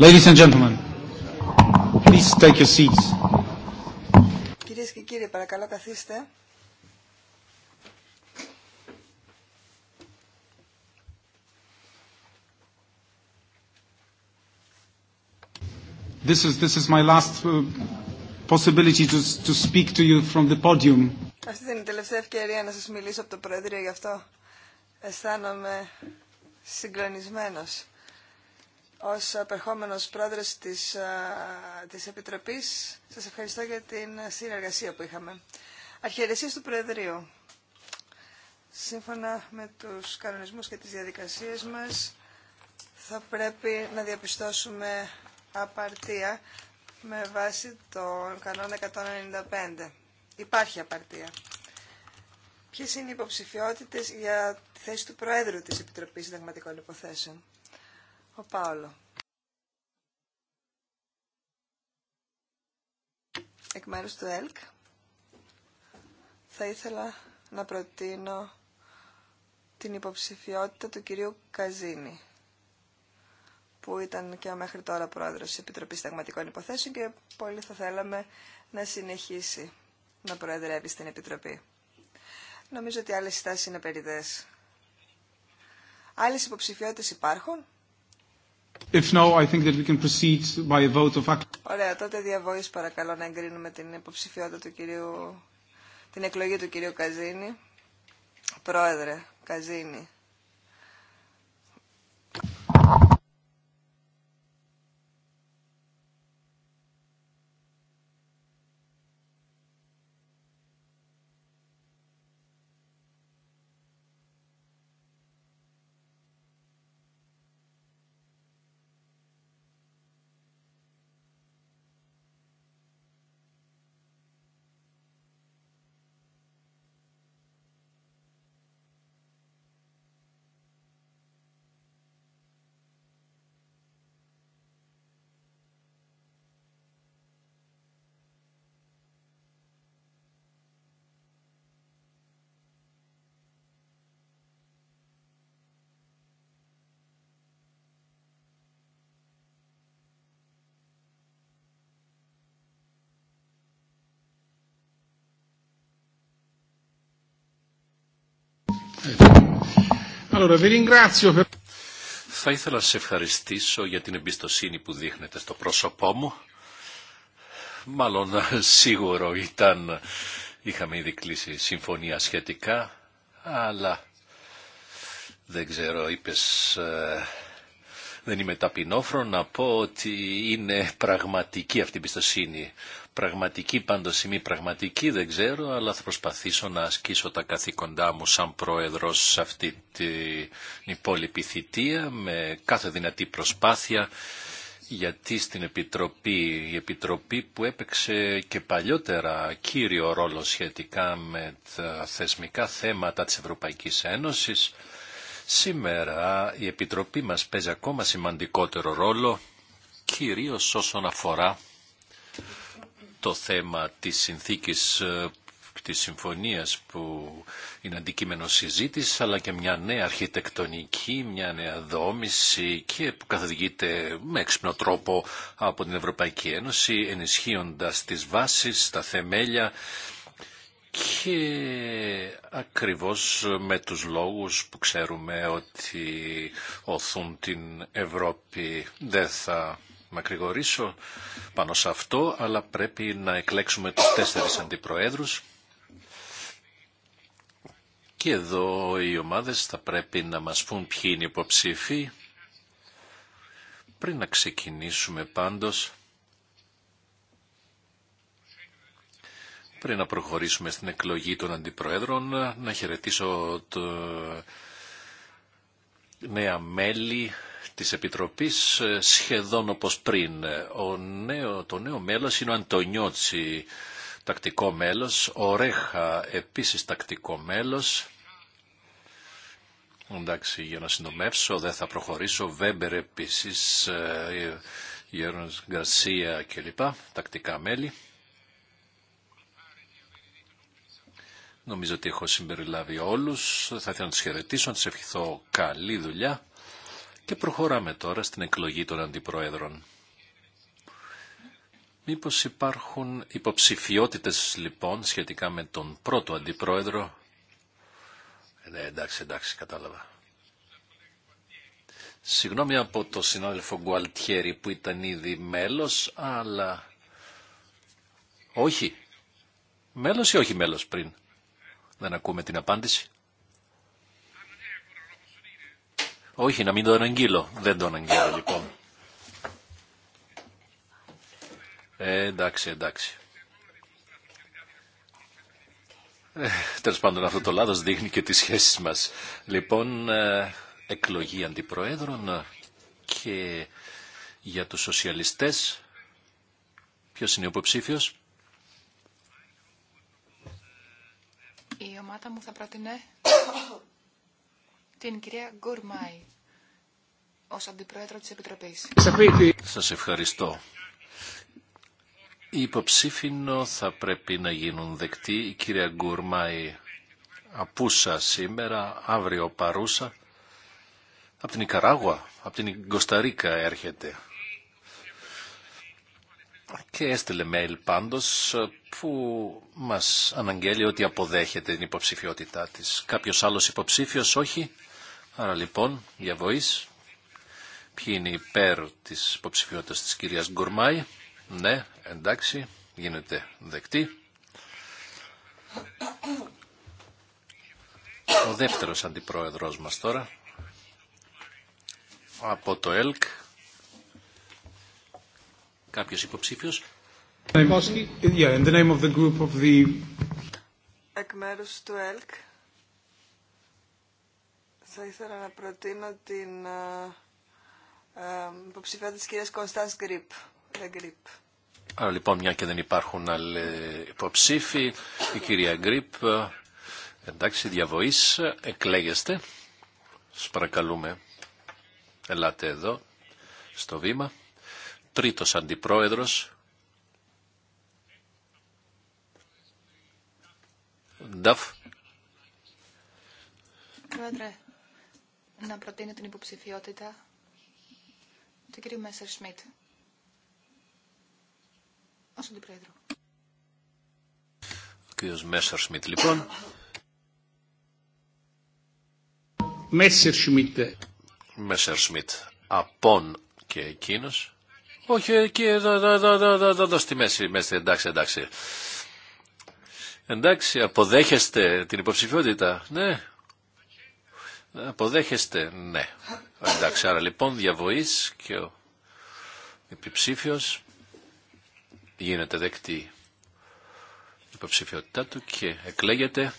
Ladies and gentlemen, please take your seats. Κυρίες και κύριοι, παρακαλώ καθίστε. This is this is my last uh, possibility to to speak to you from the podium. Αυτή είναι η τελευταία ευκαιρία να σας μιλήσω από το πρόεδρο γι' αυτό αισθάνομαι συγκλονισμένος ως απερχόμενος πρόεδρος της, της Επιτροπής. Σας ευχαριστώ για την συνεργασία που είχαμε. Αρχιερεσίες του Προεδρείου. Σύμφωνα με τους κανονισμούς και τις διαδικασίες μας, θα πρέπει να διαπιστώσουμε απαρτία με βάση τον κανόνα 195. Υπάρχει απαρτία. Ποιες είναι οι υποψηφιότητες για τη θέση του Προέδρου της Επιτροπής Συνταγματικών Υποθέσεων. Ο Πάολο. Εκ μέρους του ΕΛΚ θα ήθελα να προτείνω την υποψηφιότητα του κυρίου Καζίνη που ήταν και μέχρι τώρα πρόεδρος της Επιτροπής Σταγματικών Υποθέσεων και πολύ θα θέλαμε να συνεχίσει να προεδρεύει στην Επιτροπή. Νομίζω ότι άλλες συστάσεις είναι περίδες. Άλλες υποψηφιότητες υπάρχουν. If no, I think that we can proceed by a vote of... Ωραία, τότε διαβοής παρακαλώ να εγκρίνουμε την υποψηφιότητα του κυρίου, την εκλογή του κυρίου Καζίνη. Πρόεδρε Καζίνη, Θα ήθελα να σε ευχαριστήσω για την εμπιστοσύνη που δείχνετε στο πρόσωπό μου. Μάλλον σίγουρο ήταν, είχαμε ήδη κλείσει συμφωνία σχετικά, αλλά δεν ξέρω, είπες ε, δεν είμαι ταπεινόφρον να πω ότι είναι πραγματική αυτή η εμπιστοσύνη. Πραγματική πάντως ή πραγματική δεν ξέρω, αλλά θα προσπαθήσω να ασκήσω τα καθήκοντά μου σαν πρόεδρος σε αυτή την υπόλοιπη θητεία με κάθε δυνατή προσπάθεια γιατί στην Επιτροπή, η Επιτροπή που έπαιξε και παλιότερα κύριο ρόλο σχετικά με τα θεσμικά θέματα της Ευρωπαϊκής Ένωσης, σήμερα η Επιτροπή μας παίζει ακόμα σημαντικότερο ρόλο, κυρίως όσον αφορά το θέμα της συνθήκης ε, της συμφωνίας που είναι αντικείμενο συζήτηση, αλλά και μια νέα αρχιτεκτονική, μια νέα δόμηση και που καθοδηγείται με έξυπνο τρόπο από την Ευρωπαϊκή Ένωση, ενισχύοντας τις βάσεις, τα θεμέλια και ακριβώς με τους λόγους που ξέρουμε ότι οθούν την Ευρώπη δεν θα μακρηγορήσω πάνω σε αυτό, αλλά πρέπει να εκλέξουμε τους τέσσερις αντιπροέδρους. Και εδώ οι ομάδες θα πρέπει να μας πούν ποιοι είναι οι υποψήφοι. Πριν να ξεκινήσουμε πάντως, πριν να προχωρήσουμε στην εκλογή των αντιπροέδρων, να χαιρετήσω το νέα μέλη της Επιτροπής ε, σχεδόν όπως πριν. Ε, ο νέο, το νέο μέλος είναι ο Αντωνιώτσι, τακτικό μέλος, ο Ρέχα επίσης τακτικό μέλος. Εντάξει, για να συντομεύσω, δεν θα προχωρήσω. Βέμπερ επίσης, ε, Γιώργος Γκαρσία κλπ. Τακτικά μέλη. Νομίζω ότι έχω συμπεριλάβει όλους. Θα ήθελα να τους χαιρετήσω, να τους ευχηθώ καλή δουλειά. Και προχωράμε τώρα στην εκλογή των αντιπρόεδρων. Μήπως υπάρχουν υποψηφιότητες λοιπόν σχετικά με τον πρώτο αντιπρόεδρο. Ε, εντάξει, εντάξει, κατάλαβα. Συγγνώμη από το συνάδελφο Γκουαλτιέρη που ήταν ήδη μέλος, αλλά... Όχι. Μέλος ή όχι μέλος πριν. Δεν ακούμε την απάντηση. Όχι, να μην τον αγγείλω. Δεν τον αγγείλω, λοιπόν. Ε, εντάξει, εντάξει. Ε, Τέλο πάντων, αυτό το λάθο δείχνει και τι σχέσει μα. Λοιπόν, ε, εκλογή αντιπροέδρων και για του σοσιαλιστέ. Ποιο είναι ο υποψήφιο, Η ομάδα μου θα προτείνει την κυρία Γκουρμάη ως Αντιπρόεδρο της Επιτροπής. Σας ευχαριστώ. Η υποψήφινο θα πρέπει να γίνουν δεκτή η κυρία Γκουρμάη απούσα σήμερα, αύριο παρούσα. Από την Ικαράγουα, από την Κοσταρίκα έρχεται. Και έστειλε mail πάντως που μας αναγγέλει ότι αποδέχεται την υποψηφιότητά της. Κάποιος άλλος υποψήφιος, όχι. Άρα λοιπόν, για βοήθεια. ποιοι είναι υπέρ της υποψηφιότητα της κυρίας Γκουρμάη. Ναι, εντάξει, γίνεται δεκτή. Ο δεύτερος αντιπρόεδρος μας τώρα, από το ΕΛΚ, κάποιος υποψήφιος. Εκ μέρους του ΕΛΚ, θα ήθελα να προτείνω την ε, ε, υποψηφία της κυρίας Κωνστάς Γκρίπ. Άρα ε, λοιπόν μια και δεν υπάρχουν άλλοι υποψήφοι, η κυρία Γκρίπ, εντάξει διαβοής, εκλέγεστε. Σας παρακαλούμε, ελάτε εδώ στο βήμα. Τρίτος αντιπρόεδρος, Νταφ να προτείνω την υποψηφιότητα του κ. Μέσσερ Σμιτ ως αντιπρόεδρο. Ο κ. Μέσσερ Σμιτ, λοιπόν. Μέσσερ Σμιτ. Μέσσερ Σμιτ. Απόν και εκείνος. Όχι, εκεί, εδώ, εδώ, εδώ, εδώ, εδώ, εδώ, εδώ στη μέση, μέση, εντάξει, εντάξει. Εντάξει, αποδέχεστε την υποψηφιότητα, ναι. Αποδέχεστε, ναι. Εντάξει, άρα λοιπόν διαβοής και ο επιψήφιος γίνεται δεκτή η υποψηφιότητά του και εκλέγεται.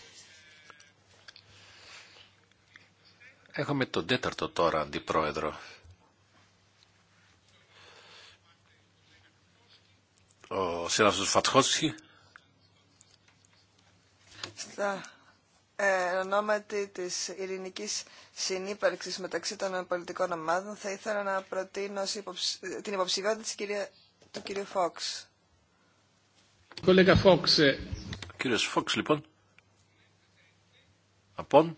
Έχουμε τον τέταρτο τώρα αντιπρόεδρο. Ο Σεραφός Φατχόσκι. Στα ε, ονόματι της ειρηνικής συνύπαρξης μεταξύ των πολιτικών ομάδων θα ήθελα να προτείνω την υποψηφιότητα της κυρία... του κυρίου Φόξ. Κολέγα Φόξ. Ε. κύριος Φόξ λοιπόν. Απόν.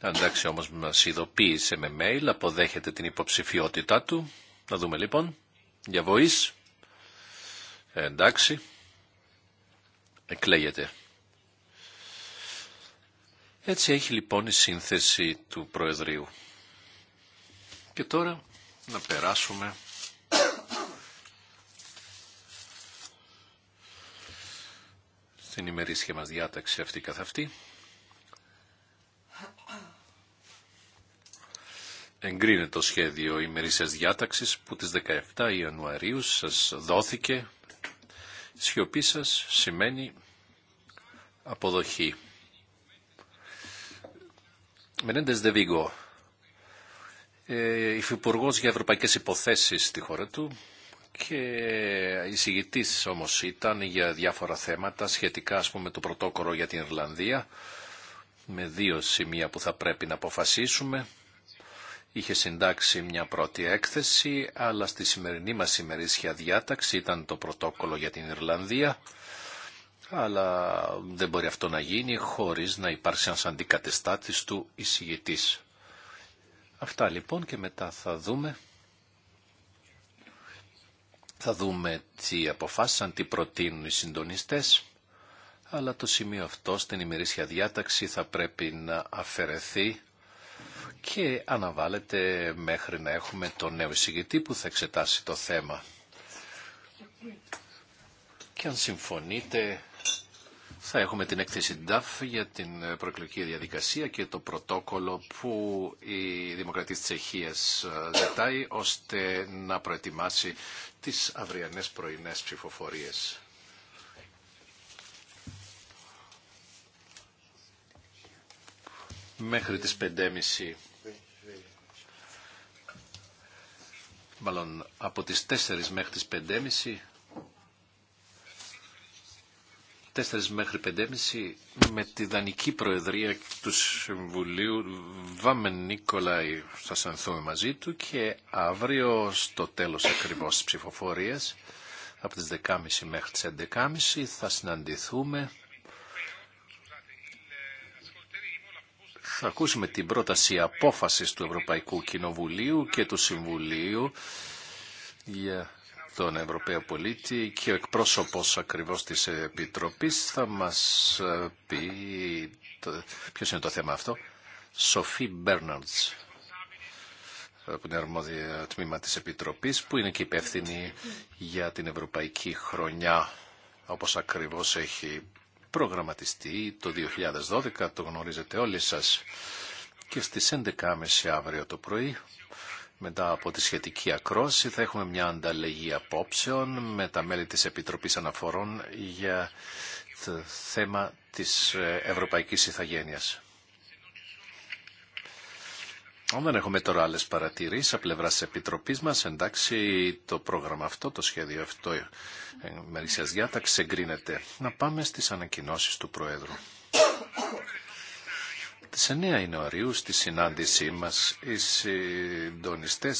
Εντάξει όμως μας ειδοποίησε με mail, αποδέχεται την υποψηφιότητά του. Να δούμε λοιπόν. Για βοής. Ε, εντάξει εκλέγεται. Έτσι έχει λοιπόν η σύνθεση του προεδρίου. Και τώρα να περάσουμε στην ημερήσια μας διάταξη αυτή καθ' αυτή. Εγκρίνεται το σχέδιο ημερήσιας διάταξης που τις 17 Ιανουαρίου σας δόθηκε Σιωπή σας σημαίνει αποδοχή. Μενέντες Δεβίγκο, υφυπουργό για ευρωπαϊκές υποθέσεις στη χώρα του, και εισηγητή όμως ήταν για διάφορα θέματα σχετικά ας πούμε το πρωτόκολλο για την Ιρλανδία με δύο σημεία που θα πρέπει να αποφασίσουμε είχε συντάξει μια πρώτη έκθεση, αλλά στη σημερινή μας ημερήσια διάταξη ήταν το πρωτόκολλο για την Ιρλανδία, αλλά δεν μπορεί αυτό να γίνει χωρίς να υπάρξει ένας αντικατεστάτης του εισηγητής. Αυτά λοιπόν και μετά θα δούμε. Θα τι αποφάσισαν, τι προτείνουν οι συντονιστές, αλλά το σημείο αυτό στην ημερήσια διάταξη θα πρέπει να αφαιρεθεί και αναβάλλεται μέχρι να έχουμε τον νέο εισηγητή που θα εξετάσει το θέμα. Και αν συμφωνείτε θα έχουμε την έκθεση DAF για την προεκλογική διαδικασία και το πρωτόκολλο που η Δημοκρατία της Τσεχίας ε, ζητάει ώστε να προετοιμάσει τις αυριανέ πρωινέ ψηφοφορίες. Μέχρι τις 5.30 μάλλον από τις 4 μέχρι τις 5.30 4 μέχρι 5.30 με τη Δανική Προεδρία του Συμβουλίου Βάμεν Νίκολαη θα συνθούμε μαζί του και αύριο στο τέλος ακριβώς της ψηφοφορίας από τις 10.30 μέχρι τις 11.30 θα συναντηθούμε θα ακούσουμε την πρόταση απόφασης του Ευρωπαϊκού Κοινοβουλίου και του Συμβουλίου για τον Ευρωπαίο πολίτη και ο εκπρόσωπος ακριβώς της Επιτροπής θα μας ε, πει ποιος είναι το θέμα αυτό. Σοφή Μπέρναρτς που είναι αρμόδια τμήμα της Επιτροπής που είναι και υπεύθυνη για την Ευρωπαϊκή Χρονιά όπως ακριβώς έχει προγραμματιστεί το 2012, το γνωρίζετε όλοι σας. Και στις 11.30 αύριο το πρωί, μετά από τη σχετική ακρόση, θα έχουμε μια ανταλλαγή απόψεων με τα μέλη της Επιτροπής Αναφορών για το θέμα της ε, Ευρωπαϊκής Ιθαγένειας δεν έχουμε τώρα άλλε παρατηρήσει από πλευρά τη Επιτροπή μα, εντάξει, το πρόγραμμα αυτό, το σχέδιο αυτό ε, με διάταξη εγκρίνεται. Να πάμε στι ανακοινώσει του Προέδρου. Τη 9 Ιανουαρίου στη συνάντησή μα οι συντονιστέ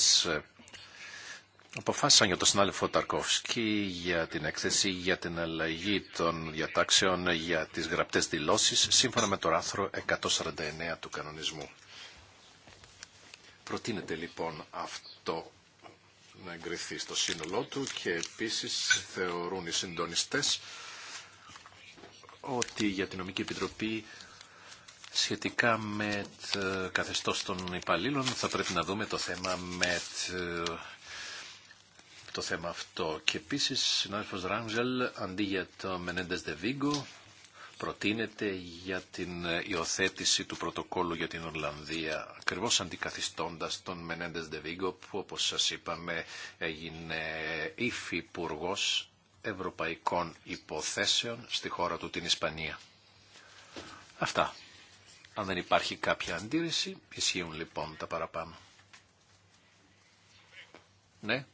αποφάσισαν για τον συνάδελφο Ταρκόφσκι για την έκθεση για την αλλαγή των διατάξεων για τι γραπτέ δηλώσει σύμφωνα με το άρθρο 149 του κανονισμού. Προτείνεται λοιπόν αυτό να εγκριθεί στο σύνολό του και επίσης θεωρούν οι συντονιστές ότι για την Νομική Επιτροπή σχετικά με το καθεστώς των υπαλλήλων θα πρέπει να δούμε το θέμα με το, θέμα αυτό. Και επίσης, συνάδελφος Ράγγελ, αντί για το Μενέντες Δεβίγκο, προτείνεται για την υιοθέτηση του πρωτοκόλλου για την Ορλανδία, ακριβώ αντικαθιστώντας τον Μενέντες Ντεβίγκο που όπως σας είπαμε έγινε υφυπουργό Ευρωπαϊκών Υποθέσεων στη χώρα του την Ισπανία. Αυτά. Αν δεν υπάρχει κάποια αντίρρηση, ισχύουν λοιπόν τα παραπάνω. Ναι.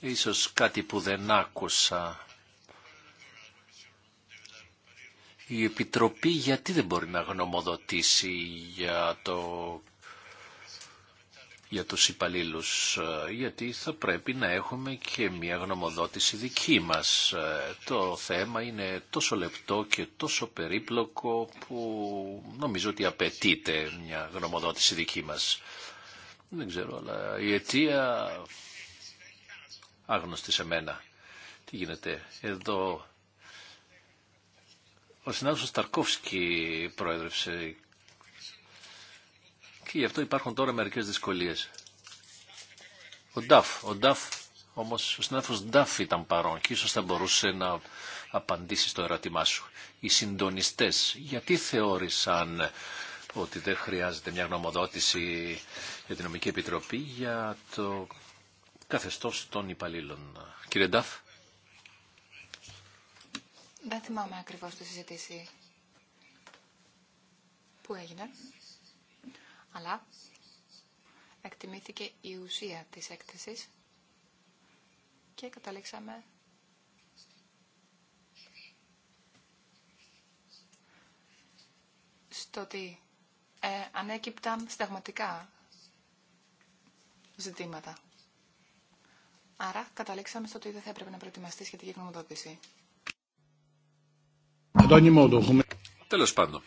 Ίσως κάτι που δεν άκουσα η Επιτροπή γιατί δεν μπορεί να γνωμοδοτήσει για, το, για τους υπαλλήλους, γιατί θα πρέπει να έχουμε και μια γνωμοδότηση δική μας. Το θέμα είναι τόσο λεπτό και τόσο περίπλοκο που νομίζω ότι απαιτείται μια γνωμοδότηση δική μας. Δεν ξέρω, αλλά η αιτία άγνωστη σε μένα. Τι γίνεται, εδώ ο συνάδελφος Ταρκόφσκι πρόεδρευσε και γι' αυτό υπάρχουν τώρα μερικές δυσκολίες. Ο Νταφ, ο Νταφ όμως ο συνάδελφος Νταφ ήταν παρόν και ίσως θα μπορούσε να απαντήσει στο ερώτημά σου. Οι συντονιστές γιατί θεώρησαν ότι δεν χρειάζεται μια γνωμοδότηση για την Νομική Επιτροπή για το καθεστώς των υπαλλήλων. Κύριε Νταφ. Δεν θυμάμαι ακριβώς τη συζήτηση που έγινε, αλλά εκτιμήθηκε η ουσία της έκθεσης και καταλήξαμε στο ότι ε, ανέκυπταν συνταγματικά ζητήματα. Άρα καταλήξαμε στο ότι δεν θα έπρεπε να προετοιμαστεί σχετική γνωμοδότηση. Τέλο πάντων.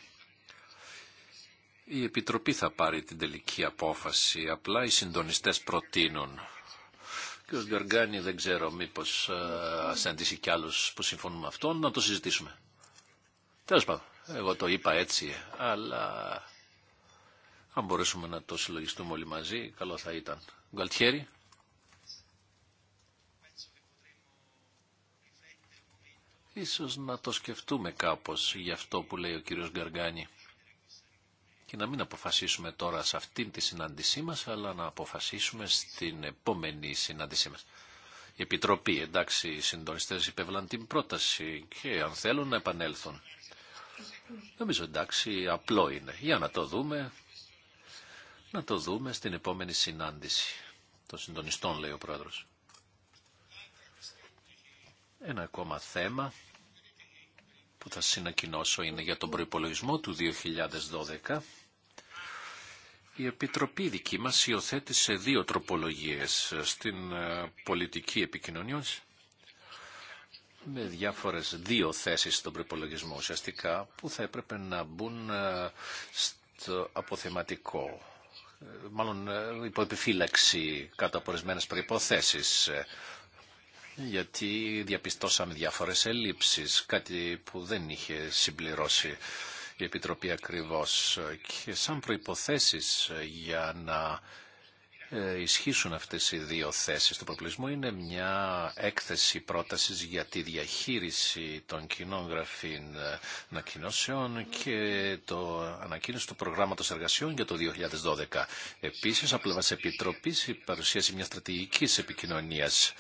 Η Επιτροπή θα πάρει την τελική απόφαση. Απλά οι συντονιστές προτείνουν. Και ο Γκαργκάνη δεν ξέρω μήπως ε, ασέντησε κι άλλους που συμφωνούν με αυτόν να το συζητήσουμε. Τέλος πάντων. Εγώ το είπα έτσι, αλλά αν μπορέσουμε να το συλλογιστούμε όλοι μαζί, καλό θα ήταν. Γκαλτιέρη. Ίσως να το σκεφτούμε κάπως για αυτό που λέει ο κύριος Γκαργκάνη και να μην αποφασίσουμε τώρα σε αυτήν τη συνάντησή μας, αλλά να αποφασίσουμε στην επόμενη συνάντησή μας. Η Επιτροπή, εντάξει, οι συντονιστές υπέβλαν την πρόταση και αν θέλουν να επανέλθουν. Νομίζω εντάξει, απλό είναι. Για να το δούμε, να το δούμε στην επόμενη συνάντηση των συντονιστών, λέει ο Πρόεδρος. Ένα ακόμα θέμα που θα συνακοινώσω είναι για τον προϋπολογισμό του 2012. Η Επιτροπή δική μας υιοθέτησε δύο τροπολογίες στην ε, πολιτική επικοινωνία με διάφορες δύο θέσεις στον προπολογισμό ουσιαστικά που θα έπρεπε να μπουν ε, στο αποθεματικό ε, μάλλον υπό επιφύλαξη κάτω γιατί διαπιστώσαμε διάφορες ελλείψεις, κάτι που δεν είχε συμπληρώσει η Επιτροπή ακριβώς. Και σαν προϋποθέσεις για να ε, ισχύσουν αυτές οι δύο θέσεις του προπλησμού είναι μια έκθεση πρότασης για τη διαχείριση των κοινών γραφείων ανακοινώσεων και το ανακοίνωση του προγράμματος εργασιών για το 2012. Επίσης, από πλευράς Επιτροπής, η παρουσίαση μιας στρατηγικής επικοινωνίας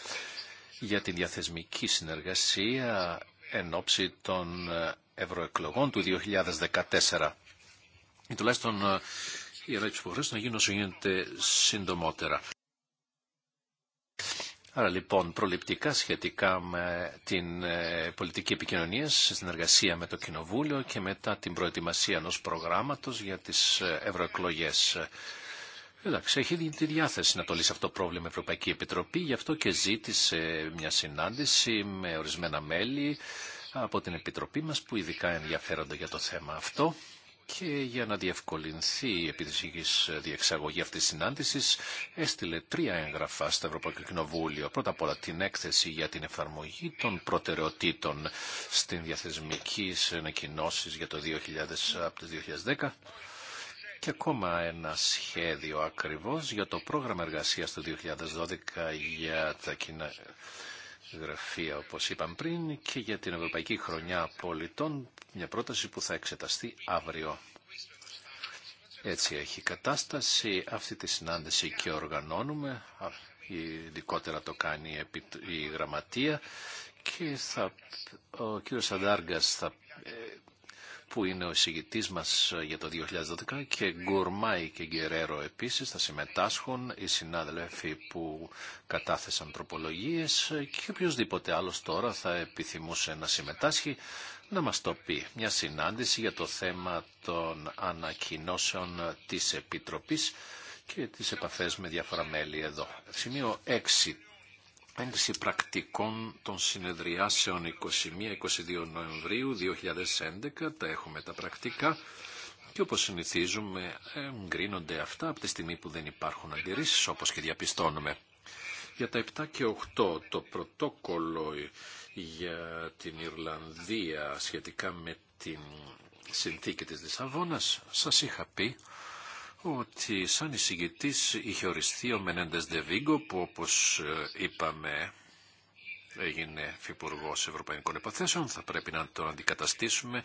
για τη διαθεσμική συνεργασία εν ώψη των ε, ευρωεκλογών του 2014. Ή τουλάχιστον οι ε, ερωτήσεις να γίνουν όσο γίνεται συντομότερα. Άρα λοιπόν προληπτικά σχετικά με την ε, πολιτική επικοινωνία σε συνεργασία με το Κοινοβούλιο και μετά την προετοιμασία ενός προγράμματος για τις ευρωεκλογές. Εντάξει, έχει τη διάθεση να το λύσει αυτό το πρόβλημα η Ευρωπαϊκή Επιτροπή, γι' αυτό και ζήτησε μια συνάντηση με ορισμένα μέλη από την Επιτροπή μας που ειδικά ενδιαφέρονται για το θέμα αυτό και για να διευκολυνθεί η επιτυχής διεξαγωγή αυτής της συνάντησης έστειλε τρία έγγραφα στο Ευρωπαϊκό Κοινοβούλιο. Πρώτα απ' όλα την έκθεση για την εφαρμογή των προτεραιοτήτων στην διαθεσμική ανακοινώσει για το 2000, από το 2010 και ακόμα ένα σχέδιο ακριβώς για το πρόγραμμα εργασίας του 2012 για τα κοινά γραφεία όπως είπαμε πριν και για την Ευρωπαϊκή Χρονιά Πολιτών μια πρόταση που θα εξεταστεί αύριο. Έτσι έχει κατάσταση, αυτή τη συνάντηση και οργανώνουμε, ειδικότερα το κάνει η γραμματεία και θα, ο κύριος Αντάργας θα ε, που είναι ο εισηγητή μα ε, για το 2012 και Γκουρμάη και Γκερέρο επίσης θα συμμετάσχουν οι συνάδελφοι που κατάθεσαν τροπολογίε ε, και οποιοδήποτε άλλος τώρα θα επιθυμούσε να συμμετάσχει να μας το πει. Μια συνάντηση για το θέμα των ανακοινώσεων της Επιτροπής και τις επαφές με διάφορα μέλη εδώ. Σημείο 6 έγκριση πρακτικών των συνεδριάσεων 21-22 Νοεμβρίου 2011. Τα έχουμε τα πρακτικά και όπως συνηθίζουμε ε, εγκρίνονται αυτά από τη στιγμή που δεν υπάρχουν αντιρρήσεις όπως και διαπιστώνουμε. Για τα 7 και 8 το πρωτόκολλο για την Ιρλανδία σχετικά με την συνθήκη της Λισαβόνας σας είχα πει ότι σαν εισηγητής είχε οριστεί ο Μενέντες Δεβίγκο που όπως ε, είπαμε έγινε φυπουργό Ευρωπαϊκών Υποθέσεων, θα πρέπει να τον αντικαταστήσουμε.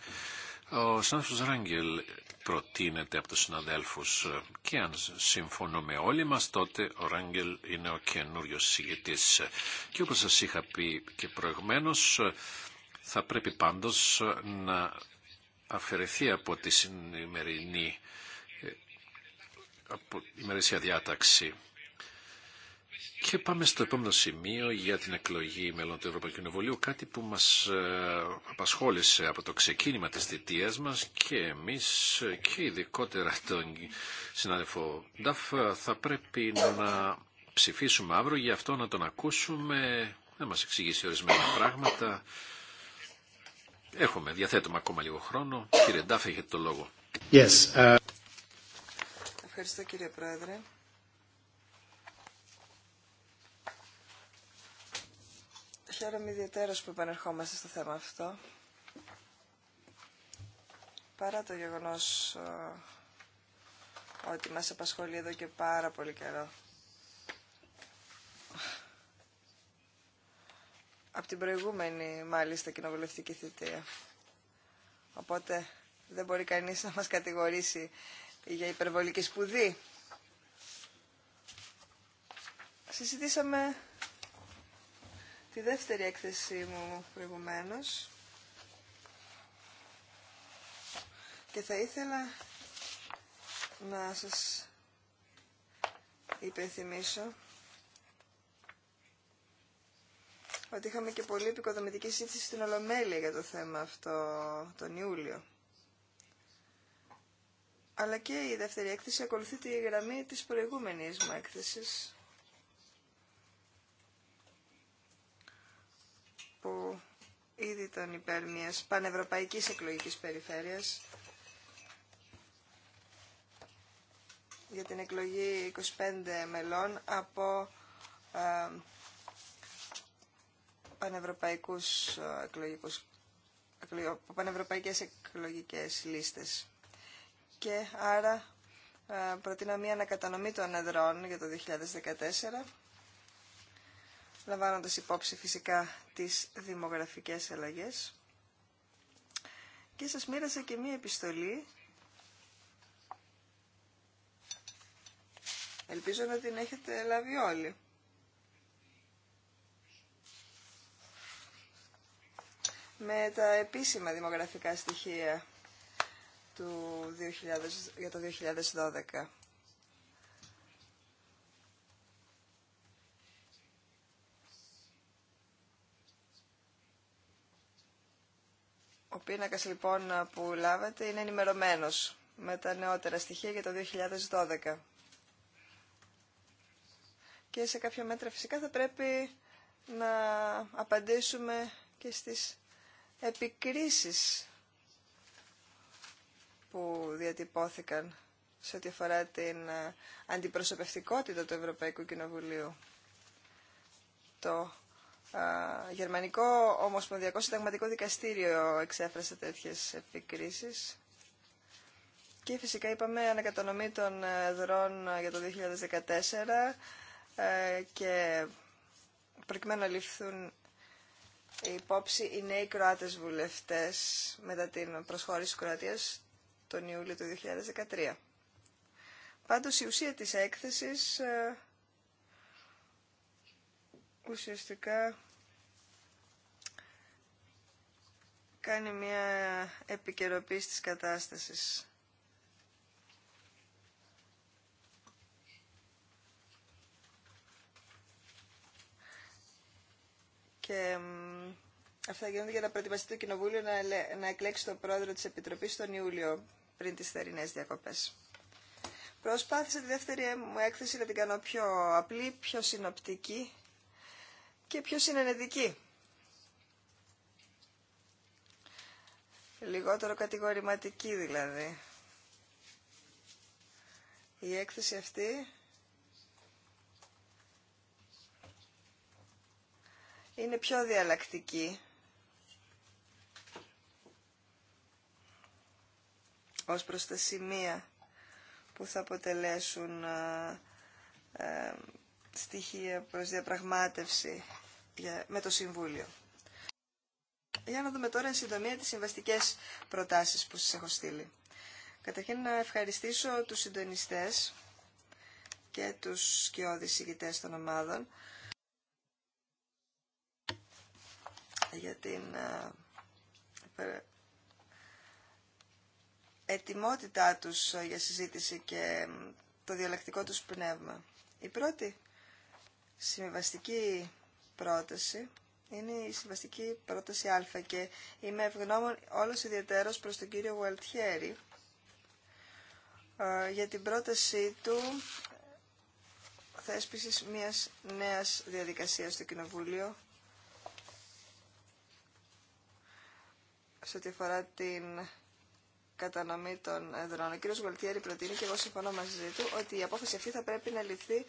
Ο Σάνφος Ράγγελ προτείνεται από τους συναδέλφους ε, και αν συμφωνούμε όλοι μας τότε ο Ράγγελ είναι ο καινούριος συγγετής. Και όπως σας είχα πει και προηγουμένως ε, θα πρέπει πάντως να αφαιρεθεί από τη σημερινή από ημερήσια διάταξη. Και πάμε στο επόμενο σημείο για την εκλογή μελών του Ευρωπαϊκού Κοινοβουλίου, κάτι που μας ε, απασχόλησε από το ξεκίνημα της θητείας μας και εμείς ε, και ειδικότερα τον συνάδελφο Νταφ ε, θα πρέπει να ψηφίσουμε αύριο, γι' αυτό να τον ακούσουμε, να μας εξηγήσει ορισμένα πράγματα. Έχουμε, διαθέτουμε ακόμα λίγο χρόνο. Κύριε Νταφ, έχετε το λόγο. Yes, uh, Ευχαριστώ κύριε Πρόεδρε. Χαίρομαι ιδιαίτερα που επανερχόμαστε στο θέμα αυτό. Παρά το γεγονός ότι μας απασχολεί εδώ και πάρα πολύ καιρό. Από την προηγούμενη, μάλιστα, κοινοβουλευτική θητεία. Οπότε δεν μπορεί κανείς να μας κατηγορήσει για υπερβολική σπουδή. Συζητήσαμε τη δεύτερη έκθεσή μου προηγουμένως και θα ήθελα να σας υπενθυμίσω ότι είχαμε και πολύ επικοδομητική σύνθεση στην Ολομέλεια για το θέμα αυτό τον Ιούλιο αλλά και η δεύτερη έκθεση ακολουθεί τη γραμμή της προηγούμενης μου έκθεσης που ήδη ήταν υπέρ μιας πανευρωπαϊκής εκλογικής περιφέρειας για την εκλογή 25 μελών από ε, πανευρωπαϊκούς ε, εκλογικούς, πανευρωπαϊκές εκλογικές λίστες και άρα ε, προτείνω μια ανακατανομή των εδρών για το 2014 λαμβάνοντας υπόψη φυσικά τις δημογραφικές αλλαγές. Και σας μοίρασα και μία επιστολή. Ελπίζω να την έχετε λάβει όλοι. Με τα επίσημα δημογραφικά στοιχεία του 2000, για το 2012. Ο πίνακας λοιπόν που λάβατε είναι ενημερωμένος με τα νεότερα στοιχεία για το 2012. Και σε κάποια μέτρα φυσικά θα πρέπει να απαντήσουμε και στις επικρίσεις που διατυπώθηκαν σε ό,τι αφορά την ε, αντιπροσωπευτικότητα του Ευρωπαϊκού Κοινοβουλίου. Το ε, Γερμανικό Ομοσπονδιακό Συνταγματικό Δικαστήριο εξέφρασε τέτοιες επικρίσεις. Και φυσικά είπαμε ανακατανομή των ε, δρών για το 2014 και προκειμένου να ληφθούν υπόψη οι νέοι Κροάτες βουλευτές μετά την προσχώρηση της Κροατίας τον Ιούλιο του 2013. Πάντως η ουσία της έκθεσης ε, ουσιαστικά κάνει μια επικαιροποίηση της κατάστασης. Και Αυτά γίνονται για να προετοιμαστεί το Κοινοβούλιο να, εκλέξει τον πρόεδρο τη Επιτροπή τον Ιούλιο πριν τι θερινέ διακοπέ. Προσπάθησα τη δεύτερη μου έκθεση να την κάνω πιο απλή, πιο συνοπτική και πιο συνενετική. Λιγότερο κατηγορηματική δηλαδή. Η έκθεση αυτή είναι πιο διαλλακτική ως προς τα σημεία που θα αποτελέσουν ε, ε, στοιχεία προς διαπραγμάτευση με το Συμβούλιο. Για να δούμε τώρα εν συντομία τις συμβαστικές προτάσεις που σας έχω στείλει. Καταρχήν να ευχαριστήσω τους συντονιστές και τους σκιώδεις ηγητές των ομάδων για την ε, ετοιμότητά τους ε, για συζήτηση και το διαλεκτικό τους πνεύμα. Η πρώτη συμβαστική πρόταση είναι η συμβαστική πρόταση Α και είμαι ευγνώμων όλος ιδιαίτερος προς τον κύριο Γουαλτιέρη ε, για την πρότασή του θέσπισης μιας νέας διαδικασίας στο Κοινοβούλιο σε ό,τι αφορά την κατανομή των δρόμων. Ο κ. Γουαλτιέρη προτείνει και εγώ συμφωνώ μαζί του ότι η απόφαση αυτή θα πρέπει να ληφθεί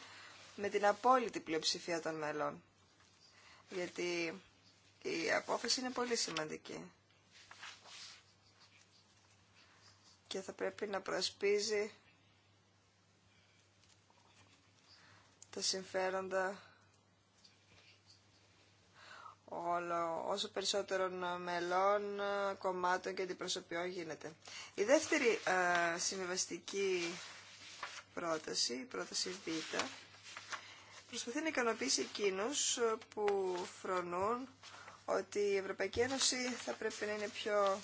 με την απόλυτη πλειοψηφία των μελών. Γιατί η απόφαση είναι πολύ σημαντική. Και θα πρέπει να προσπίζει τα συμφέροντα όλο, όσο περισσότερων μελών, κομμάτων και αντιπροσωπιών γίνεται. Η δεύτερη ε, συμβιβαστική πρόταση, η πρόταση Β, προσπαθεί να ικανοποιήσει εκείνους ε, που φρονούν ότι η Ευρωπαϊκή Ένωση θα πρέπει να είναι πιο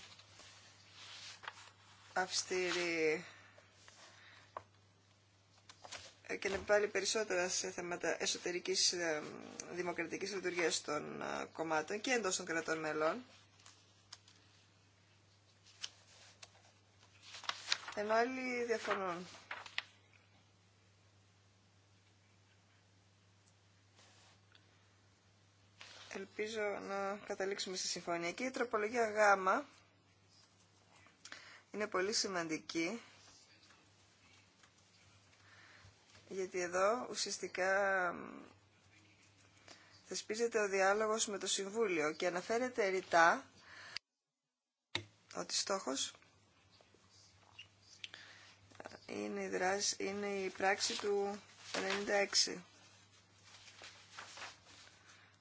αυστηρή και να πάλι περισσότερα σε θέματα εσωτερικής ε, δημοκρατικής λειτουργίας των ε, κομμάτων και εντός των κρατών μελών. Ενώ άλλοι διαφωνούν. Ελπίζω να καταλήξουμε στη συμφωνία. Και η τροπολογία Γ είναι πολύ σημαντική γιατί εδώ ουσιαστικά θεσπίζεται ο διάλογος με το Συμβούλιο και αναφέρεται ρητά ότι στόχος είναι η, δράση, είναι η πράξη του 96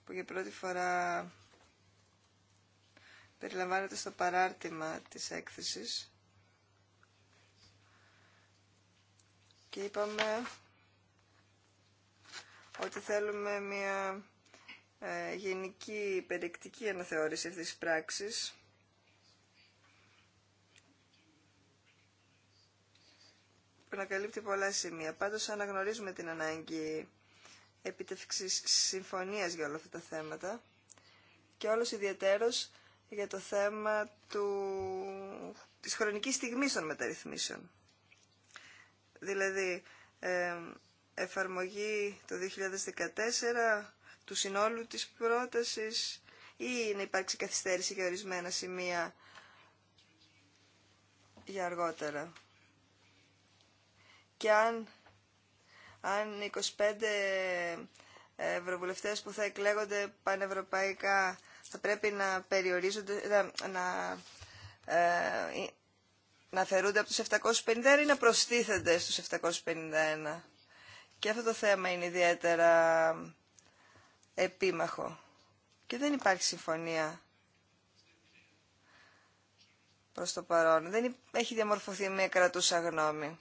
που για πρώτη φορά περιλαμβάνεται στο παράρτημα της έκθεσης και είπαμε ότι θέλουμε μια ε, γενική περιεκτική αναθεώρηση αυτής της πράξης που να καλύπτει πολλά σημεία. Πάντως αναγνωρίζουμε την ανάγκη επιτευξής συμφωνίας για όλα αυτά τα θέματα και όλος ιδιαίτερος για το θέμα του, της χρονικής στιγμής των μεταρρυθμίσεων. Δηλαδή, ε, εφαρμογή το 2014 του συνόλου της πρότασης ή να υπάρξει καθυστέρηση για ορισμένα σημεία για αργότερα. Και αν, αν 25 ε, ευρωβουλευτές που θα εκλέγονται πανευρωπαϊκά θα πρέπει να περιορίζονται, να, να, ε, ε αφαιρούνται από τους 750 ή να προστίθενται στους 751. Και αυτό το θέμα είναι ιδιαίτερα επίμαχο. Και δεν υπάρχει συμφωνία προς το παρόν. Δεν έχει διαμορφωθεί μια κρατούσα γνώμη.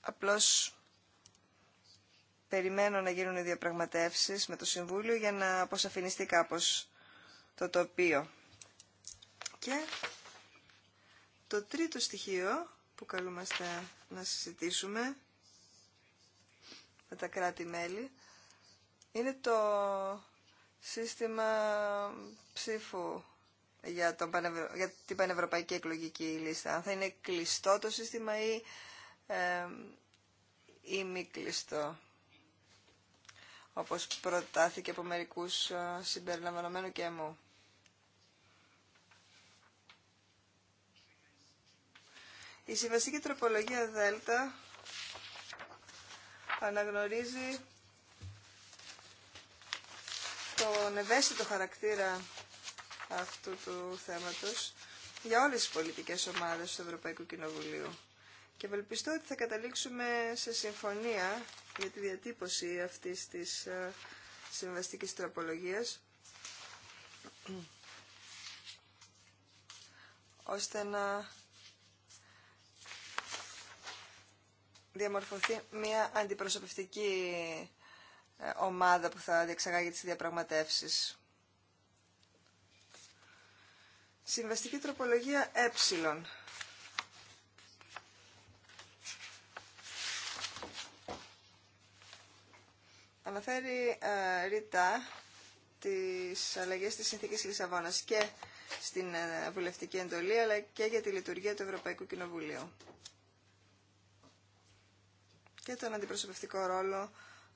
Απλώς περιμένω να γίνουν οι διαπραγματεύσεις με το Συμβούλιο για να αποσαφινιστεί κάπως το τοπίο. Και το τρίτο στοιχείο που καλούμαστε να συζητήσουμε με τα κράτη-μέλη είναι το σύστημα ψήφου για, τον για την πανευρωπαϊκή εκλογική λίστα. Αν θα είναι κλειστό το σύστημα ή, ε, ή μη κλειστό όπως προτάθηκε από μερικούς ε, συμπεριλαμβανομένου και μου. Η συμβαστική τροπολογία Δέλτα αναγνωρίζει τον ευαίσθητο χαρακτήρα αυτού του θέματος για όλες τις πολιτικές ομάδες του Ευρωπαϊκού Κοινοβουλίου. Και ευελπιστώ ότι θα καταλήξουμε σε συμφωνία για τη διατύπωση αυτής της ε, συμβαστικής τροπολογίας ώστε να διαμορφωθεί μια αντιπροσωπευτική ε, ομάδα που θα διεξαγάγει τις διαπραγματεύσεις. Συμβαστική τροπολογία ε. Αναφέρει ε, ρητά τις αλλαγές της συνθήκης Λισαβόνας και στην ε, βουλευτική εντολή αλλά και για τη λειτουργία του Ευρωπαϊκού Κοινοβουλίου και τον αντιπροσωπευτικό ρόλο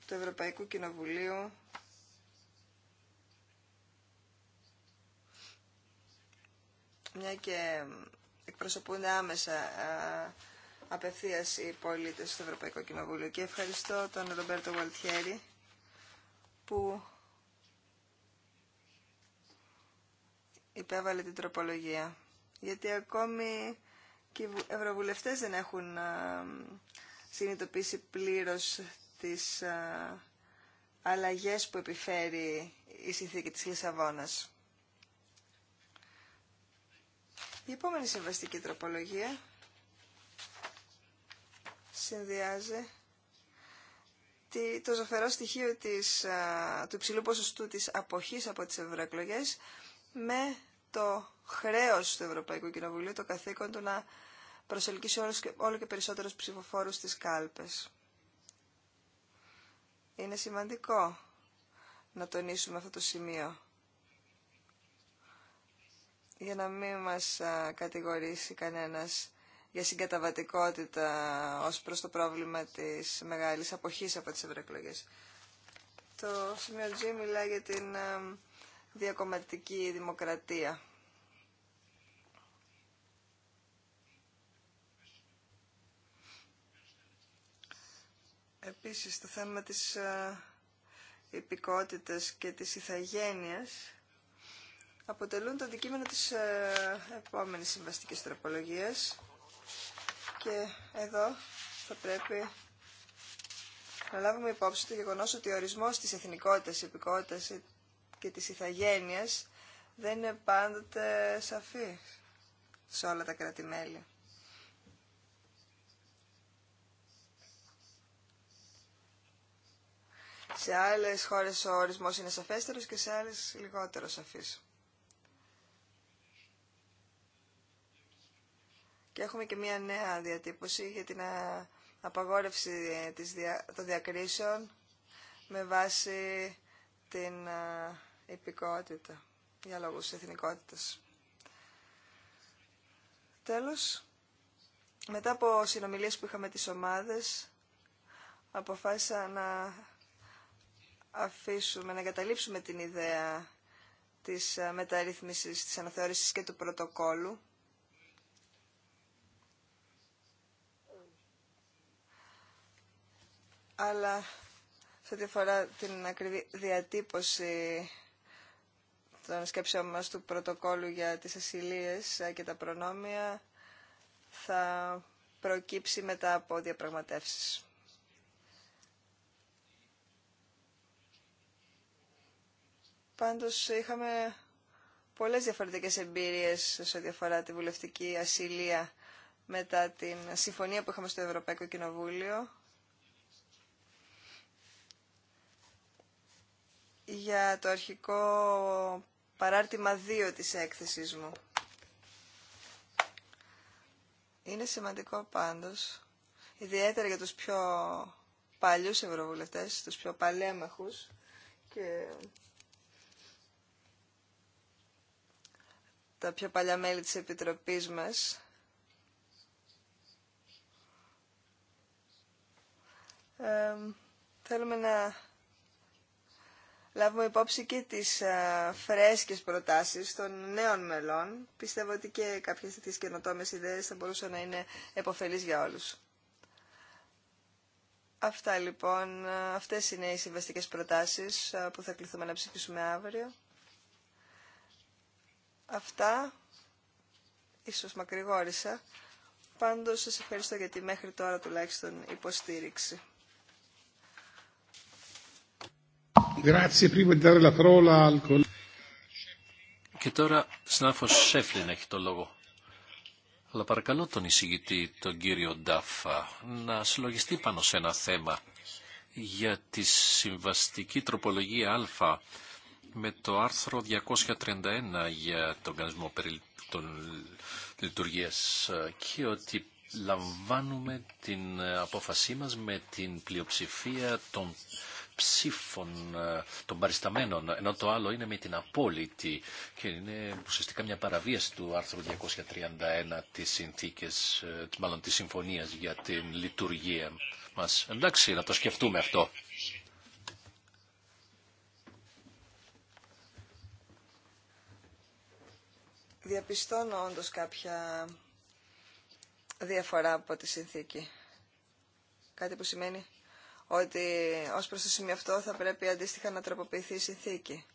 του Ευρωπαϊκού Κοινοβουλίου μια και εκπροσωπούνται άμεσα απευθείας οι πολίτες στο Ευρωπαϊκό Κοινοβούλιο και ευχαριστώ τον Ρομπέρτο Γουαλτιέρη που υπέβαλε την τροπολογία γιατί ακόμη και οι ευρωβουλευτές δεν έχουν συνειδητοποιήσει πλήρως τις αλλαγές που επιφέρει η συνθήκη της Λισαβόνας. Η επόμενη συμβαστική τροπολογία συνδυάζει το ζωφερό στοιχείο της, του υψηλού ποσοστού της αποχής από τις ευρωεκλογές με το χρέος του Ευρωπαϊκού Κοινοβουλίου, το καθήκον του να προσελκύσει όλο και περισσότερους ψηφοφόρους στις κάλπες. Είναι σημαντικό να τονίσουμε αυτό το σημείο για να μην μας κατηγορήσει κανένας για συγκαταβατικότητα ως προς το πρόβλημα της μεγάλης αποχής από τις ευρωεκλογέ. Το σημείο G μιλά για την διακομματική δημοκρατία. Επίσης, το θέμα της ε, υπηκότητας και της ηθαγένειας αποτελούν το αντικείμενο της ε, επόμενης συμβαστικής τροπολογίας και εδώ θα πρέπει να λάβουμε υπόψη το γεγονός ότι ο ορισμός της εθνικότητας, υπηκότητας και της ηθαγένειας δεν είναι πάντοτε σαφή σε όλα τα κράτη-μέλη. Σε άλλες χώρες ο ορισμός είναι σαφέστερος και σε άλλες λιγότερο σαφής. Και έχουμε και μία νέα διατύπωση για την ε, απαγόρευση ε, των διακρίσεων με βάση την ε, υπηκότητα για λόγους εθνικότητας. Τέλος, μετά από συνομιλίες που είχαμε τις ομάδες, αποφάσισα να αφήσουμε, να εγκαταλείψουμε την ιδέα της ε, μεταρρύθμισης, της αναθεώρησης και του πρωτοκόλου. Αλλά σε ό,τι αφορά την ακριβή διατύπωση των σκέψεων μας του πρωτοκόλου για τις ασυλίες ε, και τα προνόμια θα προκύψει μετά από διαπραγματεύσεις. Πάντως είχαμε πολλές διαφορετικές εμπειρίες σε ό,τι αφορά τη βουλευτική ασυλία μετά την συμφωνία που είχαμε στο Ευρωπαϊκό Κοινοβούλιο για το αρχικό παράρτημα 2 της έκθεσης μου. Είναι σημαντικό πάντως, ιδιαίτερα για τους πιο παλιούς ευρωβουλευτές, τους πιο παλέμαχους και τα πιο παλιά μέλη της Επιτροπής μας. θέλουμε να λάβουμε υπόψη και τις φρέσκες προτάσεις των νέων μελών. Πιστεύω ότι και κάποιες τέτοιες καινοτόμες ιδέες θα μπορούσαν να είναι επωφελείς για όλους. Αυτά λοιπόν, αυτές είναι οι συμβαστικές προτάσεις που θα κληθούμε να ψηφίσουμε αύριο. Αυτά, ίσως μακρηγόρησα, πάντως σας ευχαριστώ για τη μέχρι τώρα τουλάχιστον υποστήριξη. Και τώρα συνάδελφος Σέφλιν έχει το λόγο. Αλλά παρακαλώ τον εισηγητή, τον κύριο Ντάφα, να συλλογιστεί πάνω σε ένα θέμα για τη συμβαστική τροπολογία Α με το άρθρο 231 για τον κανονισμό περί των λειτουργίας και ότι λαμβάνουμε την απόφασή μας με την πλειοψηφία των ψήφων των παρισταμένων, ενώ το άλλο είναι με την απόλυτη και είναι ουσιαστικά μια παραβίαση του άρθρου 231 της συνθήκες, μάλλον της συμφωνίας για την λειτουργία μας. Εντάξει, να το σκεφτούμε αυτό. διαπιστώνω όντως κάποια διαφορά από τη συνθήκη. Κάτι που σημαίνει ότι ως προς το σημείο αυτό θα πρέπει αντίστοιχα να τροποποιηθεί η συνθήκη.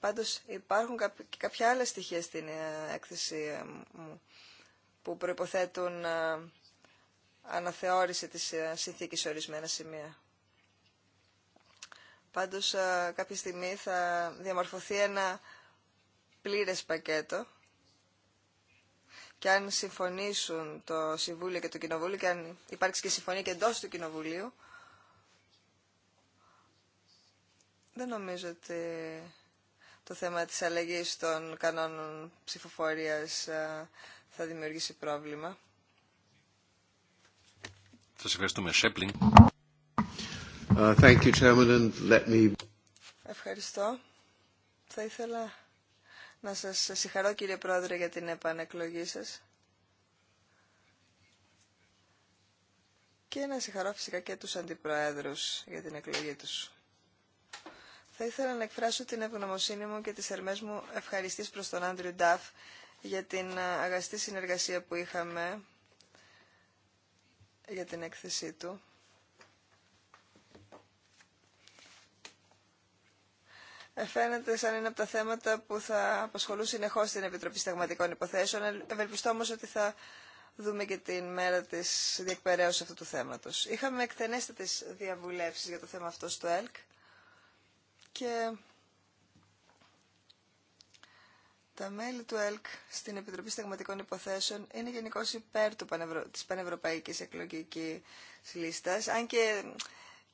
Πάντως υπάρχουν και κάποια άλλα στοιχεία στην ε, έκθεση ε, μου που προϋποθέτουν ε, αναθεώρηση της συνθήκης σε ορισμένα σημεία. Πάντως κάποια στιγμή θα διαμορφωθεί ένα πλήρες πακέτο και αν συμφωνήσουν το Συμβούλιο και το Κοινοβούλιο και αν υπάρξει και συμφωνία και εντό του Κοινοβουλίου, δεν νομίζω ότι το θέμα της αλλαγής των κανόνων ψηφοφορίας ε, θα δημιουργήσει πρόβλημα. Σας ευχαριστούμε, uh, thank you, Chairman, let me... Ευχαριστώ. Θα ήθελα να σας συγχαρώ κύριε Πρόεδρε για την επανεκλογή σας. Και να συγχαρώ φυσικά και τους αντιπροέδρους για την εκλογή τους. Θα ήθελα να εκφράσω την ευγνωμοσύνη μου και τις ερμές μου ευχαριστής προς τον Άντριου Νταφ για την αγαστή συνεργασία που είχαμε για την έκθεσή του. φαίνεται σαν ένα από τα θέματα που θα απασχολούν συνεχώ την Επιτροπή Σταγματικών Υποθέσεων. Ε, ευελπιστώ όμω ότι θα δούμε και την μέρα τη διεκπαιρέωση αυτού του θέματο. Είχαμε εκτενέστατε διαβουλεύσεις για το θέμα αυτό στο ΕΛΚ και τα μέλη του ΕΛΚ στην Επιτροπή Σταγματικών Υποθέσεων είναι γενικώ υπέρ τη πανευρω... της πανευρωπαϊκής εκλογικής λίστας, αν και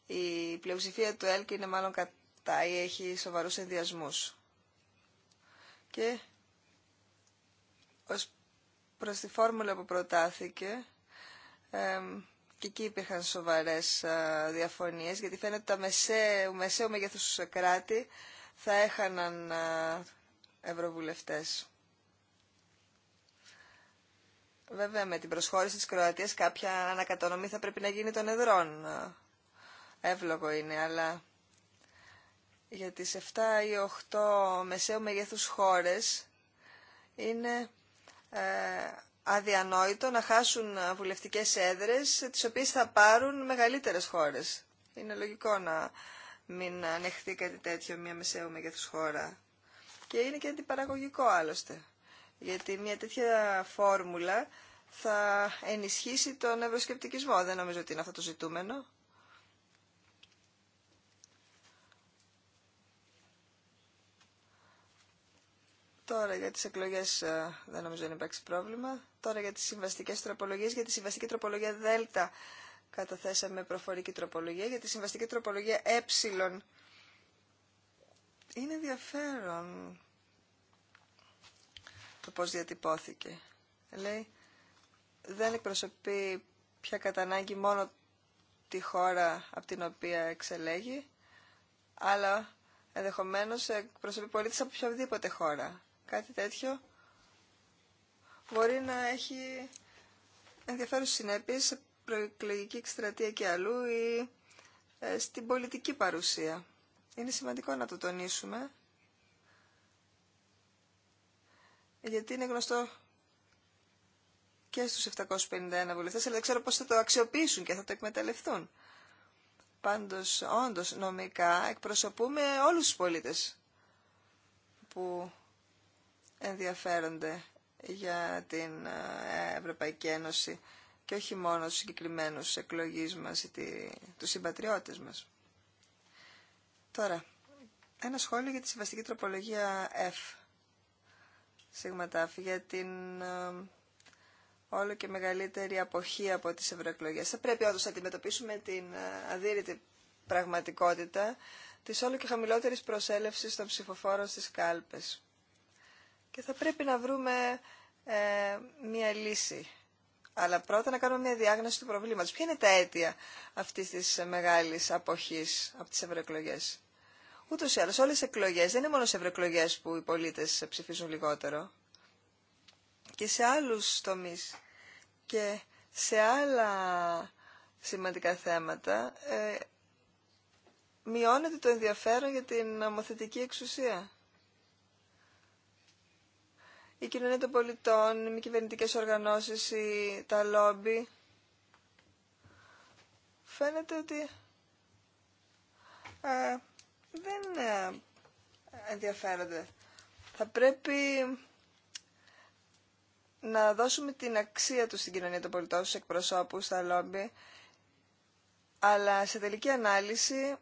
η πλειοψηφία του ΕΛΚ είναι μάλλον κατά έχει σοβαρούς ενδιασμούς. Και ως προς τη φόρμουλα που προτάθηκε, και εκεί υπήρχαν σοβαρές διαφωνίες, γιατί φαίνεται ότι τα μεσαίου, μεσαίου μεγεθούς κράτη θα έχαναν ευρωβουλευτές. Βέβαια, με την προσχώρηση της Κροατίας κάποια ανακατονομή θα πρέπει να γίνει των εδρών. Εύλογο είναι, αλλά για τις 7 ή 8 μεσαίου μεγέθους χώρες είναι ε, αδιανόητο να χάσουν βουλευτικές έδρες τις οποίες θα πάρουν μεγαλύτερες χώρες. Είναι λογικό να μην ανεχθεί κάτι τέτοιο μια μεσαίου μεγέθους χώρα. Και είναι και αντιπαραγωγικό άλλωστε. Γιατί μια τέτοια φόρμουλα θα ενισχύσει τον ευρωσκεπτικισμό. Δεν νομίζω ότι είναι αυτό το ζητούμενο. Τώρα για τις εκλογές ε, δεν νομίζω να υπάρξει πρόβλημα. Τώρα για τις συμβαστικές τροπολογίες, για τη συμβαστική τροπολογία Δέλτα καταθέσαμε προφορική τροπολογία, για τη συμβαστική τροπολογία Ε. Είναι ενδιαφέρον το πώς διατυπώθηκε. Λέει, δεν εκπροσωπεί πια κατανάγκη μόνο τη χώρα από την οποία εξελέγει, αλλά ενδεχομένως εκπροσωπεί πολίτες από οποιαδήποτε χώρα κάτι τέτοιο μπορεί να έχει ενδιαφέρουσες συνέπειες σε προεκλογική εκστρατεία και αλλού ή ε, στην πολιτική παρουσία. Είναι σημαντικό να το τονίσουμε, γιατί είναι γνωστό και στους 751 βουλευτές, αλλά δεν ξέρω πώς θα το αξιοποιήσουν και θα το εκμεταλλευτούν. Πάντως, όντως, νομικά εκπροσωπούμε όλους τους πολίτες που ενδιαφέρονται για την ε, Ευρωπαϊκή Ένωση και όχι μόνο τους συγκεκριμένους εκλογείς μας ή τη, τους συμπατριώτες μας. Τώρα, ένα σχόλιο για τη συμβαστική τροπολογία F. Σιγματάφη, για την ε, όλο και μεγαλύτερη αποχή από τις ευρωεκλογές. Θα πρέπει όντως να αντιμετωπίσουμε την ε, αδύρυτη πραγματικότητα της όλο και χαμηλότερης προσέλευσης των ψηφοφόρων στις κάλπες και θα πρέπει να βρούμε ε, μία λύση. Αλλά πρώτα να κάνουμε μία διάγνωση του προβλήματος. Ποια είναι τα αίτια αυτής της μεγάλης αποχής από τις ευρωεκλογέ. Ούτω ή άλλω, όλε οι εκλογέ δεν είναι μόνο σε ευρωεκλογέ που οι πολίτε ψηφίζουν λιγότερο. Και σε άλλου τομεί και σε άλλα σημαντικά θέματα ε, μειώνεται το ενδιαφέρον για την νομοθετική εξουσία η κοινωνία των πολιτών, οι μη κυβερνητικέ οργανώσεις, τα λόμπι. Φαίνεται ότι ε, δεν ε, ενδιαφέρονται. Θα πρέπει να δώσουμε την αξία του στην κοινωνία των πολιτών, στους εκπροσώπους, στα λόμπι, αλλά σε τελική ανάλυση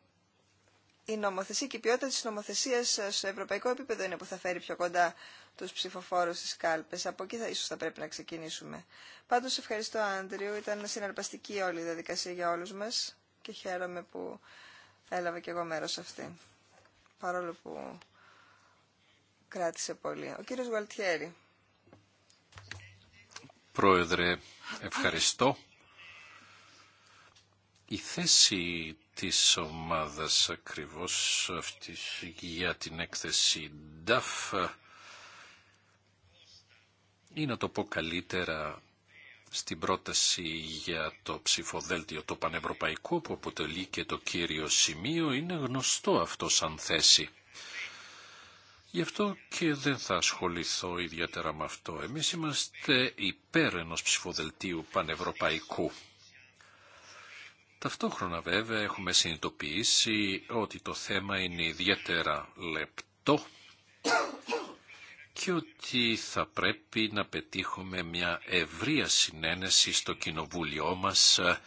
η νομοθεσία και η ποιότητα της νομοθεσίας σε ευρωπαϊκό επίπεδο είναι που θα φέρει πιο κοντά τους ψηφοφόρους στις κάλπες. Από εκεί θα, ίσως θα πρέπει να ξεκινήσουμε. Πάντως ευχαριστώ Άντριου. Ήταν συναρπαστική όλη η διαδικασία για όλους μας και χαίρομαι που έλαβα και εγώ μέρος αυτή. Παρόλο που κράτησε πολύ. Ο κύριος Γουαλτιέρη. Πρόεδρε, ευχαριστώ. Η θέση της ομάδας ακριβώς αυτής για την έκθεση DAF ή να το πω καλύτερα στην πρόταση για το ψηφοδέλτιο το πανευρωπαϊκό που αποτελεί και το κύριο σημείο είναι γνωστό αυτό σαν θέση. Γι' αυτό και δεν θα ασχοληθώ ιδιαίτερα με αυτό. Εμείς είμαστε υπέρ ενός ψηφοδελτίου πανευρωπαϊκού. Ταυτόχρονα βέβαια έχουμε συνειδητοποιήσει ότι το θέμα είναι ιδιαίτερα λεπτό και ότι θα πρέπει να πετύχουμε μια ευρεία συνένεση στο κοινοβούλιο μας ε,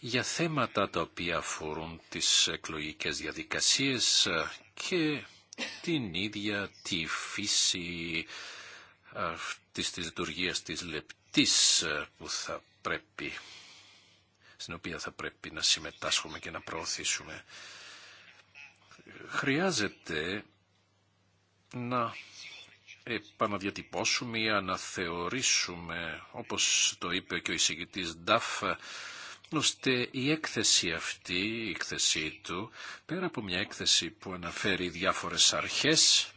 για θέματα τα οποία αφορούν τις εκλογικές διαδικασίες ε, και την ίδια τη φύση αυτής ε, της λειτουργία της λεπτής που θα πρέπει, στην οποία θα πρέπει να συμμετάσχουμε και να προωθήσουμε. Χρειάζεται να επαναδιατυπώσουμε ή αναθεωρήσουμε, όπως το είπε και ο εισηγητής Νταφ, ώστε η έκθεση αυτή, η έκθεσή του, πέρα από μια έκθεση που αναφέρει διάφορες αρχές,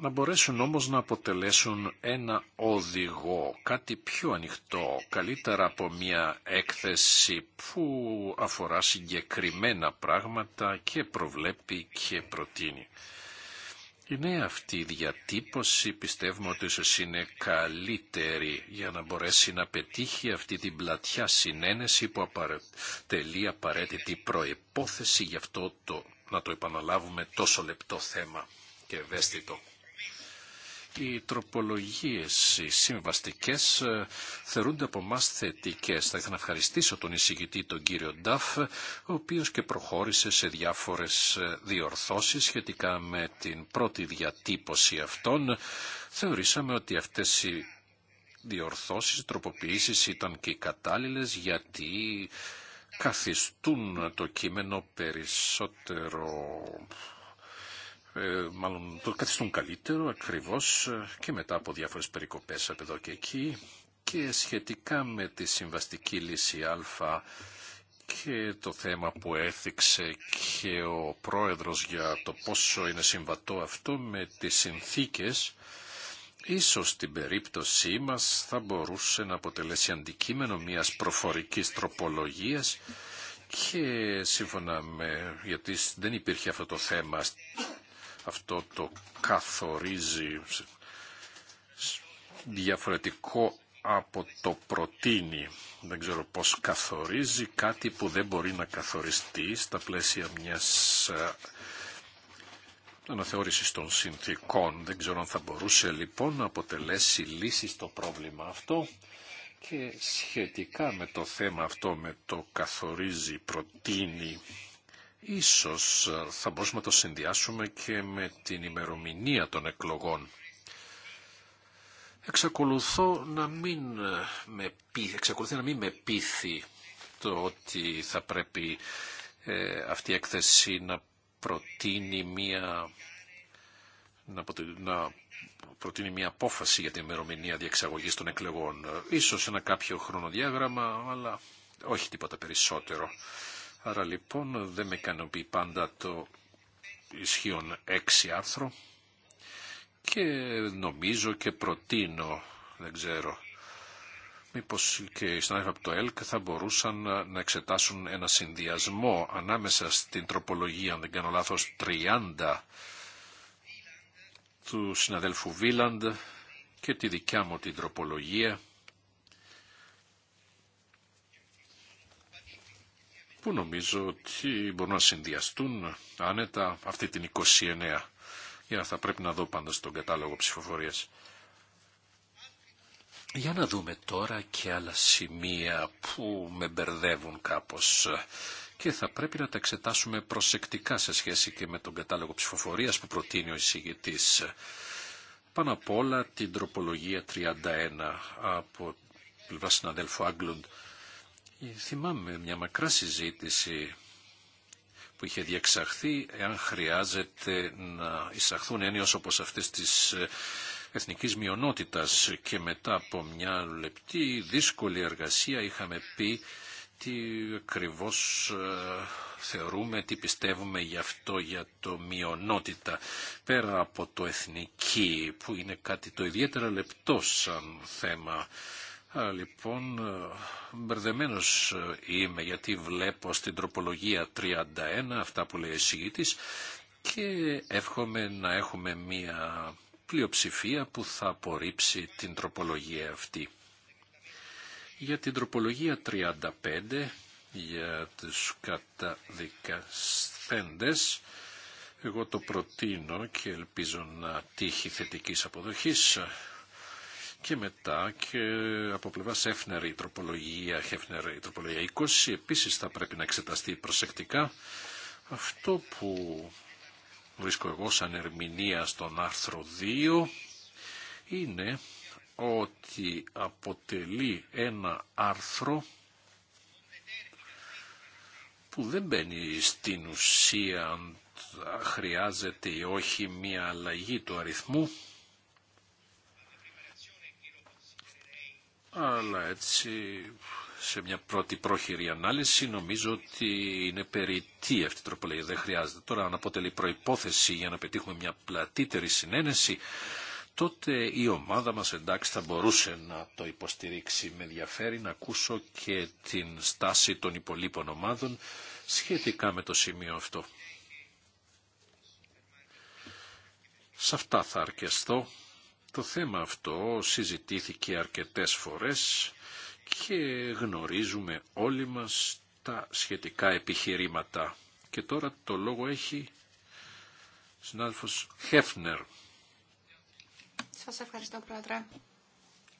να μπορέσουν όμως να αποτελέσουν ένα οδηγό, κάτι πιο ανοιχτό, καλύτερα από μια έκθεση που αφορά συγκεκριμένα πράγματα και προβλέπει και προτείνει. Είναι αυτή η διατύπωση, πιστεύουμε ότι ίσως είναι καλύτερη για να μπορέσει να πετύχει αυτή την πλατιά συνένεση που αποτελεί απαραίτητη προϋπόθεση γι' αυτό το, να το επαναλάβουμε, τόσο λεπτό θέμα και ευαίσθητο. Οι τροπολογίες, οι συμβαστικές, ε, θεωρούνται από εμά θετικές. Θα ήθελα να ευχαριστήσω τον εισηγητή, τον κύριο Νταφ, ο οποίος και προχώρησε σε διάφορες ε, διορθώσεις σχετικά με την πρώτη διατύπωση αυτών. Θεωρήσαμε ότι αυτές οι διορθώσεις, τροποποιήσεις ήταν και οι κατάλληλες γιατί καθιστούν το κείμενο περισσότερο ε, μάλλον το καθιστούν καλύτερο ακριβώς ε, και μετά από διάφορες περικοπές από εδώ και εκεί και σχετικά με τη συμβαστική λύση Α και το θέμα που έθιξε και ο πρόεδρος για το πόσο είναι συμβατό αυτό με τις συνθήκες Ίσως στην περίπτωσή μας θα μπορούσε να αποτελέσει αντικείμενο μιας προφορικής τροπολογίας και σύμφωνα με, γιατί δεν υπήρχε αυτό το θέμα αυτό το καθορίζει διαφορετικό από το προτείνει. Δεν ξέρω πώς καθορίζει κάτι που δεν μπορεί να καθοριστεί στα πλαίσια μιας ε, αναθεώρησης των συνθήκων. Δεν ξέρω αν θα μπορούσε λοιπόν να αποτελέσει λύση στο πρόβλημα αυτό και σχετικά με το θέμα αυτό με το καθορίζει, προτείνει Ίσως ε, θα μπορούσαμε να το συνδυάσουμε και με την ημερομηνία των εκλογών. Εξακολουθώ να μην ε, με εξακολουθεί να μην με πείθει το ότι θα πρέπει ε, αυτή η έκθεση να προτείνει μία να, να προτείνει μια απόφαση για την ημερομηνία διεξαγωγής των εκλογών. Ίσως ένα κάποιο χρονοδιάγραμμα, αλλά όχι τίποτα περισσότερο. Άρα λοιπόν δεν με ικανοποιεί πάντα το ισχύον έξι άρθρο και νομίζω και προτείνω, δεν ξέρω, μήπως και οι συνάδελφοι από το ΕΛΚ θα μπορούσαν να εξετάσουν ένα συνδυασμό ανάμεσα στην τροπολογία, αν δεν κάνω λάθος, 30 του συναδέλφου Βίλαντ και τη δικιά μου την τροπολογία που νομίζω ότι μπορούν να συνδυαστούν άνετα αυτή την 29. Για θα πρέπει να δω πάντα στον κατάλογο ψηφοφορίας. Για να δούμε τώρα και άλλα σημεία που με μπερδεύουν κάπως και θα πρέπει να τα εξετάσουμε προσεκτικά σε σχέση και με τον κατάλογο ψηφοφορίας που προτείνει ο εισηγητής. Πάνω απ' όλα την τροπολογία 31 από πλευρά συναδέλφου Άγγλοντ. Ε, θυμάμαι μια μακρά συζήτηση που είχε διεξαχθεί εάν χρειάζεται να εισαχθούν έννοιες όπως αυτές της ε, εθνικής μειονότητας και μετά από μια λεπτή δύσκολη εργασία είχαμε πει τι ακριβώς ε, θεωρούμε, τι πιστεύουμε γι' αυτό για το μειονότητα πέρα από το εθνική που είναι κάτι το ιδιαίτερα λεπτό σαν θέμα λοιπόν ε, μπερδεμένο ε, είμαι γιατί βλέπω στην τροπολογία 31 αυτά που λέει εισηγητής και εύχομαι να έχουμε μία πλειοψηφία που θα απορρίψει την τροπολογία αυτή. Για την τροπολογία 35 για τους καταδικασθέντες εγώ το προτείνω και ελπίζω να τύχει θετικής αποδοχής και μετά και από πλευρά η τροπολογία, Χέφνερ η τροπολογία 20 επίσης θα πρέπει να εξεταστεί προσεκτικά. Αυτό που βρίσκω εγώ σαν ερμηνεία στον άρθρο 2 είναι ότι αποτελεί ένα άρθρο που δεν μπαίνει στην ουσία αν χρειάζεται ή όχι μία αλλαγή του αριθμού αλλά έτσι σε μια πρώτη πρόχειρη ανάλυση νομίζω ότι είναι περιττή αυτή η τροπολογία. Δεν χρειάζεται τώρα αν αποτελεί προϋπόθεση για να πετύχουμε μια πλατύτερη συνένεση τότε η ομάδα μας εντάξει θα μπορούσε να το υποστηρίξει. Με ενδιαφέρει να ακούσω και την στάση των υπολείπων ομάδων σχετικά με το σημείο αυτό. Σε αυτά θα αρκεστώ το θέμα αυτό συζητήθηκε αρκετές φορές και γνωρίζουμε όλοι μας τα σχετικά επιχειρήματα. Και τώρα το λόγο έχει συνάδελφος Χέφνερ. Σας ευχαριστώ Πρόεδρε.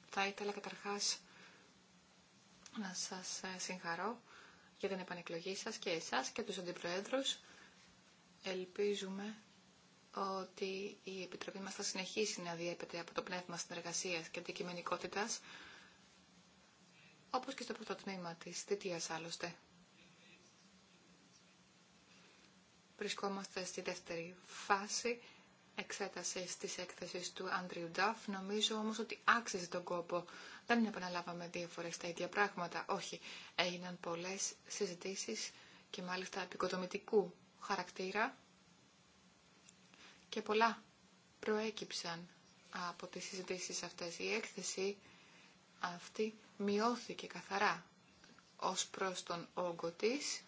Θα ήθελα καταρχάς να σας ε, συγχαρώ για την επανεκλογή σας και εσάς και τους αντιπροέδρους. Ελπίζουμε ότι η Επιτροπή μας θα συνεχίσει να διέπεται από το πνεύμα συνεργασίας και αντικειμενικότητας, όπως και στο πρώτο τμήμα της θητείας άλλωστε. Βρισκόμαστε στη δεύτερη φάση εξέταση της έκθεσης του Άντριου Νταφ. Νομίζω όμως ότι άξιζε τον κόπο. Δεν επαναλάβαμε δύο φορές τα ίδια πράγματα. Όχι, έγιναν πολλές συζητήσεις και μάλιστα επικοδομητικού χαρακτήρα και πολλά προέκυψαν από τις συζητήσεις αυτές. Η έκθεση αυτή μειώθηκε καθαρά ως προς τον όγκο της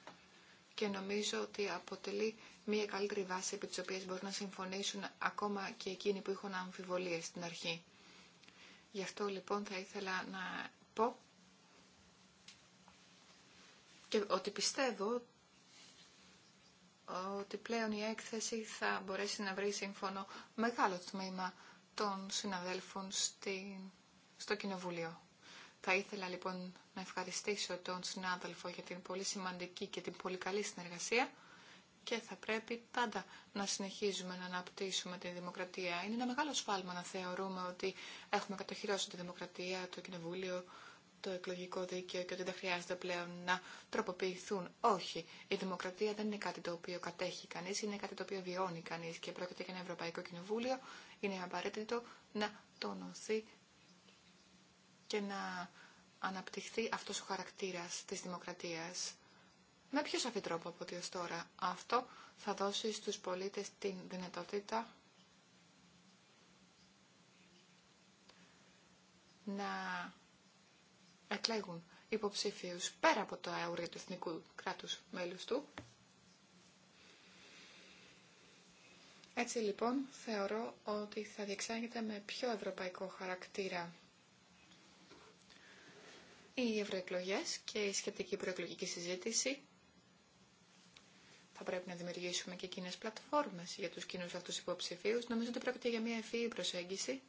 και νομίζω ότι αποτελεί μια καλύτερη βάση επί της οποίας μπορούν να συμφωνήσουν ακόμα και εκείνοι που είχαν αμφιβολίες στην αρχή. Γι' αυτό λοιπόν θα ήθελα να πω και ότι πιστεύω ότι πλέον η έκθεση θα μπορέσει να βρει σύμφωνο μεγάλο τμήμα των συναδέλφων στο Κοινοβουλίο. Θα ήθελα λοιπόν να ευχαριστήσω τον συνάδελφο για την πολύ σημαντική και την πολύ καλή συνεργασία και θα πρέπει πάντα να συνεχίζουμε να αναπτύσσουμε τη δημοκρατία. Είναι ένα μεγάλο σφάλμα να θεωρούμε ότι έχουμε κατοχυρώσει τη δημοκρατία, το Κοινοβούλιο, το εκλογικό δίκαιο και ότι δεν χρειάζεται πλέον να τροποποιηθούν. Όχι, η δημοκρατία δεν είναι κάτι το οποίο κατέχει κανείς, είναι κάτι το οποίο βιώνει κανείς και πρόκειται για ένα Ευρωπαϊκό Κοινοβούλιο, είναι απαραίτητο να τονωθεί και να αναπτυχθεί αυτός ο χαρακτήρας της δημοκρατίας. Με πιο σαφή τρόπο από ότι ως τώρα. Αυτό θα δώσει στους πολίτες την δυνατότητα να εκλέγουν υποψήφιους πέρα από τα το του εθνικού κράτους μέλους του. Έτσι λοιπόν θεωρώ ότι θα διεξάγεται με πιο ευρωπαϊκό χαρακτήρα οι ευρωεκλογέ και η σχετική προεκλογική συζήτηση. Θα πρέπει να δημιουργήσουμε και κοινέ πλατφόρμες για τους κοινούς αυτούς υποψηφίους. Νομίζω ότι πρόκειται για μια ευφύη προσέγγιση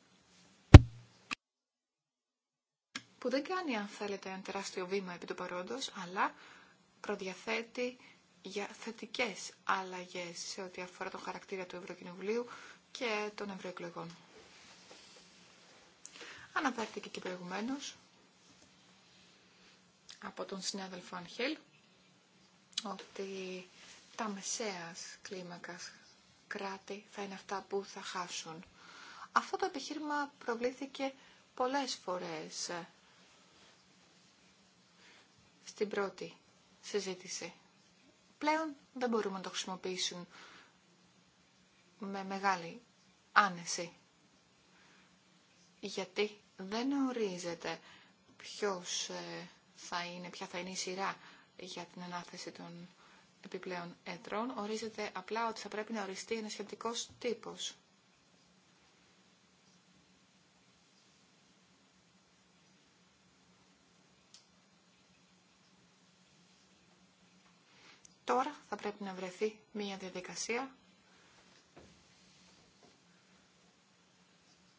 που δεν κάνει, αν θέλετε, ένα τεράστιο βήμα επί του παρόντος, αλλά προδιαθέτει για θετικές αλλαγές σε ό,τι αφορά το χαρακτήρα του Ευρωκοινοβουλίου και των ευρωεκλογών. Αναφέρθηκε και προηγουμένω από τον συνάδελφο Αγχέλ ότι τα μεσαίας κλίμακας κράτη θα είναι αυτά που θα χάσουν. Αυτό το επιχείρημα προβλήθηκε πολλές φορές στην πρώτη συζήτηση. Πλέον δεν μπορούμε να το χρησιμοποιήσουν με μεγάλη άνεση. Γιατί δεν ορίζεται ποιος ε, θα είναι, ποια θα είναι η σειρά για την ανάθεση των επιπλέον έτρων. Ορίζεται απλά ότι θα πρέπει να οριστεί ένα σχετικός τύπος. Τώρα θα πρέπει να βρεθεί μια διαδικασία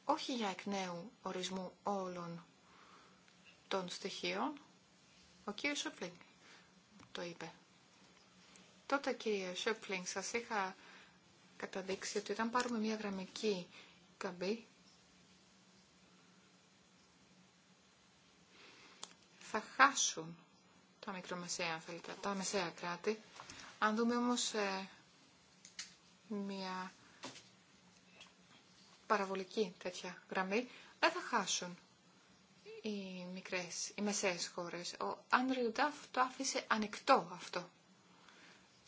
όχι για εκ νέου ορισμού όλων των στοιχείων. Ο κύριο Σόπλινγκ το είπε. Τότε κύριε Σόπλινγκ σας είχα καταδείξει ότι όταν πάρουμε μια γραμμική καμπή θα χάσουν τα μικρομεσαία, αν τα μεσαία κράτη. Αν δούμε όμως ε, μια παραβολική τέτοια γραμμή, δεν θα χάσουν οι μικρές, οι μεσαίες χώρες. Ο Άντριου Ντάφ το άφησε ανοιχτό αυτό.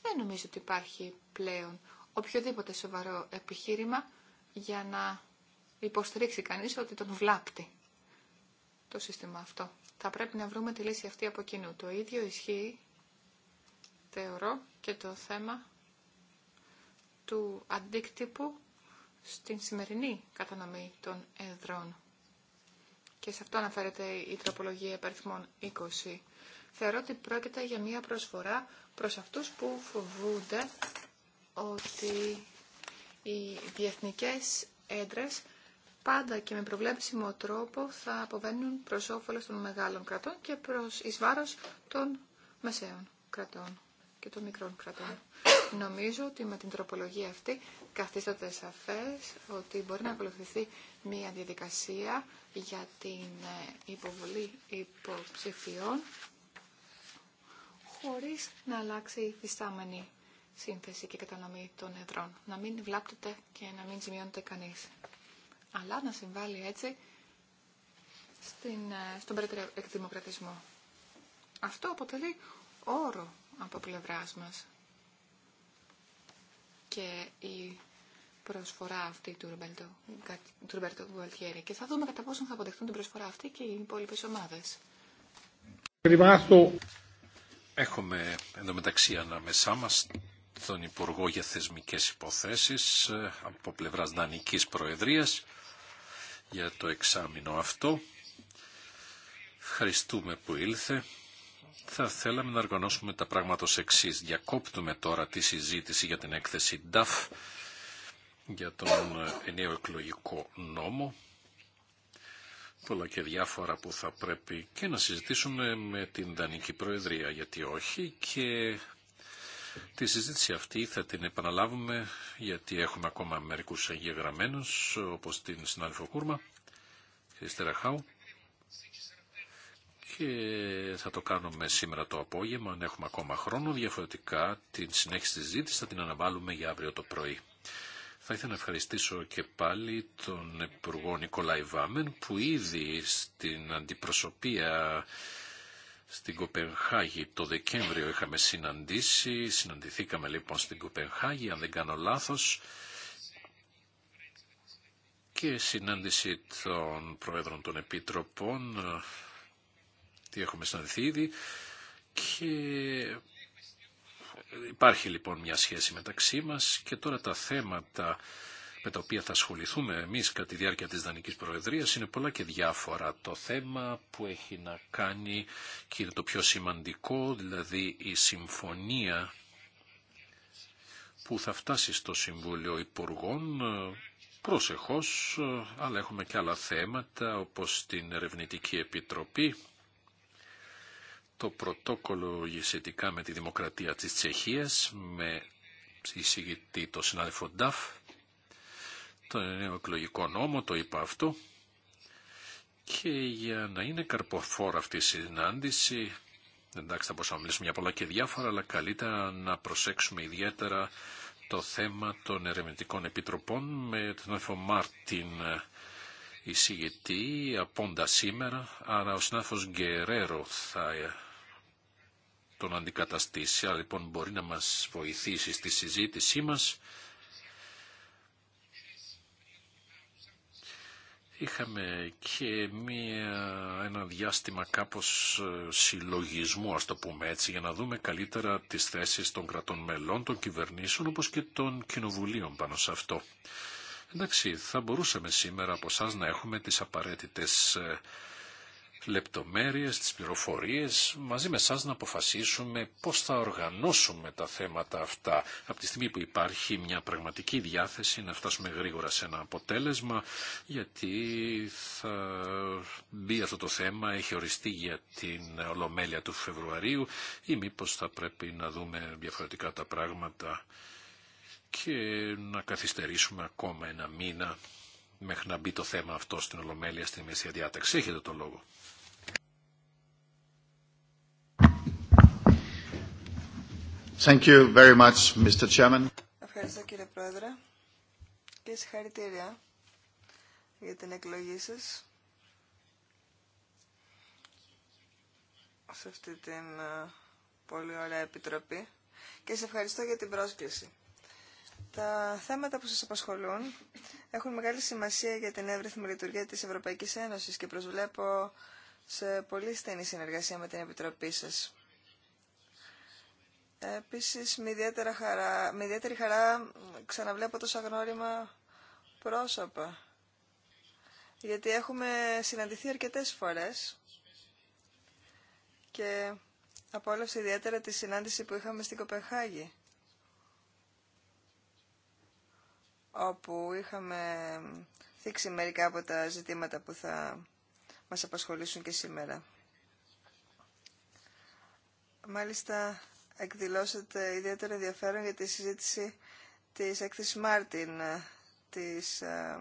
Δεν νομίζω ότι υπάρχει πλέον οποιοδήποτε σοβαρό επιχείρημα για να υποστηρίξει κανείς ότι τον βλάπτει το σύστημα αυτό. Θα πρέπει να βρούμε τη λύση αυτή από κοινού. Το ίδιο ισχύει, θεωρώ, και το θέμα του αντίκτυπου στην σημερινή κατανομή των εδρών. Και σε αυτό αναφέρεται η τροπολογία υπερθμών 20. Θεωρώ ότι πρόκειται για μια προσφορά προς αυτούς που φοβούνται ότι οι διεθνικές έντρες πάντα και με προβλέψιμο τρόπο θα αποβαίνουν προς όφελος των μεγάλων κρατών και προς εις των μεσαίων κρατών και των μικρών κρατών. Νομίζω ότι με την τροπολογία αυτή καθίσταται σαφές ότι μπορεί να ακολουθηθεί μια διαδικασία για την ε, υποβολή υποψηφιών χωρίς να αλλάξει η φυστάμενη σύνθεση και κατανομή των εδρών. Να μην βλάπτεται και να μην ζημιώνεται κανείς αλλά να συμβάλλει έτσι στην, ε, στον περαιτέρω εκδημοκρατισμό. Αυτό αποτελεί όρο από πλευράς μας. Και η προσφορά αυτή του Ρομπέρτο Γουαλτιέρη. Και θα δούμε κατά πόσο θα αποδεχτούν την προσφορά αυτή και οι υπόλοιπε ομάδε. Έχουμε εντωμεταξύ ανάμεσά μα τον Υπουργό για Θεσμικέ Υποθέσει ε, από πλευρά Δανική Προεδρία για το εξάμεινο αυτό. Ευχαριστούμε που ήλθε. Θα θέλαμε να οργανώσουμε τα πράγματα ως εξής. Διακόπτουμε τώρα τη συζήτηση για την έκθεση DAF για τον ενιαίο εκλογικό νόμο. Πολλά και διάφορα που θα πρέπει και να συζητήσουμε με την Δανική Προεδρία, γιατί όχι, και Τη συζήτηση αυτή θα την επαναλάβουμε γιατί έχουμε ακόμα μερικούς εγγεγραμμένους όπως την συνάδελφο Κούρμα και Στεραχάου και θα το κάνουμε σήμερα το απόγευμα αν έχουμε ακόμα χρόνο διαφορετικά την συνέχιση της συζήτησης θα την αναβάλουμε για αύριο το πρωί. Θα ήθελα να ευχαριστήσω και πάλι τον Υπουργό Νικολάη Βάμεν που ήδη στην αντιπροσωπεία στην Κοπενχάγη. Το Δεκέμβριο είχαμε συναντήσει, συναντηθήκαμε λοιπόν στην Κοπενχάγη, αν δεν κάνω λάθος, και συνάντηση των Προέδρων των Επίτροπων, ε, τι έχουμε συναντηθεί ήδη, και υπάρχει λοιπόν μια σχέση μεταξύ μας και τώρα τα θέματα με τα οποία θα ασχοληθούμε εμείς κατά τη διάρκεια της Δανικής Προεδρίας είναι πολλά και διάφορα. Το θέμα που έχει να κάνει και είναι το πιο σημαντικό, δηλαδή η συμφωνία που θα φτάσει στο Συμβούλιο Υπουργών προσεχώς, αλλά έχουμε και άλλα θέματα όπως την Ερευνητική Επιτροπή, το πρωτόκολλο σχετικά με τη δημοκρατία της Τσεχίας, με εισηγητή το συνάδελφο Νταφ, το νέο εκλογικό νόμο, το είπα αυτό, και για να είναι καρποφόρα αυτή η συνάντηση, εντάξει θα μπορούσαμε να μιλήσουμε για πολλά και διάφορα, αλλά καλύτερα να προσέξουμε ιδιαίτερα το θέμα των ερευνητικών επιτροπών με τον η Μάρτιν εισηγητή, απόντα σήμερα, άρα ο συνάδελφος Γκερέρο θα τον αντικαταστήσει, αλλά λοιπόν μπορεί να μας βοηθήσει στη συζήτησή μας είχαμε και μία, ένα διάστημα κάπως ε, συλλογισμού, ας το πούμε έτσι, για να δούμε καλύτερα τις θέσεις των κρατών μελών, των κυβερνήσεων, όπως και των κοινοβουλίων πάνω σε αυτό. Εντάξει, θα μπορούσαμε σήμερα από εσά να έχουμε τις απαραίτητες ε, λεπτομέρειες, τις πληροφορίες, μαζί με σας να αποφασίσουμε πώς θα οργανώσουμε τα θέματα αυτά. Από τη στιγμή που υπάρχει μια πραγματική διάθεση να φτάσουμε γρήγορα σε ένα αποτέλεσμα, γιατί θα μπει αυτό το θέμα, έχει οριστεί για την Ολομέλεια του Φεβρουαρίου ή μήπως θα πρέπει να δούμε διαφορετικά τα πράγματα και να καθυστερήσουμε ακόμα ένα μήνα μέχρι να μπει το θέμα αυτό στην Ολομέλεια, στην Μεσσία Διάταξη. Έχετε το λόγο. Ευχαριστώ κύριε Πρόεδρε και συγχαρητήρια για την εκλογή σας σε αυτή την ε, πολύ ωραία επιτροπή και σε ευχαριστώ για την πρόσκληση. Τα θέματα που σας απασχολούν έχουν μεγάλη σημασία για την εύρυθμη λειτουργία της Ευρωπαϊκής Ένωσης και προσβλέπω σε πολύ στενή συνεργασία με την Επιτροπή σας. Επίσης, με, χαρά, ιδιαίτερη χαρά ξαναβλέπω τόσα γνώριμα πρόσωπα. Γιατί έχουμε συναντηθεί αρκετές φορές και απόλαυσα ιδιαίτερα τη συνάντηση που είχαμε στην Κοπεχάγη. όπου είχαμε θίξει μερικά από τα ζητήματα που θα μας απασχολήσουν και σήμερα. Μάλιστα, εκδηλώσατε ιδιαίτερο ενδιαφέρον για τη συζήτηση της έκθεσης Μάρτιν ε, της ε,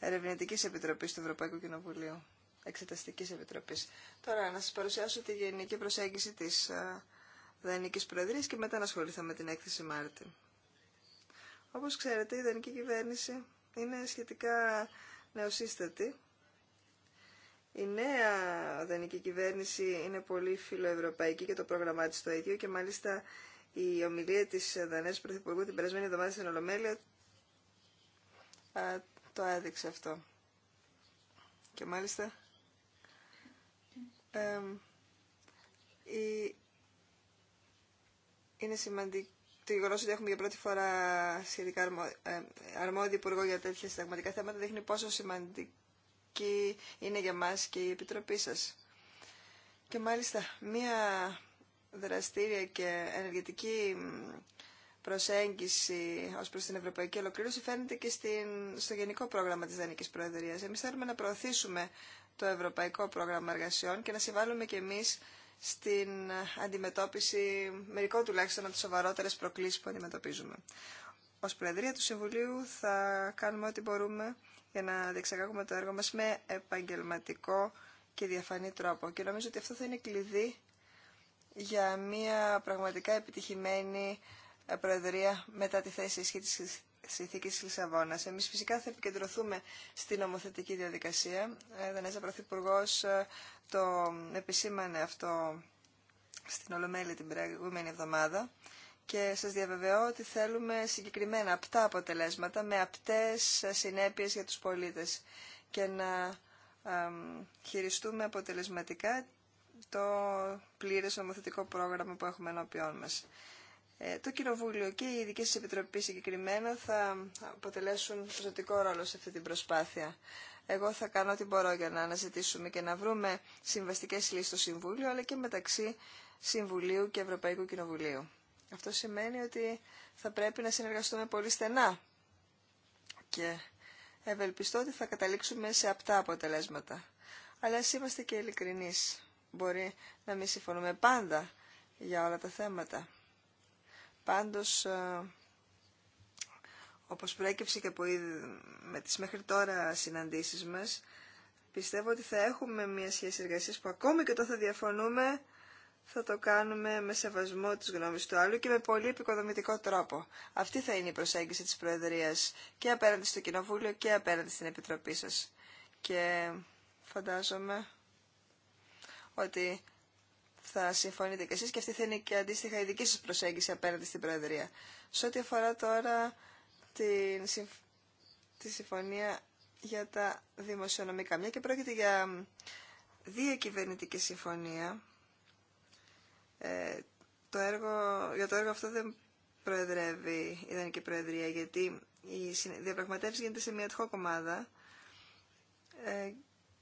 Ερευνητικής Επιτροπής του Ευρωπαϊκού Κοινοβουλίου, Εξεταστικής Επιτροπής. Τώρα να σας παρουσιάσω τη γενική προσέγγιση της ε, Δανικής Προεδρίας και μετά να ασχοληθώ με την έκθεση Μάρτιν. Όπως ξέρετε η Δανική Κυβέρνηση είναι σχετικά νεοσύστατη η νέα δανεική κυβέρνηση είναι πολύ φιλοευρωπαϊκή και το πρόγραμμά της το ίδιο και μάλιστα η ομιλία της Δανέζου Πρωθυπουργού την περασμένη εβδομάδα στην Ολομέλεια α, το άδειξε αυτό. Και μάλιστα ε, η, είναι σημαντικό το γεγονό ότι έχουμε για πρώτη φορά σχετικά ε, αρμόδιο, υπουργό για τέτοια συνταγματικά θέματα δείχνει πόσο σημαντικό εκεί είναι για μας και η Επιτροπή σας. Και μάλιστα μία δραστήρια και ενεργητική προσέγγιση ως προς την ευρωπαϊκή ολοκλήρωση φαίνεται και στην, στο γενικό πρόγραμμα της Δανικής Προεδρίας. Εμείς θέλουμε να προωθήσουμε το ευρωπαϊκό πρόγραμμα εργασιών και να συμβάλλουμε και εμείς στην αντιμετώπιση μερικών τουλάχιστον από τις σοβαρότερες προκλήσεις που αντιμετωπίζουμε ως Προεδρία του Συμβουλίου θα κάνουμε ό,τι μπορούμε για να διεξαγάγουμε το έργο μας με επαγγελματικό και διαφανή τρόπο. Και νομίζω ότι αυτό θα είναι κλειδί για μια πραγματικά επιτυχημένη ε, Προεδρία μετά τη θέση ισχύ της συνθήκη τη Λισαβόνα. Εμεί φυσικά θα επικεντρωθούμε στην νομοθετική διαδικασία. Ο ε, Δανέζα Πρωθυπουργό ε, το επισήμανε αυτό στην Ολομέλη την προηγούμενη εβδομάδα και σας διαβεβαιώ ότι θέλουμε συγκεκριμένα απτά αποτελέσματα με απτές συνέπειες για τους πολίτες και να χειριστούμε αποτελεσματικά το πλήρες νομοθετικό πρόγραμμα που έχουμε ενώπιόν μας. Ε, το Κοινοβούλιο και οι ειδικέ επιτροπή συγκεκριμένα θα αποτελέσουν ζωτικό ρόλο σε αυτή την προσπάθεια. Εγώ θα κάνω ό,τι μπορώ για να αναζητήσουμε και να βρούμε συμβαστικές λύσεις στο Συμβούλιο, αλλά και μεταξύ Συμβουλίου και Ευρωπαϊκού Κοινοβουλίου. Αυτό σημαίνει ότι θα πρέπει να συνεργαστούμε πολύ στενά και ευελπιστώ ότι θα καταλήξουμε σε απτά αποτελέσματα. Αλλά ας είμαστε και ειλικρινεί. Μπορεί να μην συμφωνούμε πάντα για όλα τα θέματα. Πάντως, ε, όπως προέκυψε και από με τις μέχρι τώρα συναντήσεις μας, πιστεύω ότι θα έχουμε μια σχέση εργασίας που ακόμη και όταν θα διαφωνούμε θα το κάνουμε με σεβασμό της γνώμης του άλλου και με πολύ επικοδομητικό τρόπο. Αυτή θα είναι η προσέγγιση της Προεδρίας και απέναντι στο Κοινοβούλιο και απέναντι στην Επιτροπή σας. Και φαντάζομαι ότι θα συμφωνείτε κι εσείς και αυτή θα είναι και αντίστοιχα η δική σας προσέγγιση απέναντι στην Προεδρία. Σε ό,τι αφορά τώρα την τη συμφωνία για τα δημοσιονομικά, μια και πρόκειται για δύο κυβερνητική συμφωνία, ε, το έργο, για το έργο αυτό δεν προεδρεύει η Ιδανική Προεδρία, γιατί η διαπραγματεύση γίνεται σε μια τυχό κομμάδα ε,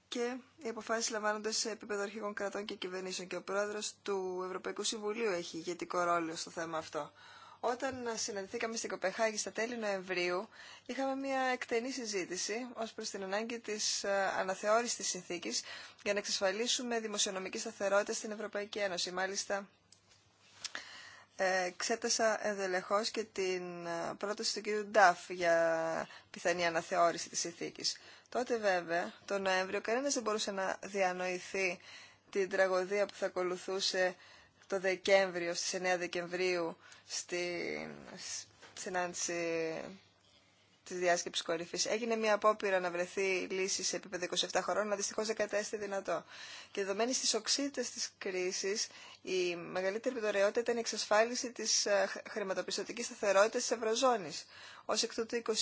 και οι αποφάσει λαμβάνονται σε επίπεδο αρχικών κρατών και κυβερνήσεων. Και ο πρόεδρο του Ευρωπαϊκού Συμβουλίου έχει ηγετικό ρόλο στο θέμα αυτό. Όταν συναντηθήκαμε στην Κοπεχάγη στα τέλη Νοεμβρίου, είχαμε μια εκτενή συζήτηση ω προ την ανάγκη τη ε, αναθεώρηση τη συνθήκη για να εξασφαλίσουμε δημοσιονομική σταθερότητα στην Ευρωπαϊκή Ένωση. Μάλιστα, ε, ξέτασα ενδελεχώς και την ε, πρόταση του κ. Νταφ για πιθανή αναθεώρηση τη συνθήκη. Τότε βέβαια, τον Νοέμβριο, κανένα δεν μπορούσε να διανοηθεί την τραγωδία που θα ακολουθούσε το Δεκέμβριο, στις 9 Δεκεμβρίου, στη συνάντηση τη διάσκεψη κορυφή. Έγινε μια απόπειρα να βρεθεί λύση σε επίπεδο 27 χωρών, αλλά δυστυχώ δεν κατέστη δυνατό. Και δεδομένη στι οξύτε τη κρίση, η μεγαλύτερη πιτοραιότητα ήταν η εξασφάλιση τη ε, χρηματοπιστωτική σταθερότητα τη Ευρωζώνη. Ω εκ τούτου, 26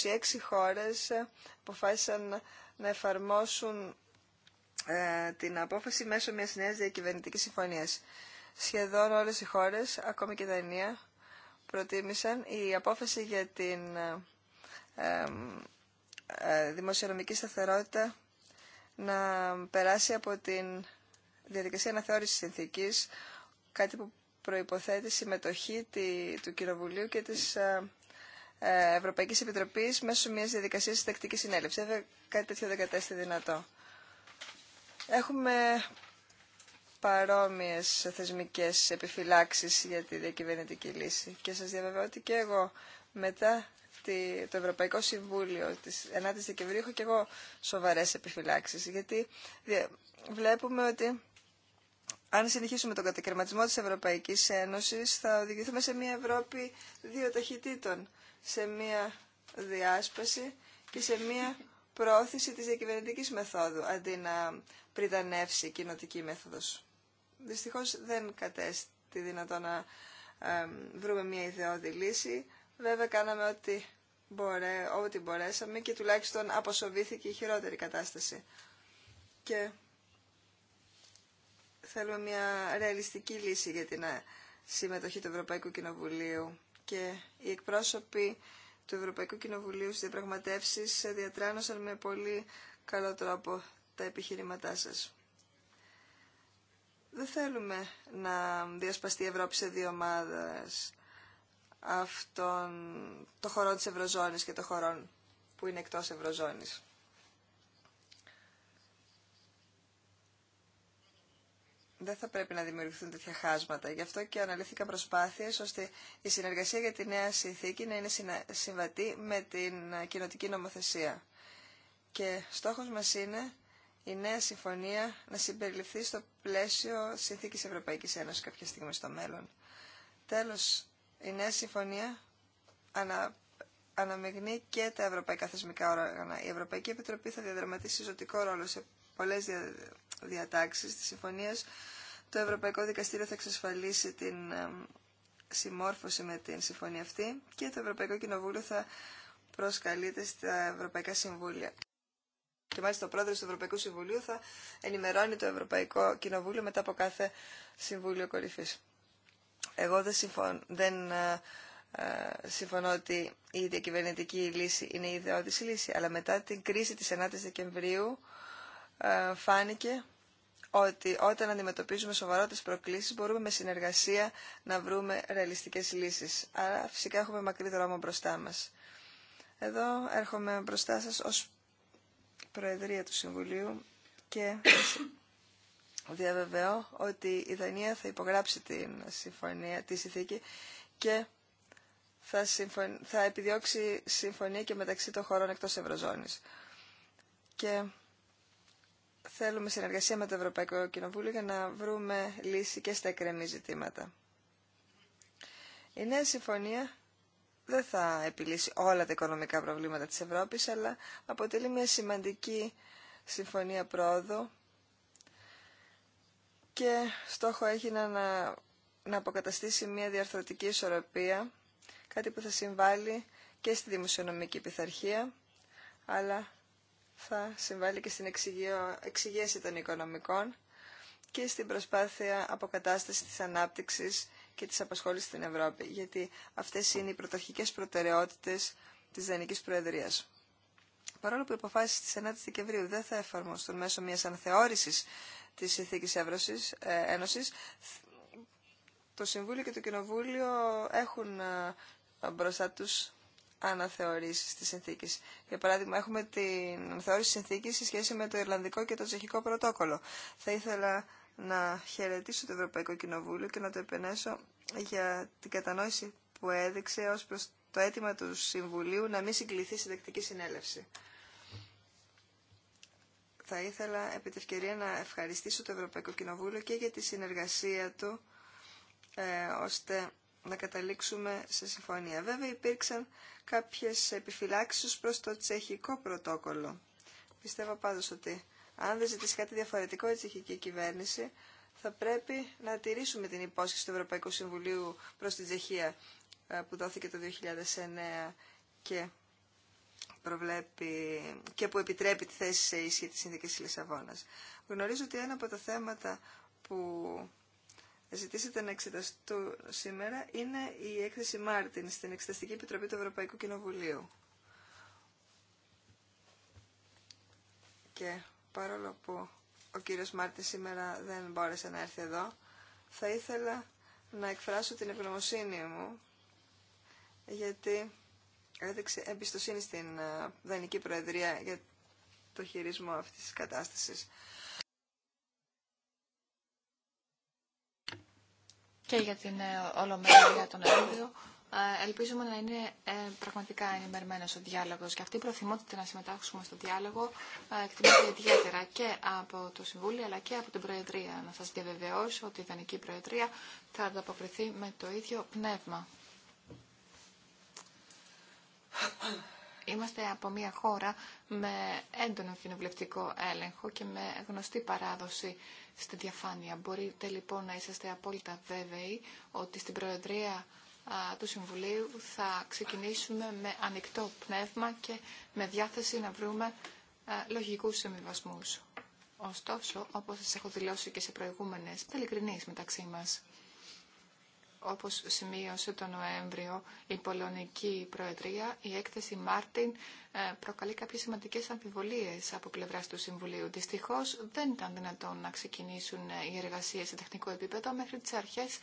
χώρε ε, αποφάσισαν να εφαρμόσουν ε, την απόφαση μέσω μια νέα διακυβερνητική συμφωνία. Σχεδόν όλε οι χώρε, ακόμη και η Δανία, προτίμησαν η απόφαση για την ε, δημοσιονομική σταθερότητα να περάσει από την διαδικασία αναθεώρησης συνθήκης, κάτι που προϋποθέτει συμμετοχή του Κοινοβουλίου και της ε, ε, Ευρωπαϊκής Επιτροπής μέσω μιας διαδικασίας συντακτικής συνέλευσης. Βέβαια, κάτι τέτοιο δεν κατέστη δυνατό. Έχουμε παρόμοιες θεσμικές επιφυλάξεις για τη διακυβερνητική λύση. Και σας διαβεβαιώ ότι και εγώ μετά το Ευρωπαϊκό Συμβούλιο της 9 η Δεκεμβρίου έχω και εγώ σοβαρές επιφυλάξεις. Γιατί βλέπουμε ότι αν συνεχίσουμε τον κατακαιρματισμό της Ευρωπαϊκής Ένωσης θα οδηγηθούμε σε μια Ευρώπη δύο ταχυτήτων, σε μια διάσπαση και σε μια πρόθεση της διακυβερνητικής μεθόδου αντί να πριτανεύσει η κοινοτική μέθοδος δυστυχώς δεν κατέστη δυνατό να βρούμε μια ιδεώδη λύση. Βέβαια κάναμε ό,τι, μπορέ, ό,τι μπορέσαμε και τουλάχιστον αποσοβήθηκε η χειρότερη κατάσταση. Και θέλουμε μια ρεαλιστική λύση για την ε, συμμετοχή του Ευρωπαϊκού Κοινοβουλίου και οι εκπρόσωποι του Ευρωπαϊκού Κοινοβουλίου στις διαπραγματεύσεις διατράνωσαν με πολύ καλό τρόπο τα επιχειρήματά σας. Δεν θέλουμε να διασπαστεί η Ευρώπη σε δύο ομάδες αυτών το χωρών της Ευρωζώνης και το χωρών που είναι εκτός Ευρωζώνης. Δεν θα πρέπει να δημιουργηθούν τέτοια χάσματα. Γι' αυτό και αναλύθηκαν προσπάθειες ώστε η συνεργασία για τη νέα συνθήκη να είναι συμβατή με την κοινοτική νομοθεσία. Και στόχος μας είναι η νέα συμφωνία να συμπεριληφθεί στο πλαίσιο Συνθήκης Ευρωπαϊκής Ένωσης κάποια στιγμή στο μέλλον. Τέλος, η νέα συμφωνία ανα, αναμειγνύει και τα ευρωπαϊκά θεσμικά όργανα. Η Ευρωπαϊκή Επιτροπή θα διαδραματίσει ζωτικό ρόλο σε πολλές δια, διατάξεις της συμφωνίας. Το Ευρωπαϊκό Δικαστήριο θα εξασφαλίσει την συμμόρφωση με την συμφωνία αυτή και το Ευρωπαϊκό Κοινοβούλιο θα προσκαλείται στα Ευρωπαϊκά Συμβούλια. Και μάλιστα ο πρόεδρος του Ευρωπαϊκού Συμβουλίου θα ενημερώνει το Ευρωπαϊκό Κοινοβούλιο μετά από κάθε Συμβούλιο Κορυφής. Εγώ δεν, δεν ε, ε, συμφωνώ ότι η διακυβερνητική λύση είναι η ιδεώδης λύση, αλλά μετά την κρίση της 9ης Δεκεμβρίου ε, φάνηκε ότι όταν αντιμετωπίζουμε σοβαρότερες προκλήσεις μπορούμε με συνεργασία να βρούμε ρεαλιστικές λύσεις. Άρα φυσικά έχουμε μακρύ δρόμο μπροστά μας. Εδώ έρχομαι μπροστά σας ως Προεδρία του Συμβουλίου και διαβεβαιώ ότι η Δανία θα υπογράψει την συμφωνία, τη συνθήκη και θα, συμφων... θα επιδιώξει συμφωνία και μεταξύ των χωρών εκτός Ευρωζώνης. Και θέλουμε συνεργασία με το Ευρωπαϊκό Κοινοβούλιο για να βρούμε λύση και στα εκκρεμή ζητήματα. Η νέα συμφωνία δεν θα επιλύσει όλα τα οικονομικά προβλήματα της Ευρώπης, αλλά αποτελεί μια σημαντική συμφωνία πρόοδου και στόχο έχει να, να, να αποκαταστήσει μια διαρθρωτική ισορροπία, κάτι που θα συμβάλλει και στη δημοσιονομική πειθαρχία, αλλά θα συμβάλλει και στην εξηγήση των οικονομικών και στην προσπάθεια αποκατάστασης της ανάπτυξης και της απασχόλησης στην Ευρώπη, γιατί αυτές είναι οι πρωταρχικές προτεραιότητες της Δανικής Προεδρίας. Παρόλο που οι αποφάσεις της 9 Δεκεμβρίου δεν θα εφαρμοστούν μέσω μιας αναθεώρησης της Συνθήκης Εύρωσης, ε, Ένωσης, το Συμβούλιο και το Κοινοβούλιο έχουν ε, μπροστά τους αναθεωρήσεις τη συνθήκη. Για παράδειγμα, έχουμε την αναθεώρηση συνθήκης σε σχέση με το Ιρλανδικό και το Τσεχικό πρωτόκολλο. Θα ήθελα να χαιρετήσω το Ευρωπαϊκό Κοινοβούλιο και να το επενέσω για την κατανόηση που έδειξε ως προς το αίτημα του Συμβουλίου να μην συγκληθεί συντακτική συνέλευση. Θα ήθελα επί τη ευκαιρία να ευχαριστήσω το Ευρωπαϊκό Κοινοβούλιο και για τη συνεργασία του ε, ώστε να καταλήξουμε σε συμφωνία. Βέβαια υπήρξαν κάποιες επιφυλάξεις προς το τσεχικό πρωτόκολλο. Πιστεύω πάντως ότι αν δεν ζητήσει κάτι διαφορετικό η τσεχική κυβέρνηση, θα πρέπει να τηρήσουμε την υπόσχεση του Ευρωπαϊκού Συμβουλίου προς την Τσεχία ε, που δόθηκε το 2009 και, προβλέπει, και που επιτρέπει τη θέση σε ίσχυ της Συνδικής τη Λισαβόνα. Γνωρίζω ότι ένα από τα θέματα που ζητήσετε να εξεταστούν σήμερα είναι η έκθεση Μάρτιν στην Εξεταστική Επιτροπή του Ευρωπαϊκού Κοινοβουλίου. Και παρόλο που ο κύριος Μάρτη σήμερα δεν μπόρεσε να έρθει εδώ, θα ήθελα να εκφράσω την ευγνωμοσύνη μου, γιατί έδειξε εμπιστοσύνη στην ε, Δανική Προεδρία για το χειρισμό αυτής της κατάστασης. Και για την ε, Ολομέλεια τον Εύριο, ε, ελπίζουμε να είναι ε, πραγματικά ενημερμένο ο διάλογο. και αυτή η προθυμότητα να συμμετάσχουμε στο διάλογο ε, εκτιμάται ιδιαίτερα και από το Συμβούλιο αλλά και από την Προεδρία. Να σα διαβεβαιώσω ότι η Ιδανική Προεδρία θα ανταποκριθεί με το ίδιο πνεύμα. Είμαστε από μια χώρα με έντονο κοινοβουλευτικό έλεγχο και με γνωστή παράδοση στη διαφάνεια. Μπορείτε λοιπόν να είσαστε απόλυτα βέβαιοι ότι στην Προεδρία του Συμβουλίου θα ξεκινήσουμε με ανοιχτό πνεύμα και με διάθεση να βρούμε λογικούς συμβιβασμού. Ωστόσο, όπως σας έχω δηλώσει και σε προηγούμενες, τελικρινή μεταξύ μας. Όπως σημείωσε το Νοέμβριο η Πολωνική Προεδρία, η έκθεση Μάρτιν ε, προκαλεί κάποιες σημαντικές αμφιβολίες από πλευράς του Συμβουλίου. Δυστυχώς, δεν ήταν δυνατόν να ξεκινήσουν ε, οι εργασίες σε τεχνικό επίπεδο μέχρι τις αρχές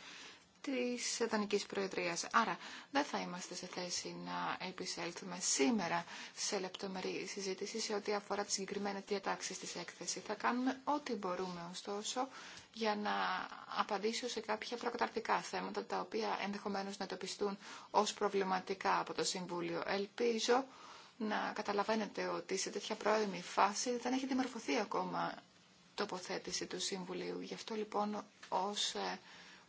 της Δανικής Προεδρίας. Άρα δεν θα είμαστε σε θέση να επισέλθουμε σήμερα σε λεπτομερή συζήτηση σε ό,τι αφορά τις συγκεκριμένε διατάξεις της έκθεση. Θα κάνουμε ό,τι μπορούμε ωστόσο για να απαντήσω σε κάποια προκαταρτικά θέματα τα οποία ενδεχομένως να τοπιστούν ως προβληματικά από το Συμβούλιο. Ελπίζω να καταλαβαίνετε ότι σε τέτοια πρώιμη φάση δεν έχει δημορφωθεί ακόμα τοποθέτηση του Συμβουλίου. Γι' αυτό λοιπόν ως ε,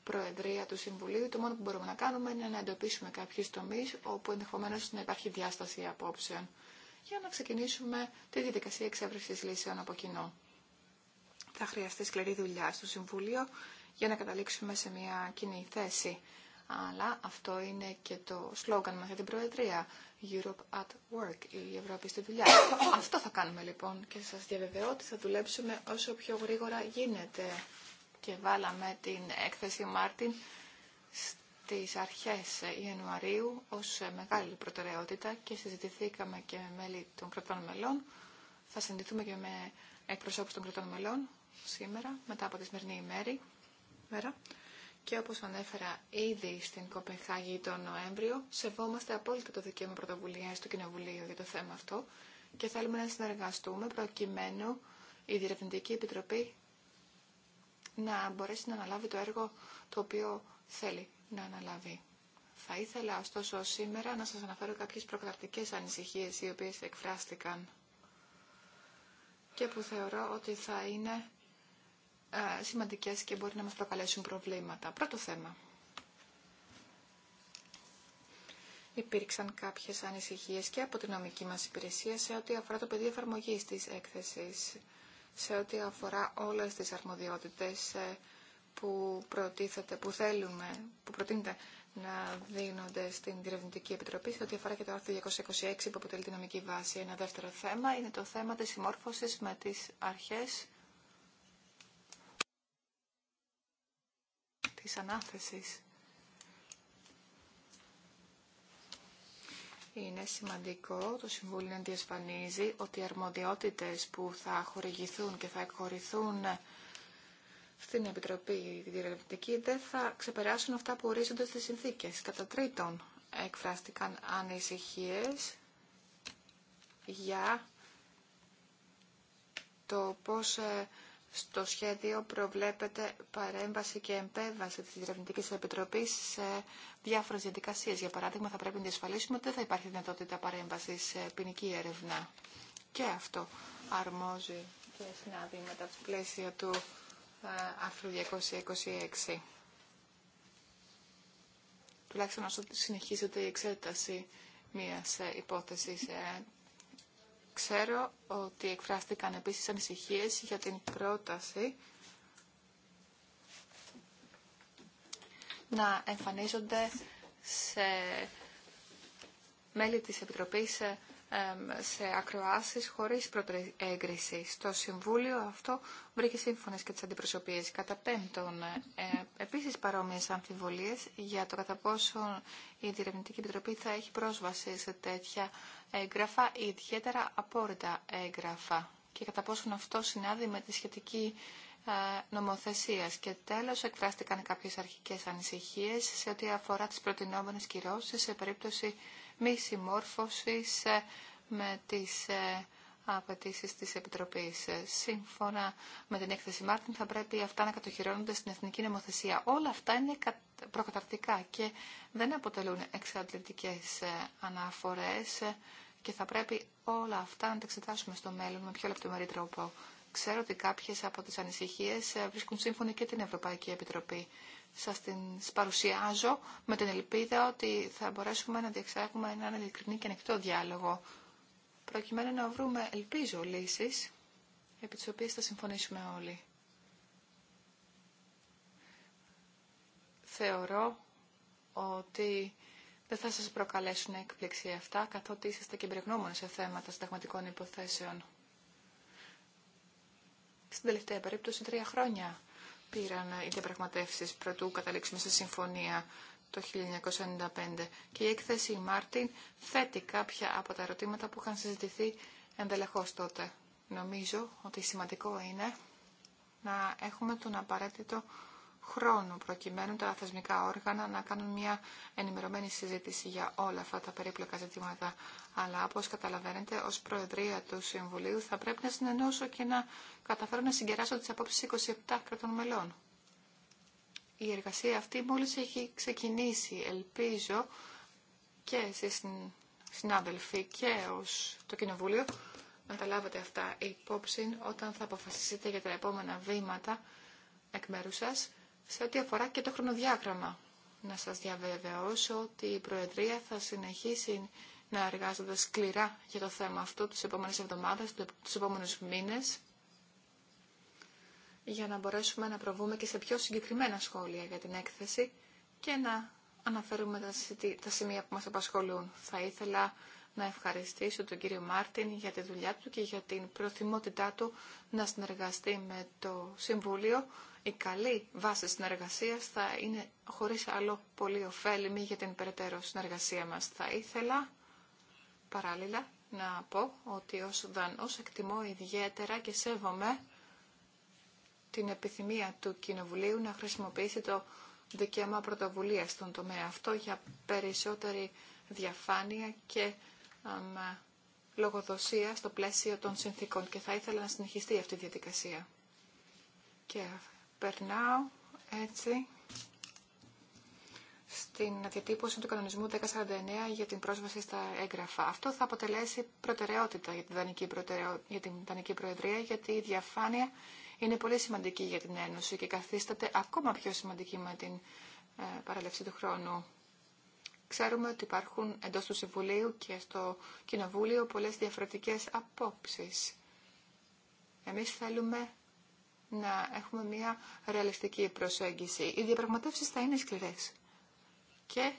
Προεδρία του Συμβουλίου, το μόνο που μπορούμε να κάνουμε είναι να εντοπίσουμε κάποιου τομεί όπου ενδεχομένω να υπάρχει διάσταση απόψεων για να ξεκινήσουμε τη διαδικασία εξέβρεση λύσεων από κοινό. Θα χρειαστεί σκληρή δουλειά στο Συμβούλιο για να καταλήξουμε σε μια κοινή θέση. Αλλά αυτό είναι και το σλόγγαν μα για την Προεδρία. Europe at work, η Ευρώπη στη δουλειά. αυτό θα κάνουμε λοιπόν και σα διαβεβαιώ ότι θα δουλέψουμε όσο πιο γρήγορα γίνεται και βάλαμε την έκθεση Μάρτιν στις αρχές Ιανουαρίου ως μεγάλη προτεραιότητα και συζητηθήκαμε και με μέλη των κρατών μελών. Θα συζητηθούμε και με εκπροσώπους των κρατών μελών σήμερα, μετά από τη σημερινή ημέρη, μέρα. Και όπως ανέφερα ήδη στην Κοπενχάγη τον Νοέμβριο, σεβόμαστε απόλυτα το δικαίωμα πρωτοβουλία του Κοινοβουλίου για το θέμα αυτό και θέλουμε να συνεργαστούμε προκειμένου η Διευθυντική Επιτροπή να μπορέσει να αναλάβει το έργο το οποίο θέλει να αναλάβει. Θα ήθελα ωστόσο σήμερα να σας αναφέρω κάποιες προκαταρκτικές ανησυχίες οι οποίες εκφράστηκαν και που θεωρώ ότι θα είναι ε, σημαντικές και μπορεί να μας προκαλέσουν προβλήματα. Πρώτο θέμα. Υπήρξαν κάποιες ανησυχίες και από την νομική μας υπηρεσία σε ό,τι αφορά το πεδίο εφαρμογής της έκθεσης σε ό,τι αφορά όλες τις αρμοδιότητες ε, που προτίθεται, που θέλουμε, που προτείνεται να δίνονται στην Διερευνητική Επιτροπή, σε ό,τι αφορά και το άρθρο 226 που αποτελεί τη νομική βάση. Ένα δεύτερο θέμα είναι το θέμα της συμμόρφωσης με τις αρχές της ανάθεσης Είναι σημαντικό το Συμβούλιο να διασφανίζει ότι οι αρμοδιότητες που θα χορηγηθούν και θα εκχωρηθούν στην Επιτροπή Διερευνητική δεν θα ξεπεράσουν αυτά που ορίζονται στις συνθήκες. Κατά τρίτον, εκφράστηκαν ανησυχίες για το πώς ε, στο σχέδιο προβλέπεται παρέμβαση και επέμβαση τη διερευνητική επιτροπή σε διάφορε διαδικασίε. Για παράδειγμα, θα πρέπει να διασφαλίσουμε ότι δεν θα υπάρχει δυνατότητα παρέμβασης σε ποινική έρευνα. Και αυτό αρμόζει και συνάδει με το πλαίσιο του ε, άρθρου 226. Τουλάχιστον όσο συνεχίζεται η εξέταση μια ε, υπόθεση. Ε, Ξέρω ότι εκφράστηκαν επίσης ανησυχίες για την πρόταση να εμφανίζονται σε μέλη της Επιτροπής ε, σε ακροάσεις χωρίς πρώτη έγκριση. Στο Συμβούλιο αυτό βρήκε σύμφωνες και τις αντιπροσωπείες. Κατά πέμπτον, ε, επίσης παρόμοιες αμφιβολίες για το κατά πόσο η Διερευνητική Επιτροπή θα έχει πρόσβαση σε τέτοια έγγραφα, ιδιαίτερα απόρριτα έγγραφα και κατά πόσο αυτό συνάδει με τη σχετική ε, νομοθεσία. Και τέλος εκφράστηκαν κάποιες αρχικές ανησυχίες σε ό,τι αφορά τις προτινόμενες κυρώσεις σε περίπτωση μη συμμόρφωσης ε, με τις ε, απαιτήσει τη Επιτροπή. Ε, σύμφωνα με την έκθεση Μάρτιν, θα πρέπει αυτά να κατοχυρώνονται στην εθνική νομοθεσία. Όλα αυτά είναι προκαταρτικά και δεν αποτελούν εξαντλητικέ αναφορέ και θα πρέπει όλα αυτά να τα εξετάσουμε στο μέλλον με πιο λεπτομερή τρόπο. Ξέρω ότι κάποιες από τις ανησυχίες βρίσκουν σύμφωνοι και την Ευρωπαϊκή Επιτροπή σας την παρουσιάζω με την ελπίδα ότι θα μπορέσουμε να διεξάγουμε έναν ειλικρινή και ανοιχτό διάλογο προκειμένου να βρούμε, ελπίζω, λύσεις επί τις οποίες θα συμφωνήσουμε όλοι. Θεωρώ ότι δεν θα σας προκαλέσουν έκπληξη αυτά, καθότι είσαστε και εμπρεγνώμονες σε θέματα συνταγματικών υποθέσεων. Στην τελευταία περίπτωση τρία χρόνια πήραν οι διαπραγματεύσει προτού καταλήξουμε σε συμφωνία το 1995 και η έκθεση Μάρτιν θέτει κάποια από τα ερωτήματα που είχαν συζητηθεί εντελεχώ τότε. Νομίζω ότι σημαντικό είναι να έχουμε τον απαραίτητο χρόνο προκειμένου τα θεσμικά όργανα να κάνουν μια ενημερωμένη συζήτηση για όλα αυτά τα περίπλοκα ζητήματα. Αλλά όπως καταλαβαίνετε ως Προεδρία του Συμβουλίου θα πρέπει να συνενώσω και να καταφέρω να συγκεράσω τις απόψεις 27 κρατών μελών. Η εργασία αυτή μόλις έχει ξεκινήσει, ελπίζω, και εσείς συνάδελφοι και ω το Κοινοβούλιο να τα λάβετε αυτά υπόψη όταν θα αποφασίσετε για τα επόμενα βήματα εκ μέρου σας σε ό,τι αφορά και το χρονοδιάγραμμα. Να σας διαβεβαιώσω ότι η Προεδρία θα συνεχίσει να εργάζονται σκληρά για το θέμα αυτό τις επόμενες εβδομάδες, τους επόμενους μήνες, για να μπορέσουμε να προβούμε και σε πιο συγκεκριμένα σχόλια για την έκθεση και να αναφέρουμε τα σημεία που μας απασχολούν. Θα ήθελα να ευχαριστήσω τον κύριο Μάρτιν για τη δουλειά του και για την προθυμότητά του να συνεργαστεί με το Συμβούλιο. Η καλή βάση συνεργασίας θα είναι χωρίς άλλο πολύ ωφέλιμη για την περαιτέρω συνεργασία μας. Θα ήθελα παράλληλα να πω ότι ως Δανός εκτιμώ ιδιαίτερα και σέβομαι την επιθυμία του Κοινοβουλίου να χρησιμοποιήσει το δικαίωμα πρωτοβουλία στον τομέα αυτό για περισσότερη διαφάνεια και λογοδοσία στο πλαίσιο των συνθήκων και θα ήθελα να συνεχιστεί αυτή η διαδικασία. Και περνάω έτσι στην διατύπωση του κανονισμού 1049 για την πρόσβαση στα έγγραφα. Αυτό θα αποτελέσει προτεραιότητα για την Δανική, για την Δανική Προεδρία, γιατί η διαφάνεια είναι πολύ σημαντική για την Ένωση και καθίσταται ακόμα πιο σημαντική με την ε, παραλευσή του χρόνου. Ξέρουμε ότι υπάρχουν εντός του Συμβουλίου και στο Κοινοβούλιο πολλές διαφορετικές απόψεις. Εμείς θέλουμε να έχουμε μια ρεαλιστική προσέγγιση. Οι διαπραγματεύσεις θα είναι σκληρές. Και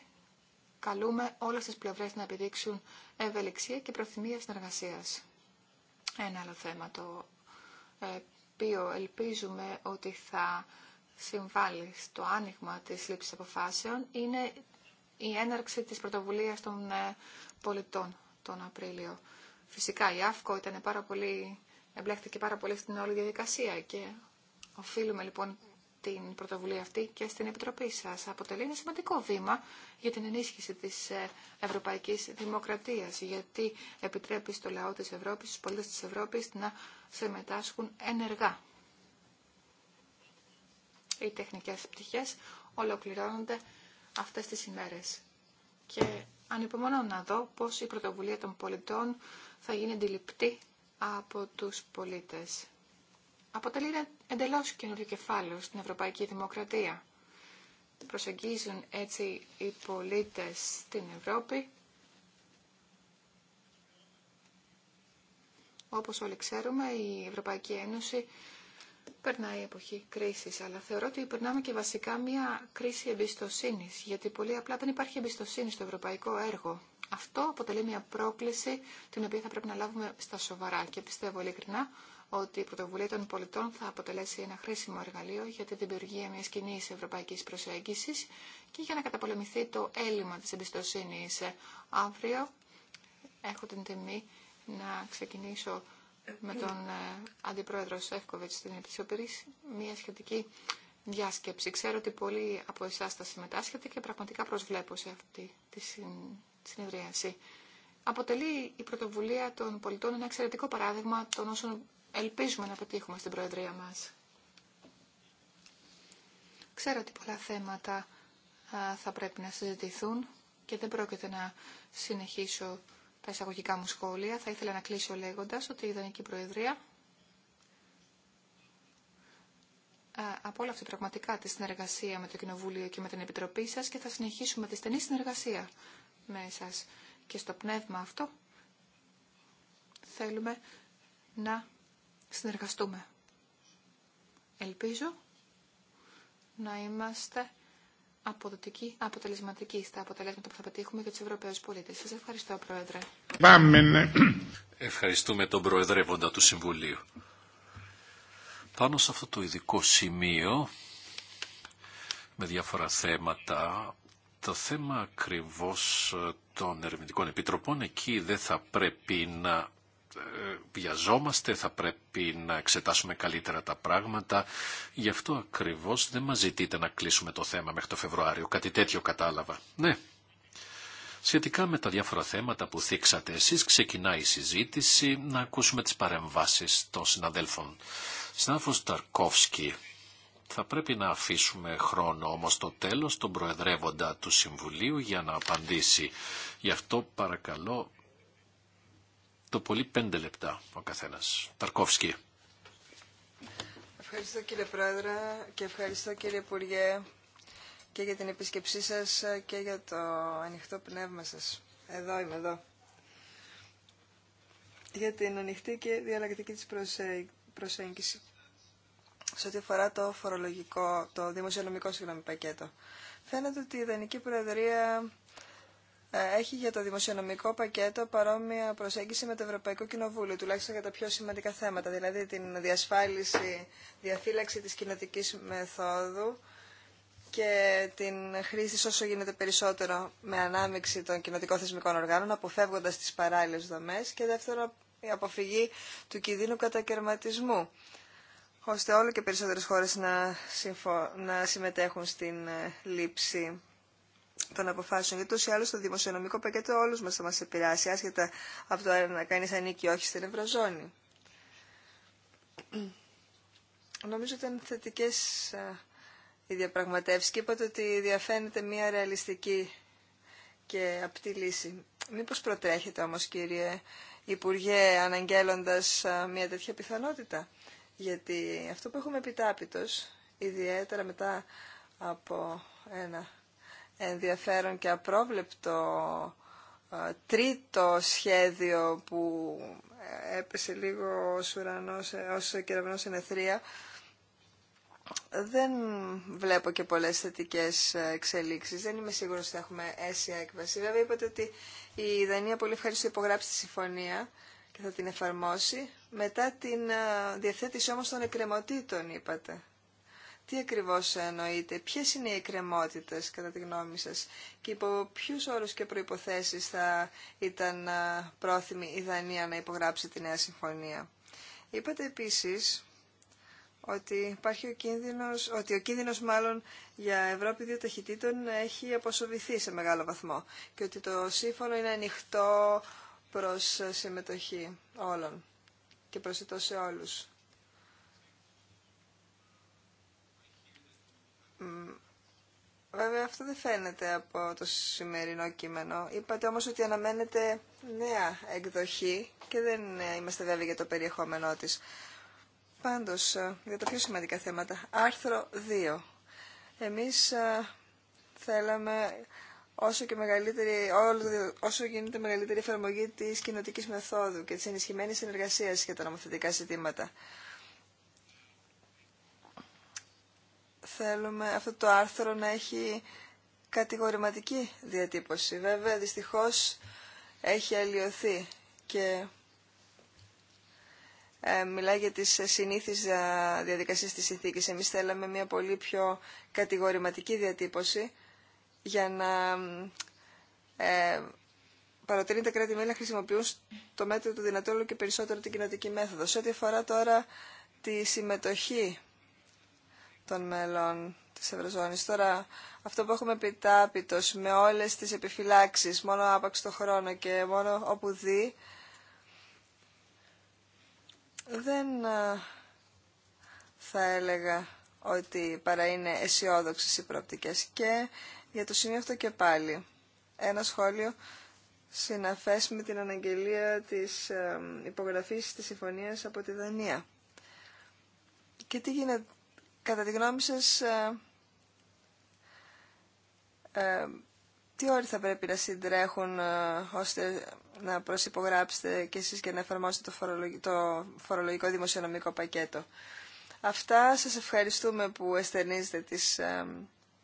καλούμε όλες τις πλευρές να επιδείξουν ευελιξία και προθυμία συνεργασίας. Ένα άλλο θέμα το οποίο ελπίζουμε ότι θα συμβάλλει στο άνοιγμα της λήψης αποφάσεων είναι η έναρξη της πρωτοβουλίας των ε, πολιτών τον Απρίλιο. Φυσικά η ΑΦΚΟ ήταν πάρα πολύ, πάρα πολύ στην όλη διαδικασία και οφείλουμε λοιπόν την πρωτοβουλία αυτή και στην Επιτροπή σας. Αποτελεί ένα σημαντικό βήμα για την ενίσχυση της ε, ευρωπαϊκής δημοκρατίας, γιατί επιτρέπει στο λαό της Ευρώπης, στους πολίτες της Ευρώπης να συμμετάσχουν ενεργά. Οι τεχνικές πτυχές ολοκληρώνονται αυτές τις ημέρες. Και ανυπομονώ να δω πώς η πρωτοβουλία των πολιτών θα γίνει αντιληπτή από τους πολίτες. Αποτελεί ένα εντελώς καινούριο κεφάλαιο στην Ευρωπαϊκή Δημοκρατία. Προσεγγίζουν έτσι οι πολίτες στην Ευρώπη. Όπως όλοι ξέρουμε, η Ευρωπαϊκή Ένωση περνάει η εποχή κρίση, αλλά θεωρώ ότι περνάμε και βασικά μια κρίση εμπιστοσύνη, γιατί πολύ απλά δεν υπάρχει εμπιστοσύνη στο ευρωπαϊκό έργο. Αυτό αποτελεί μια πρόκληση την οποία θα πρέπει να λάβουμε στα σοβαρά και πιστεύω ειλικρινά ότι η πρωτοβουλία των πολιτών θα αποτελέσει ένα χρήσιμο εργαλείο για τη δημιουργία μια κοινή ευρωπαϊκή προσέγγιση και για να καταπολεμηθεί το έλλειμμα τη εμπιστοσύνη Αύριο έχω την τιμή να ξεκινήσω με τον ε, Αντιπρόεδρο Σεύκοβιτς στην Επιτροπή μια σχετική διάσκεψη. Ξέρω ότι πολλοί από εσά θα συμμετάσχετε και πραγματικά προσβλέπω σε αυτή τη συνεδρίαση. Αποτελεί η πρωτοβουλία των πολιτών ένα εξαιρετικό παράδειγμα των όσων ελπίζουμε να πετύχουμε στην Προεδρία μας. Ξέρω ότι πολλά θέματα θα πρέπει να συζητηθούν και δεν πρόκειται να συνεχίσω τα εισαγωγικά μου σχόλια. Θα ήθελα να κλείσω λέγοντας ότι η Ιδανική Προεδρία ε, απόλαυσε πραγματικά τη συνεργασία με το Κοινοβούλιο και με την Επιτροπή σας και θα συνεχίσουμε τη στενή συνεργασία με εσάς. Και στο πνεύμα αυτό θέλουμε να συνεργαστούμε. Ελπίζω να είμαστε αποδοτική, αποτελεσματική στα αποτελέσματα που θα πετύχουμε για τους Ευρωπαίου πολίτες. Σα ευχαριστώ, Πρόεδρε. Ναι. Ευχαριστούμε τον Προεδρεύοντα του Συμβουλίου. Πάνω σε αυτό το ειδικό σημείο, με διάφορα θέματα, το θέμα ακριβώς των ερευνητικών επιτροπών εκεί δεν θα πρέπει να βιαζόμαστε, θα πρέπει να εξετάσουμε καλύτερα τα πράγματα. Γι' αυτό ακριβώς δεν μας ζητείτε να κλείσουμε το θέμα μέχρι το Φεβρουάριο. Κάτι τέτοιο κατάλαβα. Ναι. Σχετικά με τα διάφορα θέματα που θίξατε εσείς, ξεκινάει η συζήτηση να ακούσουμε τις παρεμβάσεις των συναδέλφων. Συνάδελφος Ταρκόφσκι, θα πρέπει να αφήσουμε χρόνο όμως το τέλος τον Προεδρεύοντα του Συμβουλίου για να απαντήσει. Γι' αυτό παρακαλώ το πολύ πέντε λεπτά ο καθένας. Ταρκόφσκι. Ευχαριστώ κύριε Πρόεδρε και ευχαριστώ κύριε Υπουργέ και για την επίσκεψή σας και για το ανοιχτό πνεύμα σας. Εδώ είμαι εδώ. Για την ανοιχτή και διαλλακτική της προσέγγιση σε ό,τι αφορά το φορολογικό, το δημοσιονομικό συγγνώμη πακέτο. Φαίνεται ότι η Ιδανική Προεδρία ε, έχει για το δημοσιονομικό πακέτο παρόμοια προσέγγιση με το Ευρωπαϊκό Κοινοβούλιο, τουλάχιστον για τα πιο σημαντικά θέματα, δηλαδή την διασφάλιση, διαφύλαξη της κοινοτικής μεθόδου και την χρήση όσο γίνεται περισσότερο με ανάμειξη των κοινοτικών θεσμικών οργάνων, αποφεύγοντας τις παράλληλες δομές και δεύτερο, η αποφυγή του κινδύνου κατακαιρματισμού ώστε όλο και περισσότερες χώρες να, να συμμετέχουν στην ε, λήψη των αποφάσεων. Γιατί ούτω ή άλλω το δημοσιονομικό πακέτο όλου μα θα μα επηρεάσει, άσχετα από το να κάνει ανήκει όχι στην Ευρωζώνη. Νομίζω ήταν θετικέ οι διαπραγματεύσει και είπατε ότι διαφαίνεται μια ρεαλιστική και απτή λύση. Μήπως προτρέχετε όμως κύριε Υπουργέ αναγγέλλοντας μια τέτοια πιθανότητα. Γιατί αυτό που έχουμε επιτάπητος, ιδιαίτερα μετά από ένα ενδιαφέρον και απρόβλεπτο ε, τρίτο σχέδιο που ε, έπεσε λίγο ως, ουρανός, ε, ως κεραυνός ενεθρία δεν βλέπω και πολλές θετικές εξελίξεις. Δεν είμαι σίγουρος ότι έχουμε αίσια έκβαση. Βέβαια είπατε ότι η Δανία πολύ ευχαριστώ υπογράψει τη συμφωνία και θα την εφαρμόσει. Μετά την διαθέτηση όμως των εκκρεμωτήτων είπατε τι ακριβώς εννοείτε, ποιες είναι οι εκκρεμότητες κατά τη γνώμη σας και υπό ποιους όρους και προϋποθέσεις θα ήταν πρόθυμη η Δανία να υπογράψει τη νέα συμφωνία. Είπατε επίσης ότι υπάρχει ο κίνδυνος, ότι ο κίνδυνος μάλλον για Ευρώπη δύο ταχυτήτων έχει αποσοβηθεί σε μεγάλο βαθμό και ότι το σύμφωνο είναι ανοιχτό προς συμμετοχή όλων και προσιτό σε όλους. Βέβαια αυτό δεν φαίνεται από το σημερινό κείμενο. Είπατε όμως ότι αναμένεται νέα εκδοχή και δεν είμαστε βέβαιοι για το περιεχόμενό της. Πάντως, ε, για τα πιο σημαντικά θέματα. Άρθρο 2. Εμείς ε, θέλαμε όσο, και μεγαλύτερη, όσο γίνεται μεγαλύτερη εφαρμογή της κοινοτικής μεθόδου και της ενισχυμένης συνεργασίας για τα νομοθετικά ζητήματα. θέλουμε αυτό το άρθρο να έχει κατηγορηματική διατύπωση. Βέβαια, δυστυχώς έχει αλλοιωθεί και ε, μιλάει για τις συνήθεις ε, διαδικασίες της συνθήκης. Εμείς θέλαμε μια πολύ πιο κατηγορηματική διατύπωση για να ε, τα κράτη-μέλη να χρησιμοποιούν το μέτρο του δυνατού και περισσότερο την κοινωτική μέθοδο. Σε ό,τι αφορά τώρα τη συμμετοχή των μελών της Ευρωζώνης. Τώρα, αυτό που έχουμε τάπητος με όλες τις επιφυλάξεις, μόνο άπαξ το χρόνο και μόνο όπου δει, δεν θα έλεγα ότι παρά είναι αισιόδοξε οι προοπτικές. Και για το σημείο αυτό και πάλι, ένα σχόλιο συναφές με την αναγγελία της υπογραφής της συμφωνίας από τη Δανία. Και τι γίνεται Κατά τη γνώμη σας, ε, ε, τι όροι θα πρέπει να συντρέχουν ε, ώστε να προσυπογράψετε και εσείς και να εφαρμόσετε το φορολογικό, το φορολογικό δημοσιονομικό πακέτο. Αυτά σας ευχαριστούμε που εστερνίζετε τις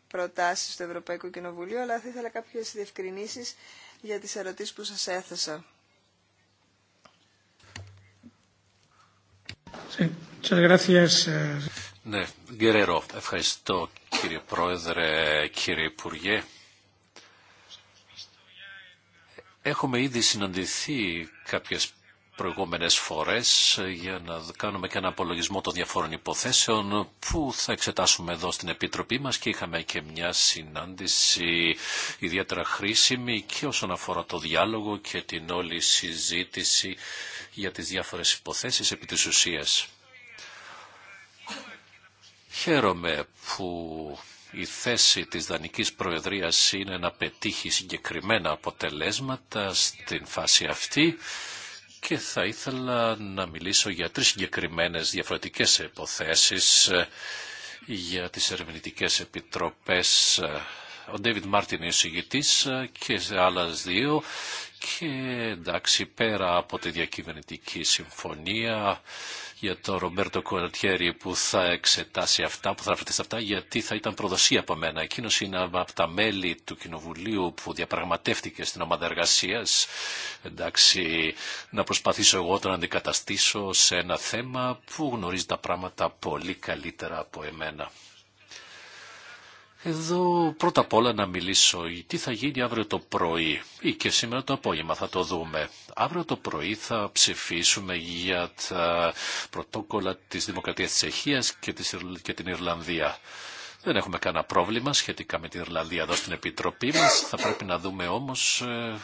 προτάσεις του Ευρωπαϊκού Κοινοβουλίου, αλλά θα ήθελα κάποιες διευκρινήσεις για τις ερωτήσεις που σας έθεσα. Ναι, Γκερέρο, ευχαριστώ κύριε Πρόεδρε, κύριε Υπουργέ. Έχουμε ήδη συναντηθεί κάποιες προηγούμενες φορές για να κάνουμε και ένα απολογισμό των διαφόρων υποθέσεων που θα εξετάσουμε εδώ στην Επιτροπή μας και είχαμε και μια συνάντηση ιδιαίτερα χρήσιμη και όσον αφορά το διάλογο και την όλη συζήτηση για τις διάφορες υποθέσεις επί της ουσίας. Χαίρομαι που η θέση της Δανικής Προεδρίας είναι να πετύχει συγκεκριμένα αποτελέσματα στην φάση αυτή και θα ήθελα να μιλήσω για τρεις συγκεκριμένες διαφορετικές υποθέσεις ε, για τις ερευνητικές επιτροπές. Ε, ο Ντέβιντ Μάρτιν είναι Συγητή ε, και σε άλλες δύο και εντάξει πέρα από τη διακυβερνητική συμφωνία για τον Ρομπέρτο Κορατιέρη που θα εξετάσει αυτά, που θα αναφερθεί σε αυτά, γιατί θα ήταν προδοσία από μένα. Εκείνο είναι από τα μέλη του Κοινοβουλίου που διαπραγματεύτηκε στην ομάδα εργασία. Εντάξει, να προσπαθήσω εγώ να αντικαταστήσω σε ένα θέμα που γνωρίζει τα πράγματα πολύ καλύτερα από εμένα. Εδώ πρώτα απ' όλα να μιλήσω τι θα γίνει αύριο το πρωί ή και σήμερα το απόγευμα θα το δούμε. Αύριο το πρωί θα ψηφίσουμε για τα πρωτόκολλα της Δημοκρατίας της Αιχίας και, της, και την Ιρλανδία. Δεν έχουμε κανένα πρόβλημα σχετικά με την Ιρλανδία εδώ στην Επιτροπή μας. Θα πρέπει να δούμε όμως ε,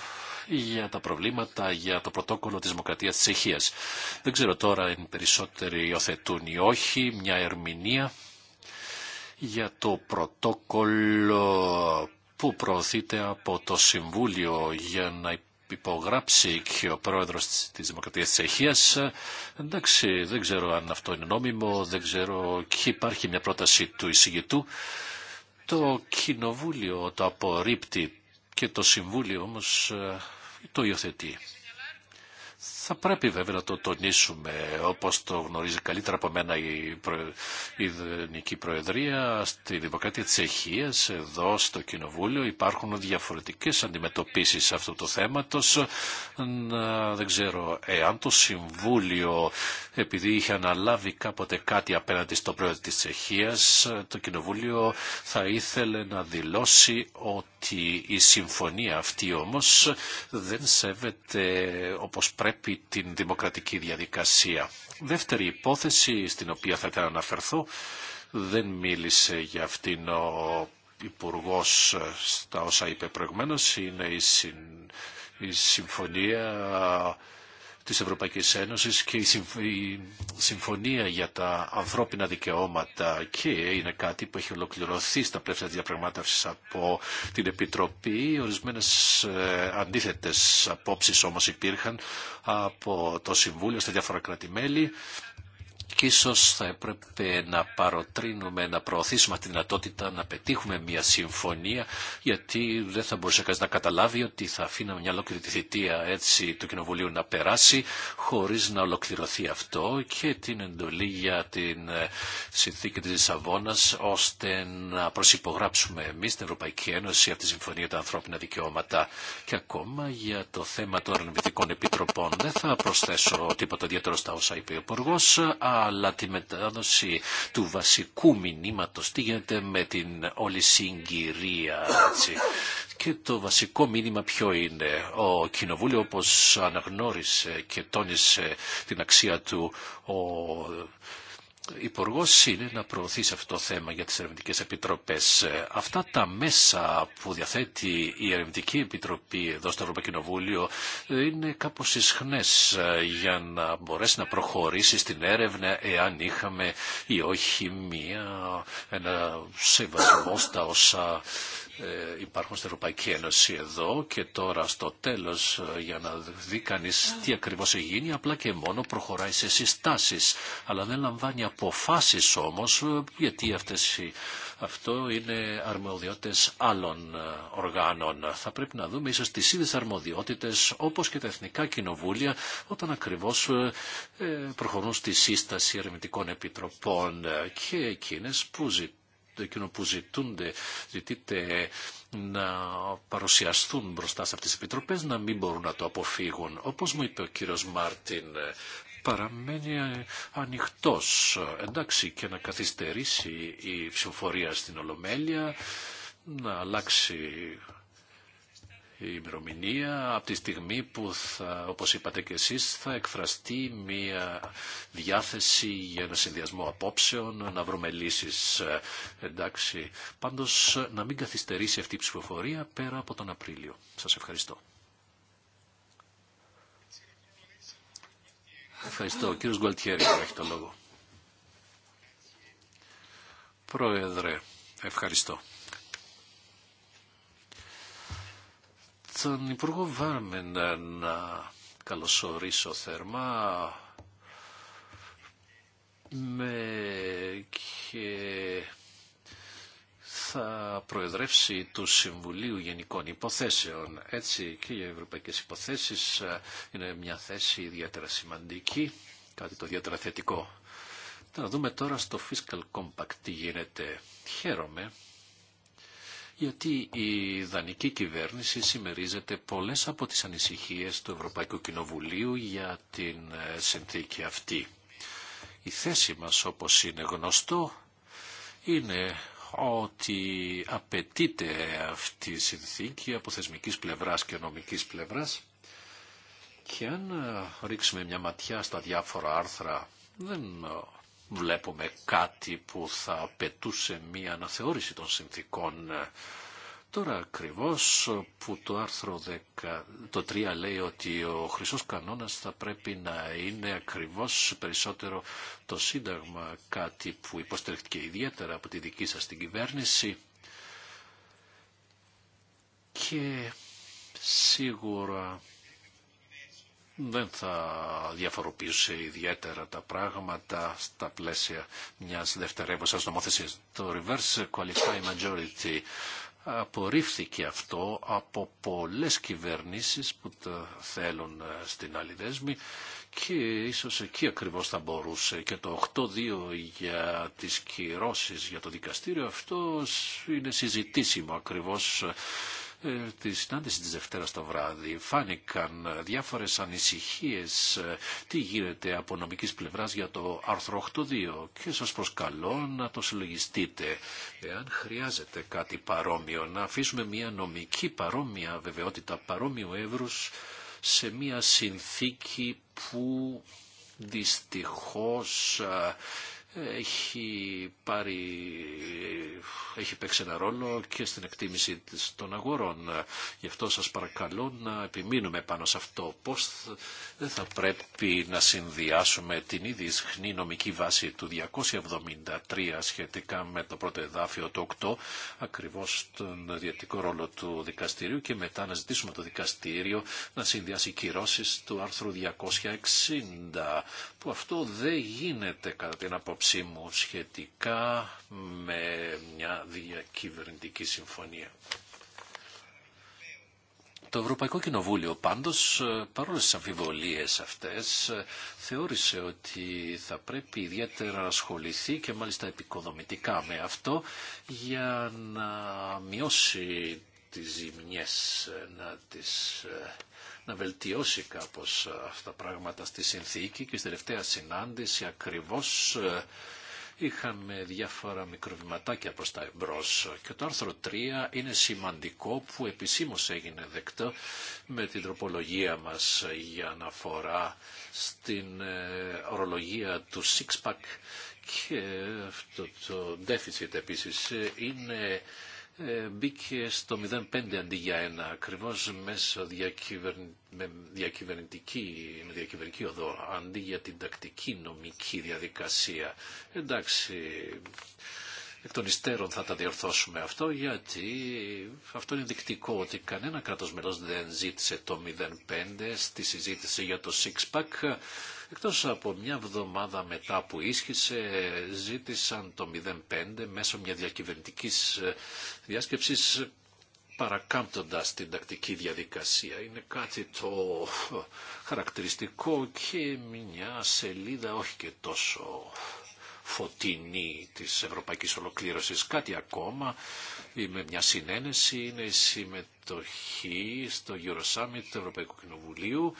για τα προβλήματα για το πρωτόκολλο της Δημοκρατίας της Αιχίας. Δεν ξέρω τώρα αν περισσότεροι υιοθετούν ή όχι μια ερμηνεία για το πρωτόκολλο που προωθείται από το Συμβούλιο για να υπογράψει και ο πρόεδρος της Δημοκρατίας της Τσεχίας. Εντάξει, δεν ξέρω αν αυτό είναι νόμιμο, δεν ξέρω και υπάρχει μια πρόταση του εισηγητού. Το Κοινοβούλιο το απορρίπτει και το Συμβούλιο όμως ε, το υιοθετεί. Θα πρέπει βέβαια να το τονίσουμε όπως το γνωρίζει καλύτερα από μένα η, προ... η Προεδρία στη Δημοκρατία της Αιχίας, εδώ στο Κοινοβούλιο υπάρχουν διαφορετικές αντιμετωπίσεις αυτού του θέματος. Να, δεν ξέρω εάν το Συμβούλιο επειδή είχε αναλάβει κάποτε κάτι απέναντι στο Πρόεδρο της Τσεχίας το Κοινοβούλιο θα ήθελε να δηλώσει ότι η συμφωνία αυτή όμως δεν σέβεται όπως πρέπει την δημοκρατική διαδικασία. Δεύτερη υπόθεση στην οποία θα ήθελα να αναφερθώ δεν μίλησε για αυτήν ο υπουργό στα όσα είπε προηγουμένως είναι η, η συμφωνία της Ευρωπαϊκής Ένωσης και η Συμφωνία για τα Ανθρώπινα Δικαιώματα και είναι κάτι που έχει ολοκληρωθεί στα πλαίσια διαπραγμάτευσης από την Επιτροπή. Ορισμένες ε, αντίθετες απόψεις όμως υπήρχαν από το Συμβούλιο στα διάφορα κράτη-μέλη και ίσως θα έπρεπε να παροτρύνουμε, να προωθήσουμε τη δυνατότητα να πετύχουμε μια συμφωνία, γιατί δεν θα μπορούσε κανείς να καταλάβει ότι θα αφήναμε μια ολόκληρη τη θητεία έτσι του Κοινοβουλίου να περάσει, χωρίς να ολοκληρωθεί αυτό και την εντολή για την ε, συνθήκη της Λισαβόνα, ώστε να προσυπογράψουμε εμείς την Ευρωπαϊκή Ένωση από τη Συμφωνία για τα Ανθρώπινα Δικαιώματα και ακόμα για το θέμα των ερευνητικών επιτροπών. Δεν θα προσθέσω τίποτα ιδιαίτερο στα όσα είπε ο Υπουργός, αλλά τη μετάδοση του βασικού μηνύματος, τι γίνεται με την όλη συγκυρία. Και το βασικό μήνυμα ποιο είναι. Ο Κοινοβούλιο όπως αναγνώρισε και τόνισε την αξία του ο υπουργό είναι να προωθήσει αυτό το θέμα για τι ερευνητικέ επιτροπέ. Ε, αυτά τα μέσα που διαθέτει η Ερευνητική Επιτροπή εδώ στο Ευρωπαϊκό Κοινοβούλιο ε, είναι κάπω ισχνές ε, για να μπορέσει να προχωρήσει στην έρευνα εάν είχαμε ή όχι μία, ένα σεβασμό στα όσα ε, υπάρχουν στην Ευρωπαϊκή Ένωση εδώ και τώρα στο τέλος ε, για να δει κανεί τι ακριβώς έχει γίνει απλά και μόνο προχωράει σε συστάσεις αλλά δεν λαμβάνει αποφάσεις όμως ε, γιατί αυτές, αυτό είναι αρμοδιότητες άλλων οργάνων. Θα πρέπει να δούμε ίσως τις ίδιες αρμοδιότητες όπως και τα εθνικά κοινοβούλια όταν ακριβώς προχωρούν στη σύσταση ερευνητικών επιτροπών και εκείνες που ζητούν εκείνο που ζητούνται, ζητείται να παρουσιαστούν μπροστά σε αυτές τις επιτροπές, να μην μπορούν να το αποφύγουν. Όπως μου είπε ο κύριος Μάρτιν, παραμένει ε, ανοιχτός, εντάξει, και να καθυστερήσει η ψηφοφορία στην Ολομέλεια, να αλλάξει η ημερομηνία από τη στιγμή που θα, όπως είπατε και εσείς, θα εκφραστεί μια διάθεση για ένα συνδυασμό απόψεων, να βρούμε λύσεις. Ε, εντάξει, πάντως να μην καθυστερήσει αυτή η ψηφοφορία πέρα από τον Απρίλιο. Σας ευχαριστώ. Ευχαριστώ. Ο κύριος Γκουαλτιέρη έχει το λόγο. Πρόεδρε, ευχαριστώ. τον Υπουργό βάρμεν να καλωσορίσω θερμά με και θα προεδρεύσει του Συμβουλίου Γενικών Υποθέσεων. Έτσι και οι ευρωπαϊκές υποθέσεις ε, είναι μια θέση ιδιαίτερα σημαντική, κάτι το ιδιαίτερα θετικό. Να δούμε τώρα στο Fiscal Compact τι γίνεται. Χαίρομαι γιατί η δανική κυβέρνηση συμμερίζεται πολλές από τις ανησυχίες του Ευρωπαϊκού Κοινοβουλίου για την ε, συνθήκη αυτή. Η θέση μας, όπως είναι γνωστό, είναι ότι απαιτείται αυτή η συνθήκη από θεσμικής πλευράς και νομικής πλευράς και αν ε, ρίξουμε μια ματιά στα διάφορα άρθρα δεν ε, βλέπουμε κάτι που θα απαιτούσε μία αναθεώρηση των συνθήκων. Τώρα ακριβώς που το άρθρο το 3 λέει ότι ο χρυσός κανόνας θα πρέπει να είναι ακριβώς περισσότερο το Σύνταγμα, κάτι που υποστηρίχθηκε ιδιαίτερα από τη δική σας την κυβέρνηση. Και σίγουρα δεν θα διαφοροποιούσε ιδιαίτερα τα πράγματα στα πλαίσια μιας δευτερεύουσας νομοθεσίας. Το reverse qualified majority απορρίφθηκε αυτό από πολλές κυβερνήσεις που τα θέλουν ε, στην άλλη δέσμη και ίσως εκεί ακριβώς θα μπορούσε και το 8-2 για τις κυρώσεις για το δικαστήριο αυτό είναι συζητήσιμο ακριβώς ε, ε, τη συνάντηση της Δευτέρα το βράδυ φάνηκαν διάφορε ανησυχίε ε, τι γίνεται από νομική πλευρά για το άρθρο 8.2 και σας προσκαλώ να το συλλογιστείτε. Εάν χρειάζεται κάτι παρόμοιο, να αφήσουμε μια νομική παρόμοια βεβαιότητα, παρόμοιου Εύρου σε μια συνθήκη που δυστυχώς ε, έχει, πάρει, έχει παίξει ένα ρόλο και στην εκτίμηση των αγορών. Γι' αυτό σας παρακαλώ να επιμείνουμε πάνω σε αυτό. Πώς δεν θα πρέπει να συνδυάσουμε την ήδη ισχνή νομική βάση του 273 σχετικά με το πρώτο εδάφιο το 8, ακριβώς τον διατικό ρόλο του δικαστηρίου και μετά να ζητήσουμε το δικαστήριο να συνδυάσει κυρώσεις του άρθρου 260 αυτό δεν γίνεται κατά την απόψή μου σχετικά με μια διακυβερνητική συμφωνία. Το Ευρωπαϊκό Κοινοβούλιο πάντως, ε, παρόλες τις αμφιβολίες αυτές, ε, θεώρησε ότι θα πρέπει ιδιαίτερα να ασχοληθεί και μάλιστα επικοδομητικά με αυτό για να μειώσει τις ζημιές, ε, να τις να βελτιώσει κάπως ε, αυτά τα πράγματα στη συνθήκη και στη τελευταία συνάντηση ακριβώς ε, είχαμε διάφορα μικροβηματάκια προς τα εμπρός και το άρθρο 3 είναι σημαντικό που επισήμως έγινε δεκτό με την τροπολογία μας για αναφορά στην ε, ορολογία του six pack και αυτό το deficit επίσης είναι ε, μπήκε στο 0,5 αντί για 1, ακριβώς μέσω με διακυβερνητική, με διακυβερνητική οδό, αντί για την τακτική νομική διαδικασία. Εντάξει, εκ των υστέρων θα τα διορθώσουμε αυτό, γιατί αυτό είναι δεικτικό ότι κανένα κράτος μελός δεν ζήτησε το 0,5 στη συζήτηση για το 6-pack, Εκτός από μια εβδομάδα μετά που ίσχυσε ζήτησαν το 05 μέσω μια διακυβερνητικής ε, διάσκεψης παρακάμπτοντας την τακτική διαδικασία. Είναι κάτι το χαρακτηριστικό και μια σελίδα όχι και τόσο φωτεινή της ευρωπαϊκής ολοκλήρωσης. Κάτι ακόμα με μια συνένεση είναι η συμμετοχή στο Summit του Ευρωπαϊκού Κοινοβουλίου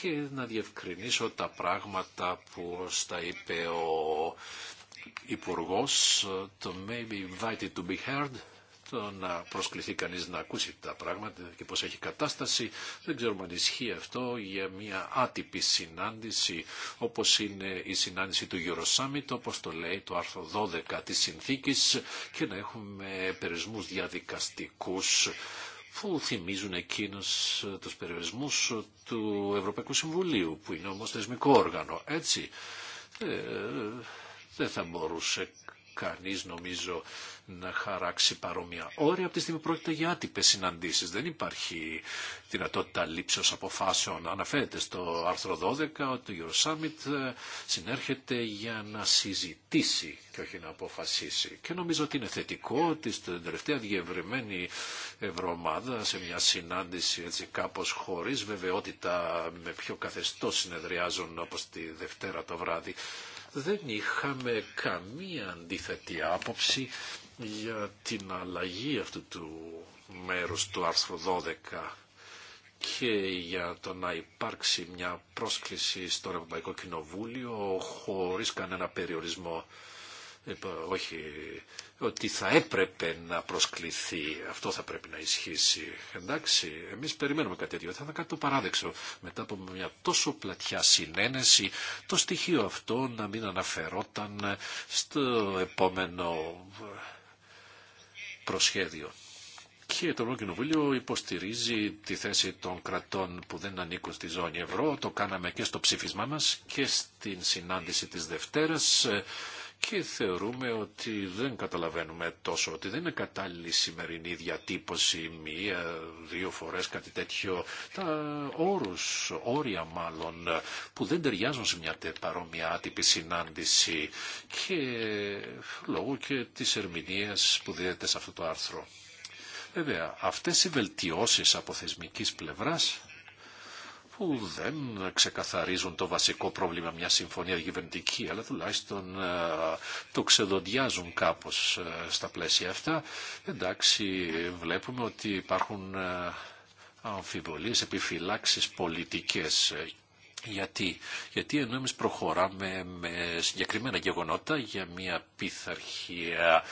και να διευκρινίσω τα πράγματα που στα είπε ο Υπουργός, το maybe invited to be heard, το να προσκληθεί κανείς να ακούσει τα πράγματα και πώς έχει κατάσταση. Δεν ξέρουμε αν ισχύει αυτό για μια άτυπη συνάντηση όπως είναι η συνάντηση του Eurosummit όπως το λέει το άρθρο 12 της συνθήκης και να έχουμε περισμούς διαδικαστικούς που θυμίζουν εκείνους τους περιορισμούς του Ευρωπαϊκού Συμβουλίου που είναι όμως θεσμικό όργανο. Έτσι, ε, δεν θα μπορούσε Κανεί νομίζω να χαράξει παρόμοια όρια από τη στιγμή πρόκειται για άτυπε συναντήσει. Δεν υπάρχει δυνατότητα λήψεω αποφάσεων. Αναφέρεται στο άρθρο 12 ότι το Summit ε, συνέρχεται για να συζητήσει και όχι να αποφασίσει. Και νομίζω ότι είναι θετικό ότι στην τελευταία διευρυμένη ευρωομάδα σε μια συνάντηση έτσι κάπως χωρίς βεβαιότητα με ποιο καθεστώς συνεδριάζουν όπως τη Δευτέρα το βράδυ δεν είχαμε καμία αντίθετη άποψη για την αλλαγή αυτού του μέρους του άρθρου 12 και για το να υπάρξει μια πρόσκληση στο Ευρωπαϊκό Κοινοβούλιο χωρίς κανένα περιορισμό όχι, ότι θα έπρεπε να προσκληθεί. Αυτό θα πρέπει να ισχύσει. Εντάξει, εμείς περιμένουμε κάτι τέτοιο. Θα ήταν κάτι το παράδεξο. Μετά από μια τόσο πλατιά συνένεση, το στοιχείο αυτό να μην αναφερόταν στο επόμενο προσχέδιο. Και το Ευρωκοινοβούλιο υποστηρίζει τη θέση των κρατών που δεν ανήκουν στη ζώνη ευρώ. Το κάναμε και στο ψήφισμά μας και στην συνάντηση της Δευτέρας και θεωρούμε ότι δεν καταλαβαίνουμε τόσο, ότι δεν είναι κατάλληλη η σημερινή διατύπωση μία, δύο φορές κάτι τέτοιο, τα όρους, όρια μάλλον, που δεν ταιριάζουν σε μια παρόμοια άτυπη συνάντηση και λόγω και της ερμηνείας που δίδεται σε αυτό το άρθρο. Βέβαια, αυτές οι βελτιώσεις από θεσμικής πλευράς που δεν ξεκαθαρίζουν το βασικό πρόβλημα μια συμφωνία κυβερνητική, αλλά τουλάχιστον ε, το ξεδοντιάζουν κάπως ε, στα πλαίσια αυτά. Εντάξει, βλέπουμε ότι υπάρχουν ε, αμφιβολίες, επιφυλάξεις πολιτικές γιατί, γιατί ενώ εμείς προχωράμε με συγκεκριμένα γεγονότα για μια πειθαρχία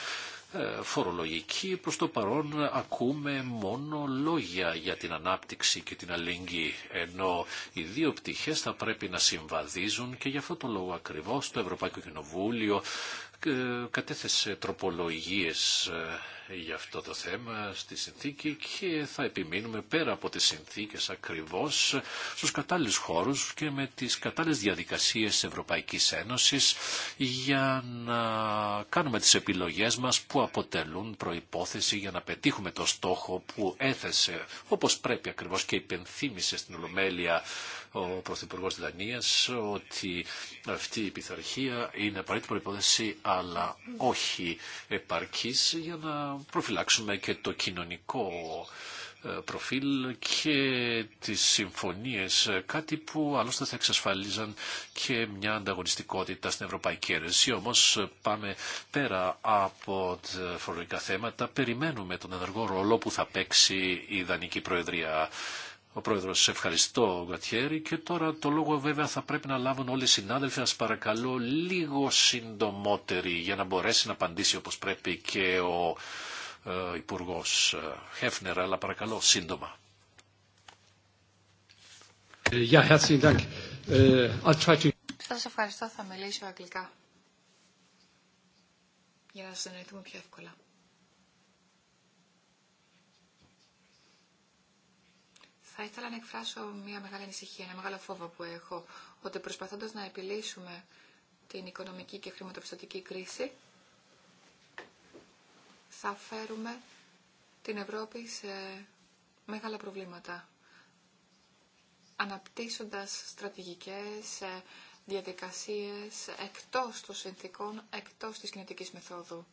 ε, φορολογική. Προς το παρόν ακούμε μόνο λόγια για την ανάπτυξη και την αλληλεγγύη, ενώ οι δύο πτυχές θα πρέπει να συμβαδίζουν και γι' αυτό το λόγο ακριβώς το Ευρωπαϊκό Κοινοβούλιο ε, κατέθεσε τροπολογίες ε, για αυτό το θέμα στη συνθήκη και θα επιμείνουμε πέρα από τις συνθήκες ακριβώς στους κατάλληλους χώρους και με τις κατάλληλες διαδικασίες Ευρωπαϊκής Ένωσης για να κάνουμε τις επιλογές μας που αποτελούν προϋπόθεση για να πετύχουμε το στόχο που έθεσε όπως πρέπει ακριβώς και υπενθύμησε στην Ολομέλεια ο Πρωθυπουργό Δανία, ότι αυτή η πειθαρχία είναι απαραίτητη προπόθεση, αλλά όχι επαρκής για να προφυλάξουμε και το κοινωνικό ε, προφίλ και τις συμφωνίες, κάτι που άλλωστε θα εξασφαλίζαν και μια ανταγωνιστικότητα στην Ευρωπαϊκή Ένωση. Όμως πάμε πέρα από τα φορολογικά θέματα, περιμένουμε τον ενεργό ρόλο που θα παίξει η Δανική Προεδρία ο πρόεδρος, ευχαριστώ Γκατιέρη και τώρα το λόγο βέβαια θα πρέπει να λάβουν όλοι οι συνάδελφοι. σα παρακαλώ λίγο συντομότεροι για να μπορέσει να απαντήσει όπως πρέπει και ο ε, Υπουργός ε, Χέφνερ, αλλά παρακαλώ σύντομα. herzlichen Dank. Uh, σας ευχαριστώ, θα μιλήσω αγγλικά για να πιο εύκολα. Θα ήθελα να εκφράσω μια μεγάλη ανησυχία, ένα μεγάλο φόβο που έχω, ότι προσπαθώντας να επιλύσουμε την οικονομική και χρηματοπιστωτική κρίση, θα φέρουμε την Ευρώπη σε μεγάλα προβλήματα. Αναπτύσσοντας στρατηγικές ε, διαδικασίες εκτός των συνθήκων, εκτός της κινητικής μεθόδου.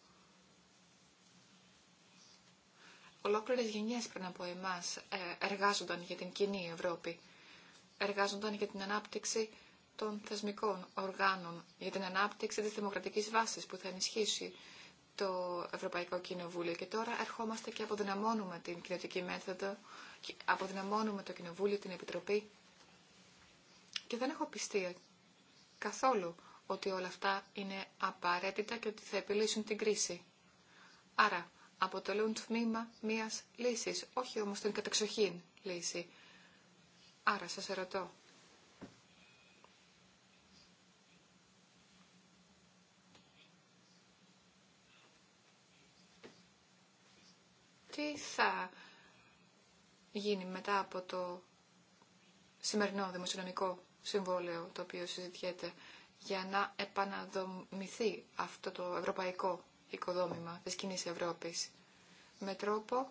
Ολόκληρες γενιές πριν από εμάς ε, εργάζονταν για την κοινή Ευρώπη. Εργάζονταν για την ανάπτυξη των θεσμικών οργάνων, για την ανάπτυξη της δημοκρατικής βάσης που θα ενισχύσει το Ευρωπαϊκό Κοινοβούλιο. Και τώρα ερχόμαστε και αποδυναμώνουμε την κοινωτική μέθοδο, αποδυναμώνουμε το Κοινοβούλιο, την Επιτροπή. Και δεν έχω πιστεί καθόλου ότι όλα αυτά είναι απαραίτητα και ότι θα επιλύσουν την κρίση. Άρα, αποτελούν τμήμα μίας λύσης, όχι όμως την κατεξοχήν λύση. Άρα σας ερωτώ. Τι θα γίνει μετά από το σημερινό δημοσιονομικό συμβόλαιο το οποίο συζητιέται για να επαναδομηθεί αυτό το ευρωπαϊκό οικοδόμημα της κοινή Ευρώπης με τρόπο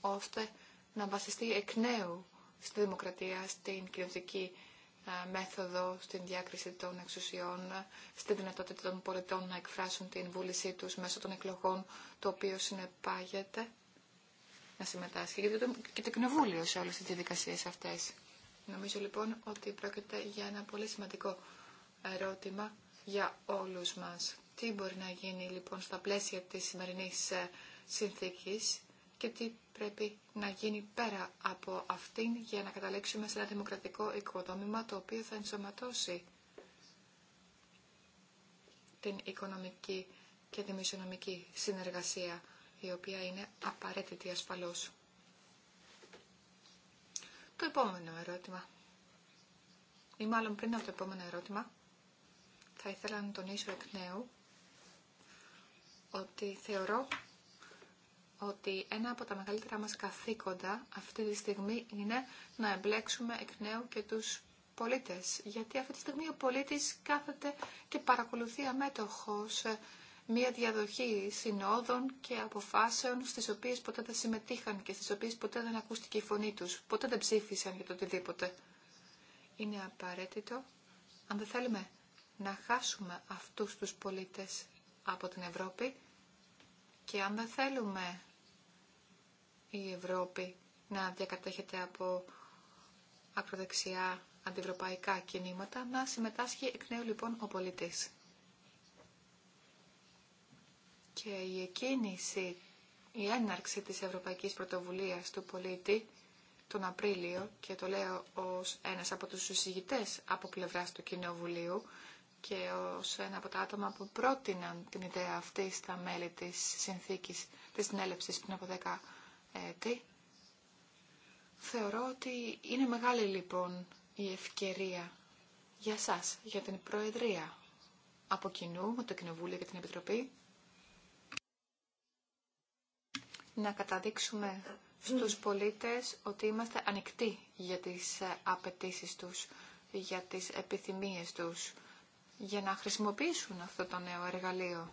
ώστε να βασιστεί εκ νέου στη δημοκρατία, στην κοινωνική μέθοδο, στην διάκριση των εξουσιών, στη δυνατότητα των πολιτών να εκφράσουν την βούλησή τους μέσω των εκλογών, το οποίο συνεπάγεται να συμμετάσχει και το, και το κοινοβούλιο σε όλες τις διαδικασίες αυτές. Νομίζω λοιπόν ότι πρόκειται για ένα πολύ σημαντικό ερώτημα για όλους μας. Τι μπορεί να γίνει λοιπόν στα πλαίσια της σημερινής ε, συνθήκης και τι πρέπει να γίνει πέρα από αυτήν για να καταλέξουμε σε ένα δημοκρατικό οικοδόμημα το οποίο θα ενσωματώσει την οικονομική και τη μισονομική συνεργασία η οποία είναι απαραίτητη ασφαλώς. Το επόμενο ερώτημα ή μάλλον πριν από το επόμενο ερώτημα θα ήθελα να τονίσω εκ νέου ότι θεωρώ ότι ένα από τα μεγαλύτερα μας καθήκοντα αυτή τη στιγμή είναι να εμπλέξουμε εκ νέου και τους πολίτες. Γιατί αυτή τη στιγμή ο πολίτης κάθεται και παρακολουθεί αμέτωχος μία διαδοχή συνόδων και αποφάσεων στις οποίες ποτέ δεν συμμετείχαν και στις οποίες ποτέ δεν ακούστηκε η φωνή τους, ποτέ δεν ψήφισαν για το οτιδήποτε. Είναι απαραίτητο, αν δεν θέλουμε να χάσουμε αυτούς τους πολίτες από την Ευρώπη και αν δεν θέλουμε η Ευρώπη να διακατέχεται από ακροδεξιά αντιευρωπαϊκά κινήματα, να συμμετάσχει εκ νέου λοιπόν ο πολίτης. Και η εκκίνηση, η έναρξη της Ευρωπαϊκής Πρωτοβουλίας του πολίτη τον Απρίλιο, και το λέω ως ένας από τους συζητητές από πλευράς του Κοινοβουλίου, και ως ένα από τα άτομα που πρότειναν την ιδέα αυτή στα μέλη της συνθήκης της συνέλευσης πριν από δέκα έτη. Θεωρώ ότι είναι μεγάλη λοιπόν η ευκαιρία για σας, για την Προεδρία από κοινού με το Κοινοβούλιο και την Επιτροπή να καταδείξουμε στους πολίτες ότι είμαστε ανοιχτοί για τις ε, απαιτήσεις τους, για τις επιθυμίες τους για να χρησιμοποιήσουν αυτό το νέο εργαλείο.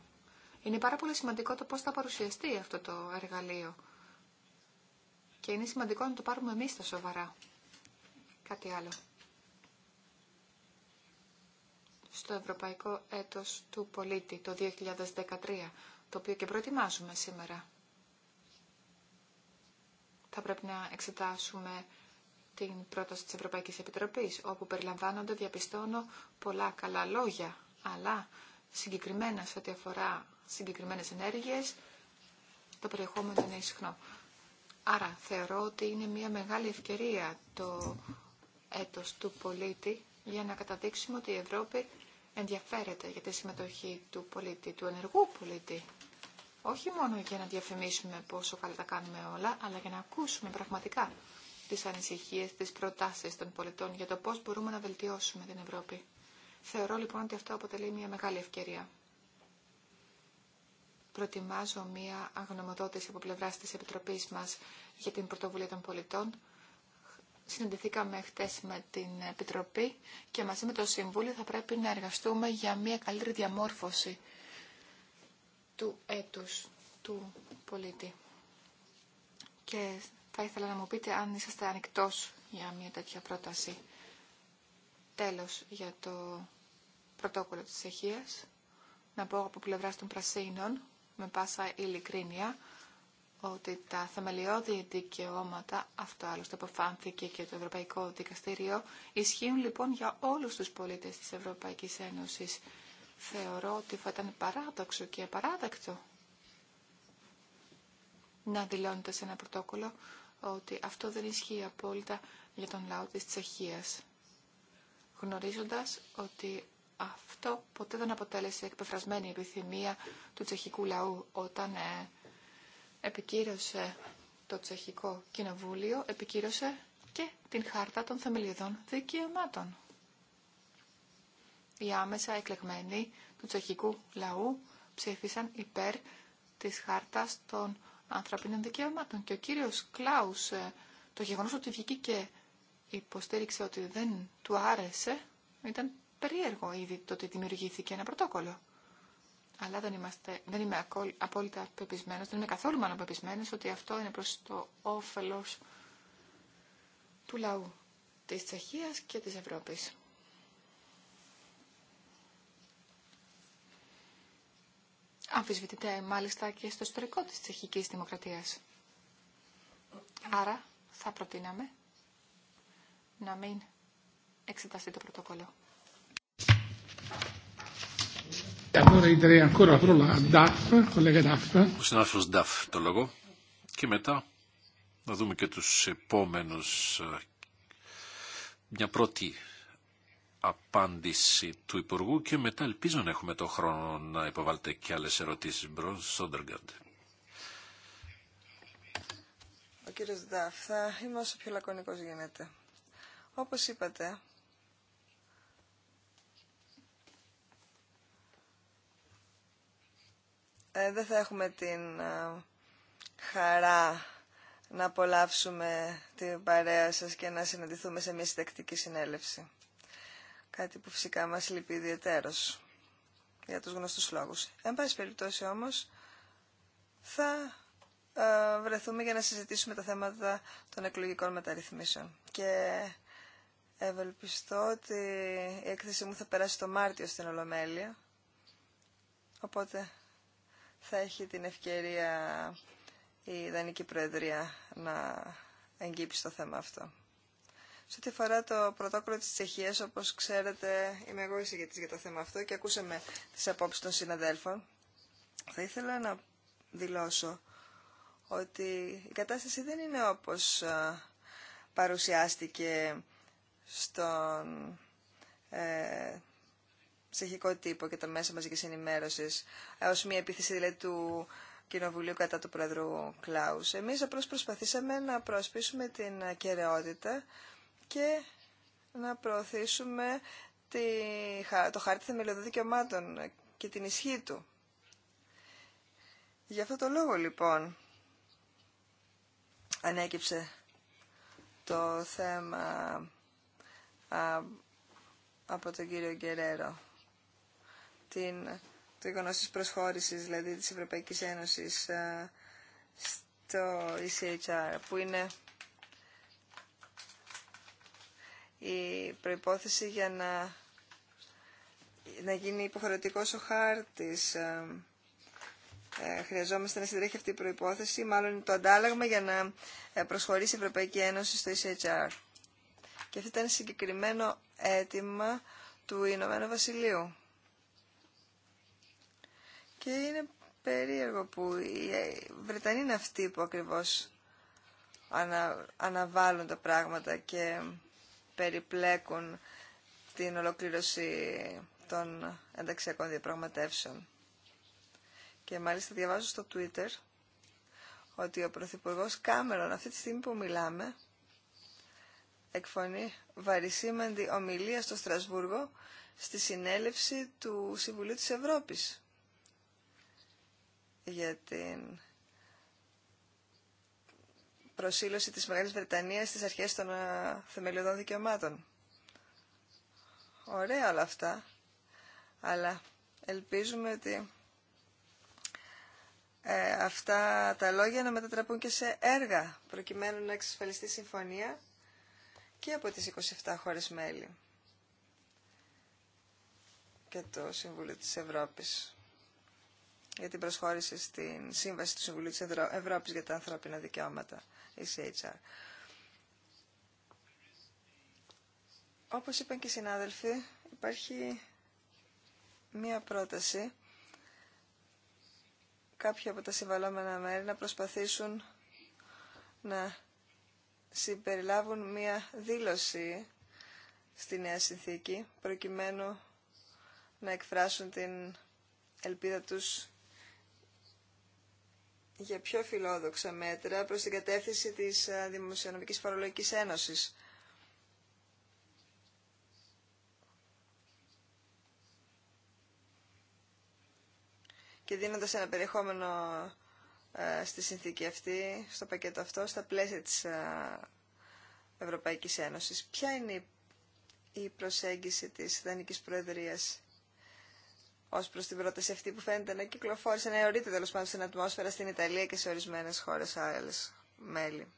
Είναι πάρα πολύ σημαντικό το πώς θα παρουσιαστεί αυτό το εργαλείο. Και είναι σημαντικό να το πάρουμε εμείς τα σοβαρά. Κάτι άλλο. Στο Ευρωπαϊκό Έτος του Πολίτη το 2013, το οποίο και προετοιμάζουμε σήμερα. Θα πρέπει να εξετάσουμε την πρόταση της Ευρωπαϊκής Επιτροπής, όπου περιλαμβάνονται, διαπιστώνω, πολλά καλά λόγια, αλλά συγκεκριμένα σε ό,τι αφορά συγκεκριμένες ενέργειες, το περιεχόμενο είναι ισχνό. Άρα θεωρώ ότι είναι μια μεγάλη ευκαιρία το έτος του πολίτη για να καταδείξουμε ότι η Ευρώπη ενδιαφέρεται για τη συμμετοχή του πολίτη, του ενεργού πολίτη. Όχι μόνο για να διαφημίσουμε πόσο καλά τα κάνουμε όλα, αλλά για να ακούσουμε πραγματικά τις ανησυχίες, τις προτάσεις των πολιτών για το πώς μπορούμε να βελτιώσουμε την Ευρώπη. Θεωρώ λοιπόν ότι αυτό αποτελεί μια μεγάλη ευκαιρία. Προτιμάζω μια αγνομοδότηση από πλευράς της Επιτροπής μας για την πρωτοβουλία των πολιτών. Συναντηθήκαμε χθε με την Επιτροπή και μαζί με το Συμβούλιο θα πρέπει να εργαστούμε για μια καλύτερη διαμόρφωση του έτους του πολίτη. Και θα ήθελα να μου πείτε αν είσαστε ανοιχτό για μια τέτοια πρόταση. Τέλος, για το πρωτόκολλο της Αιχίας, να πω από πλευράς των Πρασίνων, με πάσα ειλικρίνεια, ότι τα θεμελιώδη δικαιώματα, αυτό άλλωστε αποφάνθηκε και το Ευρωπαϊκό Δικαστήριο, ισχύουν λοιπόν για όλους τους πολίτες της Ευρωπαϊκής Ένωσης. Θεωρώ ότι θα ήταν παράδοξο και απαράδεκτο να δηλώνεται σε ένα πρωτόκολλο ότι αυτό δεν ισχύει απόλυτα για τον λαό της Τσεχίας, γνωρίζοντας ότι αυτό ποτέ δεν αποτέλεσε εκπεφρασμένη επιθυμία του τσεχικού λαού όταν ε, επικύρωσε το τσεχικό κοινοβούλιο, επικύρωσε και την χάρτα των θεμελιωδών δικαιωμάτων. Οι άμεσα εκλεγμένοι του τσεχικού λαού ψήφισαν υπέρ της χάρτας των ανθρωπίνων δικαιωμάτων. Και ο κύριος Κλάους, ε, το γεγονός ότι βγήκε και υποστήριξε ότι δεν του άρεσε, ήταν περίεργο ήδη το ότι δημιουργήθηκε ένα πρωτόκολλο. Αλλά δεν, είμαστε, δεν είμαι απόλυτα πεπισμένος, δεν είμαι καθόλου μάλλον πεπισμένος ότι αυτό είναι προς το όφελος του λαού της Τσεχίας και της Ευρώπης. αμφισβητείται μάλιστα και στο ιστορικό της τσεχικής δημοκρατίας. Άρα θα προτείναμε να μην εξεταστεί το πρωτόκολλο. Ε, Ο συνάδελφος Νταφ το λόγο και μετά να δούμε και τους επόμενους ε, μια πρώτη απάντηση του Υπουργού και μετά ελπίζω να έχουμε το χρόνο να υποβάλλετε και άλλες ερωτήσεις. Μπρος Σόντεργκαντ. Ο κύριος Δάφ, θα είμαι όσο πιο λακωνικός γίνεται. Όπως είπατε, ε, δεν θα έχουμε την ε, χαρά να απολαύσουμε την παρέα σας και να συναντηθούμε σε μια συντακτική συνέλευση. Κάτι που φυσικά μας λυπεί ιδιαίτερος για τους γνωστούς λόγους. Εν πάση περιπτώσει όμως θα ε, βρεθούμε για να συζητήσουμε τα θέματα των εκλογικών μεταρρυθμίσεων. Και ευελπιστώ ότι η έκθεση μου θα περάσει το Μάρτιο στην Ολομέλεια. Οπότε θα έχει την ευκαιρία η Δανική Προεδρία να εγκύψει το θέμα αυτό. Σε ό,τι αφορά το πρωτόκολλο της Τσεχίας, όπως ξέρετε, είμαι εγώ εισηγητής για το θέμα αυτό και ακούσαμε τις απόψεις των συναδέλφων. Θα ήθελα να δηλώσω ότι η κατάσταση δεν είναι όπως παρουσιάστηκε στον ε, ψυχικό τύπο και τα μέσα μαζικής ενημέρωσης ε, ως μια επίθεση δηλαδή, του Κοινοβουλίου κατά του Πρόεδρου Κλάους. Εμείς απλώς προσπαθήσαμε να προασπίσουμε την κεραιότητα και να προωθήσουμε τη, το χάρτη θεμελιωδών δικαιωμάτων και την ισχύ του. Γι' αυτό το λόγο λοιπόν ανέκυψε το θέμα από τον κύριο Γκερέρο την, το γεγονό τη προσχώρηση δηλαδή της Ευρωπαϊκής Ένωσης στο ECHR που είναι η προϋπόθεση για να, να γίνει υποχρεωτικός ο χάρτης. Ε, ε, χρειαζόμαστε να συντρέχει αυτή η προϋπόθεση, μάλλον το αντάλλαγμα για να ε, προσχωρήσει η Ευρωπαϊκή Ένωση στο ECHR. Και αυτό ήταν συγκεκριμένο αίτημα του Ηνωμένου Βασιλείου. Και είναι περίεργο που οι Βρετανοί είναι αυτοί που ακριβώς ανα, αναβάλουν τα πράγματα και περιπλέκουν την ολοκλήρωση των ενταξιακών διαπραγματεύσεων. Και μάλιστα διαβάζω στο Twitter ότι ο Πρωθυπουργό Κάμερον αυτή τη στιγμή που μιλάμε εκφωνεί βαρισίμαντη ομιλία στο Στρασβούργο στη συνέλευση του Συμβουλίου της Ευρώπης για την προσήλωση της Μεγάλης Βρετανίας στις αρχές των ε, θεμελιωδών δικαιωμάτων. Ωραία όλα αυτά, αλλά ελπίζουμε ότι ε, αυτά τα λόγια να μετατραπούν και σε έργα, προκειμένου να εξασφαλιστεί συμφωνία και από τις 27 χώρες μέλη και το Συμβούλιο της Ευρώπης για την προσχώρηση στην Σύμβαση του Συμβουλίου της Ευρώ... Ευρώπης για τα ανθρώπινα δικαιώματα. Όπω Όπως είπαν και οι συνάδελφοι, υπάρχει μία πρόταση κάποια από τα συμβαλόμενα μέρη να προσπαθήσουν να συμπεριλάβουν μία δήλωση στη Νέα Συνθήκη προκειμένου να εκφράσουν την ελπίδα τους για πιο φιλόδοξα μέτρα προς την κατεύθυνση της ε, Δημοσιονομικής Φορολογικής Ένωσης. και δίνοντας ένα περιεχόμενο ε, στη συνθήκη αυτή, στο πακέτο αυτό, στα πλαίσια της ε, Ευρωπαϊκής Ένωσης. Ποια είναι η προσέγγιση της Δανικής Προεδρίας ως προς την πρόταση αυτή που φαίνεται να κυκλοφόρησε, να αιωρείται τέλος πάντων στην ατμόσφαιρα στην Ιταλία και σε ορισμένες χώρες άλλες μέλη.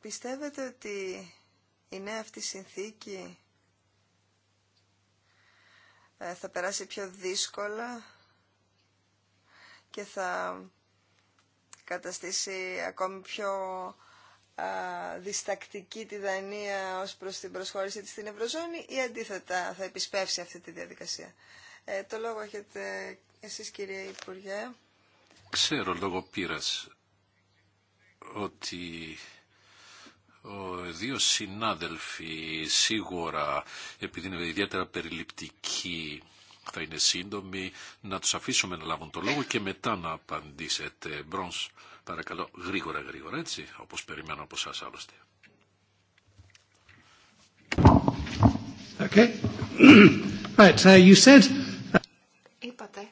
Πιστεύετε ότι η νέα αυτή συνθήκη ε, θα περάσει πιο δύσκολα και θα καταστήσει ακόμη πιο διστακτική τη Δανία ως προς την προσχώρηση της στην Ευρωζώνη ή αντίθετα θα επισπεύσει αυτή τη διαδικασία. Ε, το λόγο έχετε εσείς κύριε Υπουργέ. Ξέρω λόγω πείρας ότι ο δύο συνάδελφοι σίγουρα επειδή είναι ιδιαίτερα περιληπτικοί θα είναι σύντομοι να τους αφήσουμε να λάβουν το λόγο και μετά να απαντήσετε. Μπρος. Παρακαλώ γρήγορα γρήγορα έτσι όπως περιμένω από σας άλλωστε. Okay. Right, you said... Uh, Είπατε,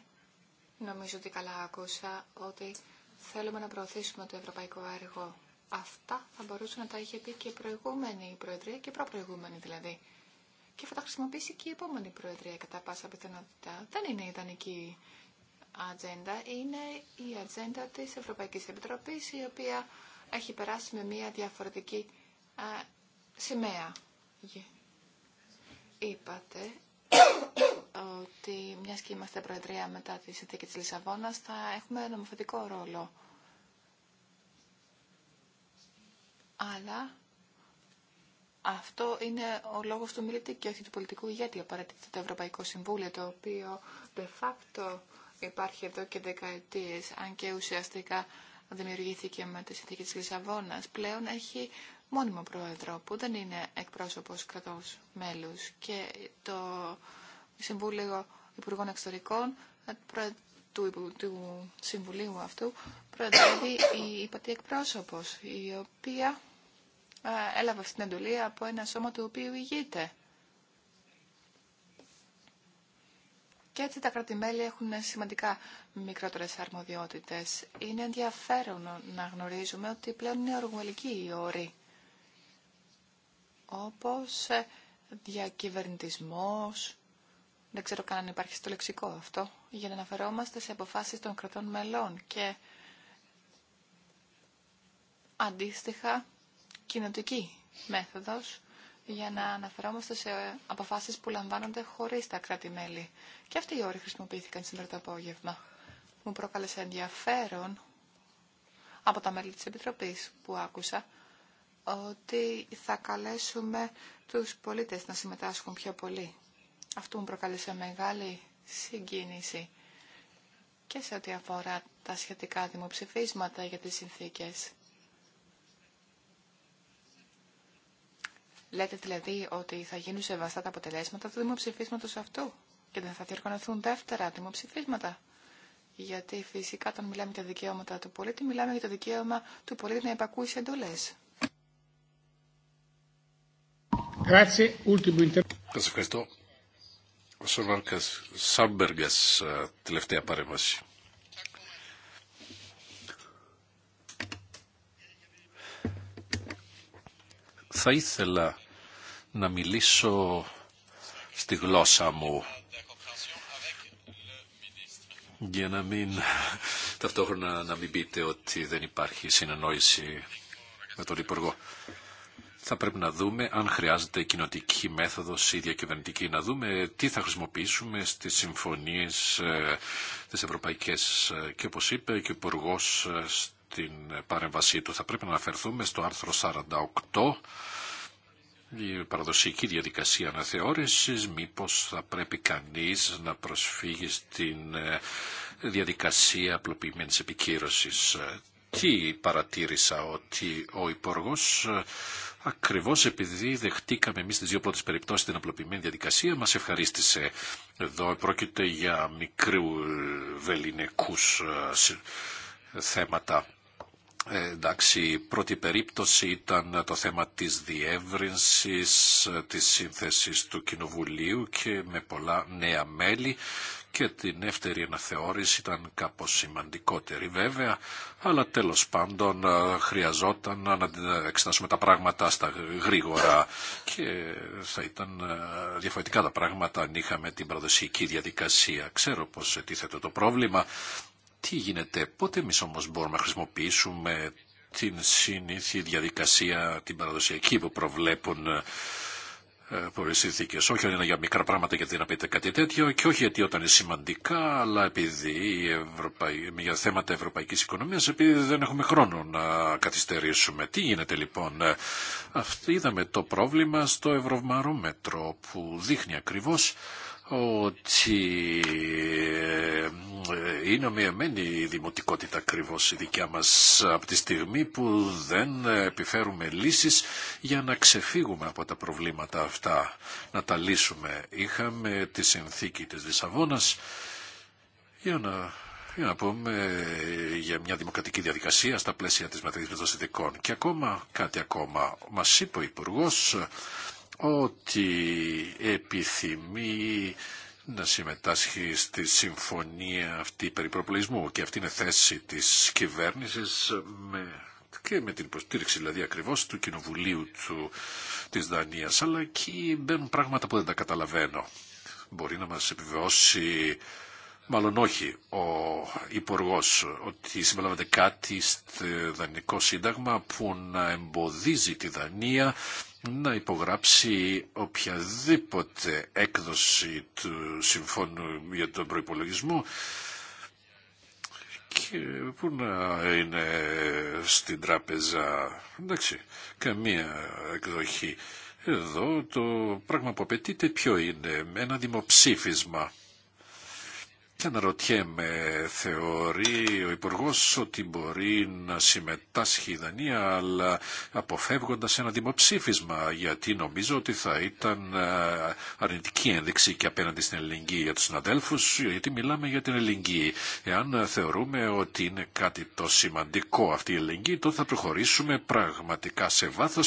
νομίζω ότι καλά άκουσα, ότι θέλουμε να προωθήσουμε το ευρωπαϊκό έργο. Αυτά θα μπορούσε να τα είχε πει και η προηγούμενη προεδρία και η προπροηγούμενη δηλαδή. Και θα τα χρησιμοποιήσει και η επόμενη προεδρία κατά πάσα πιθανότητα. Δεν είναι ιδανική ατζέντα είναι η ατζέντα της Ευρωπαϊκής Επιτροπής η οποία έχει περάσει με μια διαφορετική α, σημαία. Είπατε ότι μια και είμαστε Προεδρία μετά τη συνθήκη της Λισαβόνας θα έχουμε νομοθετικό ρόλο. Αλλά αυτό είναι ο λόγος του μιλητή και όχι του πολιτικού ηγέτη απαραίτητα το Ευρωπαϊκό Συμβούλιο το οποίο de facto υπάρχει εδώ και δεκαετίες, αν και ουσιαστικά δημιουργήθηκε με τη συνθήκη της Λισαβόνας, πλέον έχει μόνιμο πρόεδρο που δεν είναι εκπρόσωπος κρατός μέλους και το Συμβούλιο Υπουργών Εξωτερικών του, του Συμβουλίου αυτού προεδρεύει η υπατή εκπρόσωπος η οποία ε, έλαβε αυτή την εντολή από ένα σώμα του οποίου ηγείται. Και έτσι τα κρατημέλη έχουν σημαντικά μικρότερες αρμοδιότητες. Είναι ενδιαφέρον να γνωρίζουμε ότι πλέον είναι οργανωλικοί οι όροι. Όπως ε, διακυβερνητισμός, δεν ξέρω καν αν υπάρχει στο λεξικό αυτό, για να αναφερόμαστε σε αποφάσεις των κρατών μελών και αντίστοιχα κοινοτική μέθοδος για να αναφερόμαστε σε αποφάσεις που λαμβάνονται χωρίς τα κράτη-μέλη. Και αυτοί οι όροι χρησιμοποιήθηκαν σήμερα το απόγευμα. Μου προκάλεσε ενδιαφέρον από τα μέλη της Επιτροπής που άκουσα ότι θα καλέσουμε τους πολίτες να συμμετάσχουν πιο πολύ. Αυτό μου προκάλεσε μεγάλη συγκίνηση και σε ό,τι αφορά τα σχετικά δημοψηφίσματα για τις συνθήκες. Λέτε δηλαδή ότι θα γίνουν σεβαστά τα αποτελέσματα του δημοψηφίσματος αυτού και δεν θα διοργανωθούν δεύτερα δημοψηφίσματα. Γιατί φυσικά όταν μιλάμε για δικαιώματα του πολίτη, μιλάμε για το δικαίωμα του πολίτη να υπακούει σε εντολές. ευχαριστώ. Ο ε, τελευταία παρέμβαση. Θα ήθελα να μιλήσω στη γλώσσα μου για να μην ταυτόχρονα να μην πείτε ότι δεν υπάρχει συνεννόηση με τον Υπουργό. Θα πρέπει να δούμε αν χρειάζεται κοινοτική μέθοδος ή διακυβερνητική, να δούμε τι θα χρησιμοποιήσουμε στις συμφωνίες ε, ευρωπαϊκής ε, Και όπως είπε και ο Υπουργό ε, στην παρέμβασή του, θα πρέπει να αναφερθούμε στο άρθρο 48 η παραδοσιακή διαδικασία αναθεώρησης, μήπως θα πρέπει κανείς να προσφύγει στην ε, διαδικασία απλοποιημένης επικύρωσης. Ε, τι παρατήρησα ότι ο Υποργό, ε, ακριβώς επειδή δεχτήκαμε εμείς τις δύο πρώτες περιπτώσεις την απλοποιημένη διαδικασία μας ευχαρίστησε. Εδώ πρόκειται για μικρού βεληνικούς θέματα ε, εντάξει, η πρώτη περίπτωση ήταν το θέμα της διεύρυνσης, ε, της σύνθεσης του Κοινοβουλίου και με πολλά νέα μέλη και την δεύτερη αναθεώρηση ήταν κάπως σημαντικότερη βέβαια, αλλά τέλος πάντων ε, χρειαζόταν να εξετάσουμε τα πράγματα στα γρήγορα και θα ήταν ε, διαφορετικά τα πράγματα αν είχαμε την παραδοσιακή διαδικασία. Ξέρω πως τίθεται το πρόβλημα, τι γίνεται. Πότε εμεί όμως μπορούμε να χρησιμοποιήσουμε την συνήθη διαδικασία, την παραδοσιακή που προβλέπουν ε, πολλέ συνθήκε. Όχι είναι για μικρά πράγματα γιατί να πείτε κάτι τέτοιο και όχι γιατί όταν είναι σημαντικά, αλλά επειδή Ευρωπαϊ... για θέματα ευρωπαϊκή οικονομία, επειδή δεν έχουμε χρόνο να καθυστερήσουμε. Τι γίνεται λοιπόν. Ε, Αυτή είδαμε το πρόβλημα στο Ευρωμαρόμετρο που δείχνει ακριβώ ότι ε, είναι ομοιεμένη η δημοτικότητα ακριβώ η δικιά μας από τη στιγμή που δεν επιφέρουμε λύσεις για να ξεφύγουμε από τα προβλήματα αυτά, να τα λύσουμε. Είχαμε τη συνθήκη της Λισαβόνας για να, για να πούμε για μια δημοκρατική διαδικασία στα πλαίσια της μεταρρύθμισης των συνδικών. Και ακόμα κάτι ακόμα. Μας είπε ο Υπουργός ότι επιθυμεί να συμμετάσχει στη συμφωνία αυτή περί και αυτή είναι θέση της κυβέρνησης και με την υποστήριξη δηλαδή ακριβώς του Κοινοβουλίου του, της Δανίας αλλά εκεί μπαίνουν πράγματα που δεν τα καταλαβαίνω. Μπορεί να μας επιβεβαιώσει Μάλλον όχι. Ο υπουργό ότι συμπεριλαμβάνεται κάτι στο Δανικό Σύνταγμα που να εμποδίζει τη Δανία να υπογράψει οποιαδήποτε έκδοση του Συμφώνου για τον προϋπολογισμό και πού να είναι στην τράπεζα, εντάξει, καμία εκδοχή. Εδώ το πράγμα που απαιτείται ποιο είναι, ένα δημοψήφισμα. Και αναρωτιέμαι, θεωρεί ο υπουργό ότι μπορεί να συμμετάσχει η Δανία, αλλά αποφεύγοντα ένα δημοψήφισμα, γιατί νομίζω ότι θα ήταν ε, αρνητική ένδειξη και απέναντι στην ελληνική για του συναδέλφου, γιατί μιλάμε για την ελληνική. Εάν θεωρούμε ότι είναι κάτι το σημαντικό αυτή η ελληνική, τότε θα προχωρήσουμε πραγματικά σε βάθο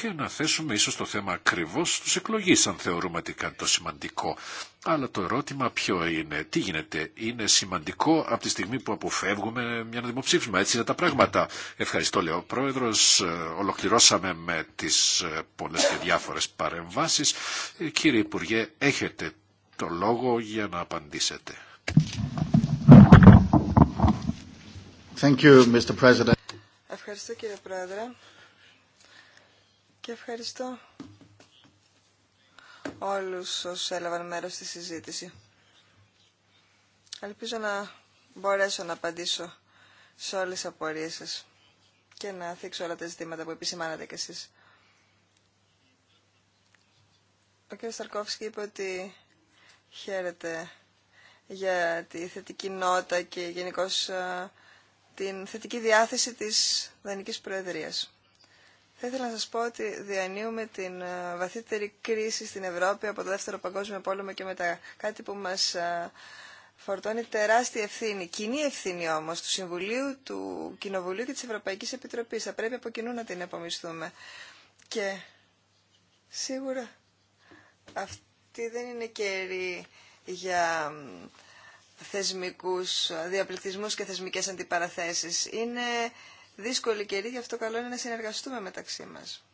και να θέσουμε ίσω το θέμα ακριβώ στου εκλογεί, αν θεωρούμε ότι κάτι το σημαντικό. Αλλά το ερώτημα ποιο είναι, τι γίνεται. Είναι σημαντικό από τη στιγμή που αποφεύγουμε μια δημοψήφισμα. Έτσι είναι τα πράγματα. Ευχαριστώ, λέω ο πρόεδρο. Ε, ολοκληρώσαμε με τι ε, πολλέ και διάφορε παρεμβάσει. Ε, κύριε Υπουργέ, έχετε το λόγο για να απαντήσετε. Thank you, Mr. President. Ευχαριστώ κύριε Πρόεδρε και ευχαριστώ όλους όσους έλαβαν μέρος στη συζήτηση. Ελπίζω να μπορέσω να απαντήσω σε όλες τις απορίες σας και να θίξω όλα τα ζητήματα που επισημάνατε κι εσείς. Ο κ. Σταρκόφσκι είπε ότι χαίρεται για τη θετική νότα και γενικώ ε, την θετική διάθεση της Δανικής Προεδρίας. Θα ήθελα να σας πω ότι διανύουμε την ε, βαθύτερη κρίση στην Ευρώπη από το Δεύτερο Παγκόσμιο Πόλεμο και μετά. Κάτι που μας ε, φορτώνει τεράστια ευθύνη. Κοινή ευθύνη όμως του Συμβουλίου, του Κοινοβουλίου και της Ευρωπαϊκής Επιτροπής. Θα πρέπει από κοινού να την επομισθούμε. Και σίγουρα αυτή δεν είναι καιρή για θεσμικούς ε, διαπληκτισμούς και θεσμικές αντιπαραθέσεις. Είναι δύσκολη καιρή, γι' αυτό καλό είναι να συνεργαστούμε μεταξύ μας.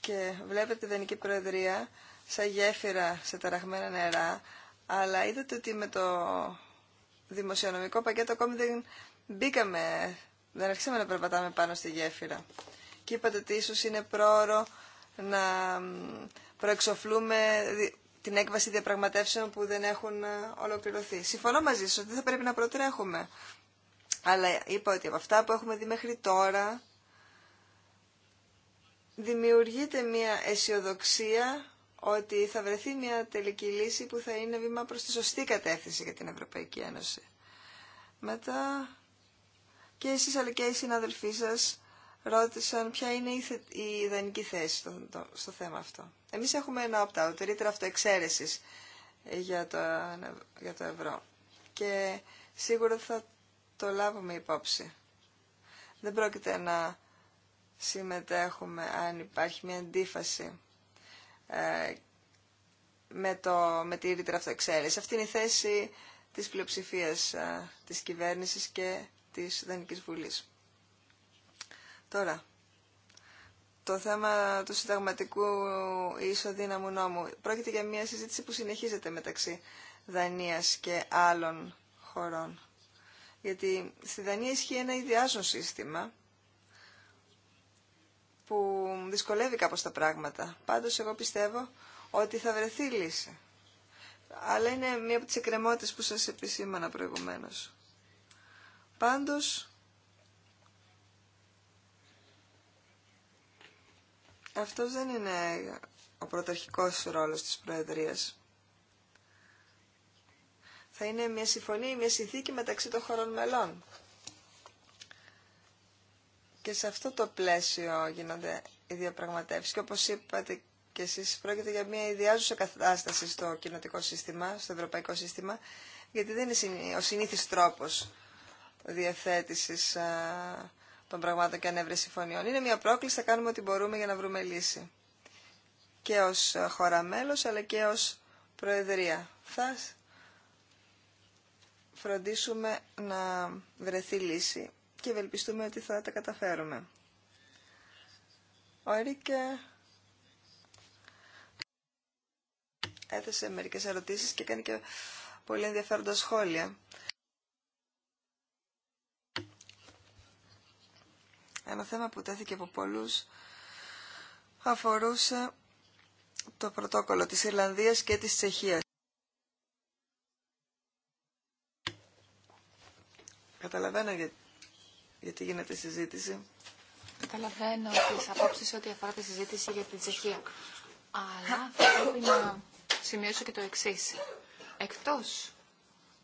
Και βλέπετε τη Δανική Προεδρία σαν γέφυρα σε ταραχμένα νερά, αλλά είδατε ότι με το δημοσιονομικό πακέτο ακόμη δεν μπήκαμε, δεν αρχίσαμε να περπατάμε πάνω στη γέφυρα. Και είπατε ότι ίσως είναι πρόωρο να προεξοφλούμε την έκβαση διαπραγματεύσεων που δεν έχουν ε, ολοκληρωθεί. Συμφωνώ μαζί σας ότι θα πρέπει να προτρέχουμε. Αλλά είπα ότι από αυτά που έχουμε δει μέχρι τώρα δημιουργείται μια αισιοδοξία ότι θα βρεθεί μια τελική λύση που θα είναι βήμα προς τη σωστή κατεύθυνση για την Ευρωπαϊκή Ένωση. Μετά και εσείς αλλά και οι συναδελφοί σας ρώτησαν ποια είναι η ιδανική θέση στο θέμα αυτό. Εμείς έχουμε ένα opt-out, ρήτρα αυτοεξαίρεσης για το, για το ευρώ. Και σίγουρα θα το λάβουμε υπόψη. Δεν πρόκειται να συμμετέχουμε αν υπάρχει μια αντίφαση ε, με, το, με τη ρήτρα αυτοεξαίρεση. Αυτή είναι η θέση της πλειοψηφίας ε, της κυβέρνησης και της Δανικής Βουλής. Τώρα, το θέμα του συνταγματικού ισοδύναμου νόμου. Πρόκειται για μια συζήτηση που συνεχίζεται μεταξύ Δανίας και άλλων χωρών. Γιατί στη Δανία ισχύει ένα ιδιάζον σύστημα που δυσκολεύει κάπως τα πράγματα. Πάντως εγώ πιστεύω ότι θα βρεθεί λύση. Αλλά είναι μία από τις εκκρεμότητες που σας επισήμανα προηγουμένως. Πάντως, αυτός δεν είναι ο πρωταρχικός ρόλος της Προεδρίας. Θα είναι μια συμφωνία, μια συνθήκη μεταξύ των χωρών μελών. Και σε αυτό το πλαίσιο γίνονται οι διαπραγματεύσεις. Και όπως είπατε και εσείς, πρόκειται για μια ιδιάζουσα κατάσταση στο κοινοτικό σύστημα, στο ευρωπαϊκό σύστημα, γιατί δεν είναι ο συνήθις τρόπος διαθέτησης των πραγμάτων και ανέβρεση συμφωνιών. Είναι μια πρόκληση, θα κάνουμε ό,τι μπορούμε για να βρούμε λύση. Και ως χώρα μέλος, αλλά και ως Προεδρία φροντίσουμε να βρεθεί λύση και ευελπιστούμε ότι θα τα καταφέρουμε. Ο Ερίκε έθεσε μερικές ερωτήσεις και κάνει και πολύ ενδιαφέροντα σχόλια. Ένα θέμα που τέθηκε από πολλούς αφορούσε το πρωτόκολλο της Ιρλανδίας και της Τσεχίας. Καταλαβαίνω για... γιατί γίνεται συζήτηση. Καταλαβαίνω τις απόψεις ό,τι αφορά τη συζήτηση για την Τσεχία. Αλλά θα πρέπει να σημειώσω και το εξή. Εκτός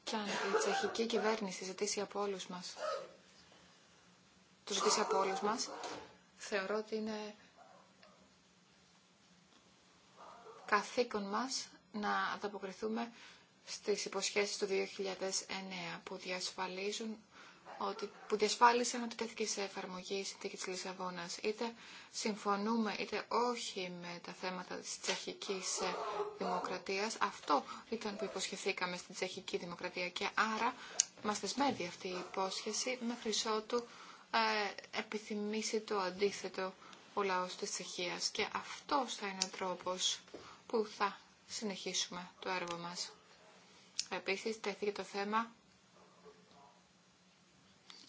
κι αν η τσεχική κυβέρνηση ζητήσει από όλου μα. το ζητήσει από όλου μα, θεωρώ ότι είναι καθήκον μας να ανταποκριθούμε στις υποσχέσεις του 2009 που διασφαλίζουν ότι, που διασφάλισαν ότι τέθηκε σε εφαρμογή η συνθήκη της Λισαβόνας. Είτε συμφωνούμε είτε όχι με τα θέματα της τσεχικής ε, δημοκρατίας. Αυτό ήταν που υποσχεθήκαμε στην τσεχική δημοκρατία και άρα μας δεσμεύει αυτή η υπόσχεση με ότου ε, επιθυμήσει το αντίθετο ο λαός της Τσεχίας. Και αυτό θα είναι ο τρόπος που θα συνεχίσουμε το έργο μας. Επίσης, τέθηκε το θέμα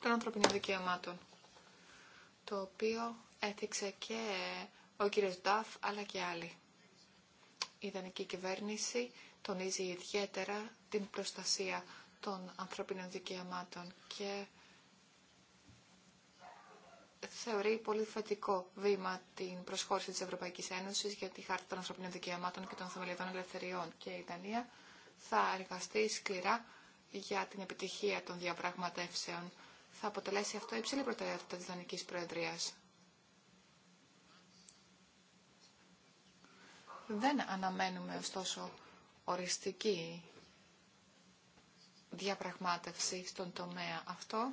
των ανθρωπινών δικαιωμάτων, το οποίο έθιξε και ο κύριος Νταφ αλλά και άλλοι. Η ιδανική κυβέρνηση τονίζει ιδιαίτερα την προστασία των ανθρωπινών δικαιωμάτων και θεωρεί πολύ θετικό βήμα την προσχώρηση της Ευρωπαϊκής Ένωσης για τη χάρτα των ανθρωπινών δικαιωμάτων και των θεμελιωδών ελευθεριών και η Δανία θα εργαστεί σκληρά για την επιτυχία των διαπραγματεύσεων θα αποτελέσει αυτό υψηλή προτεραιότητα της Δανικής Προεδρίας. Δεν αναμένουμε ωστόσο οριστική διαπραγμάτευση στον τομέα αυτό,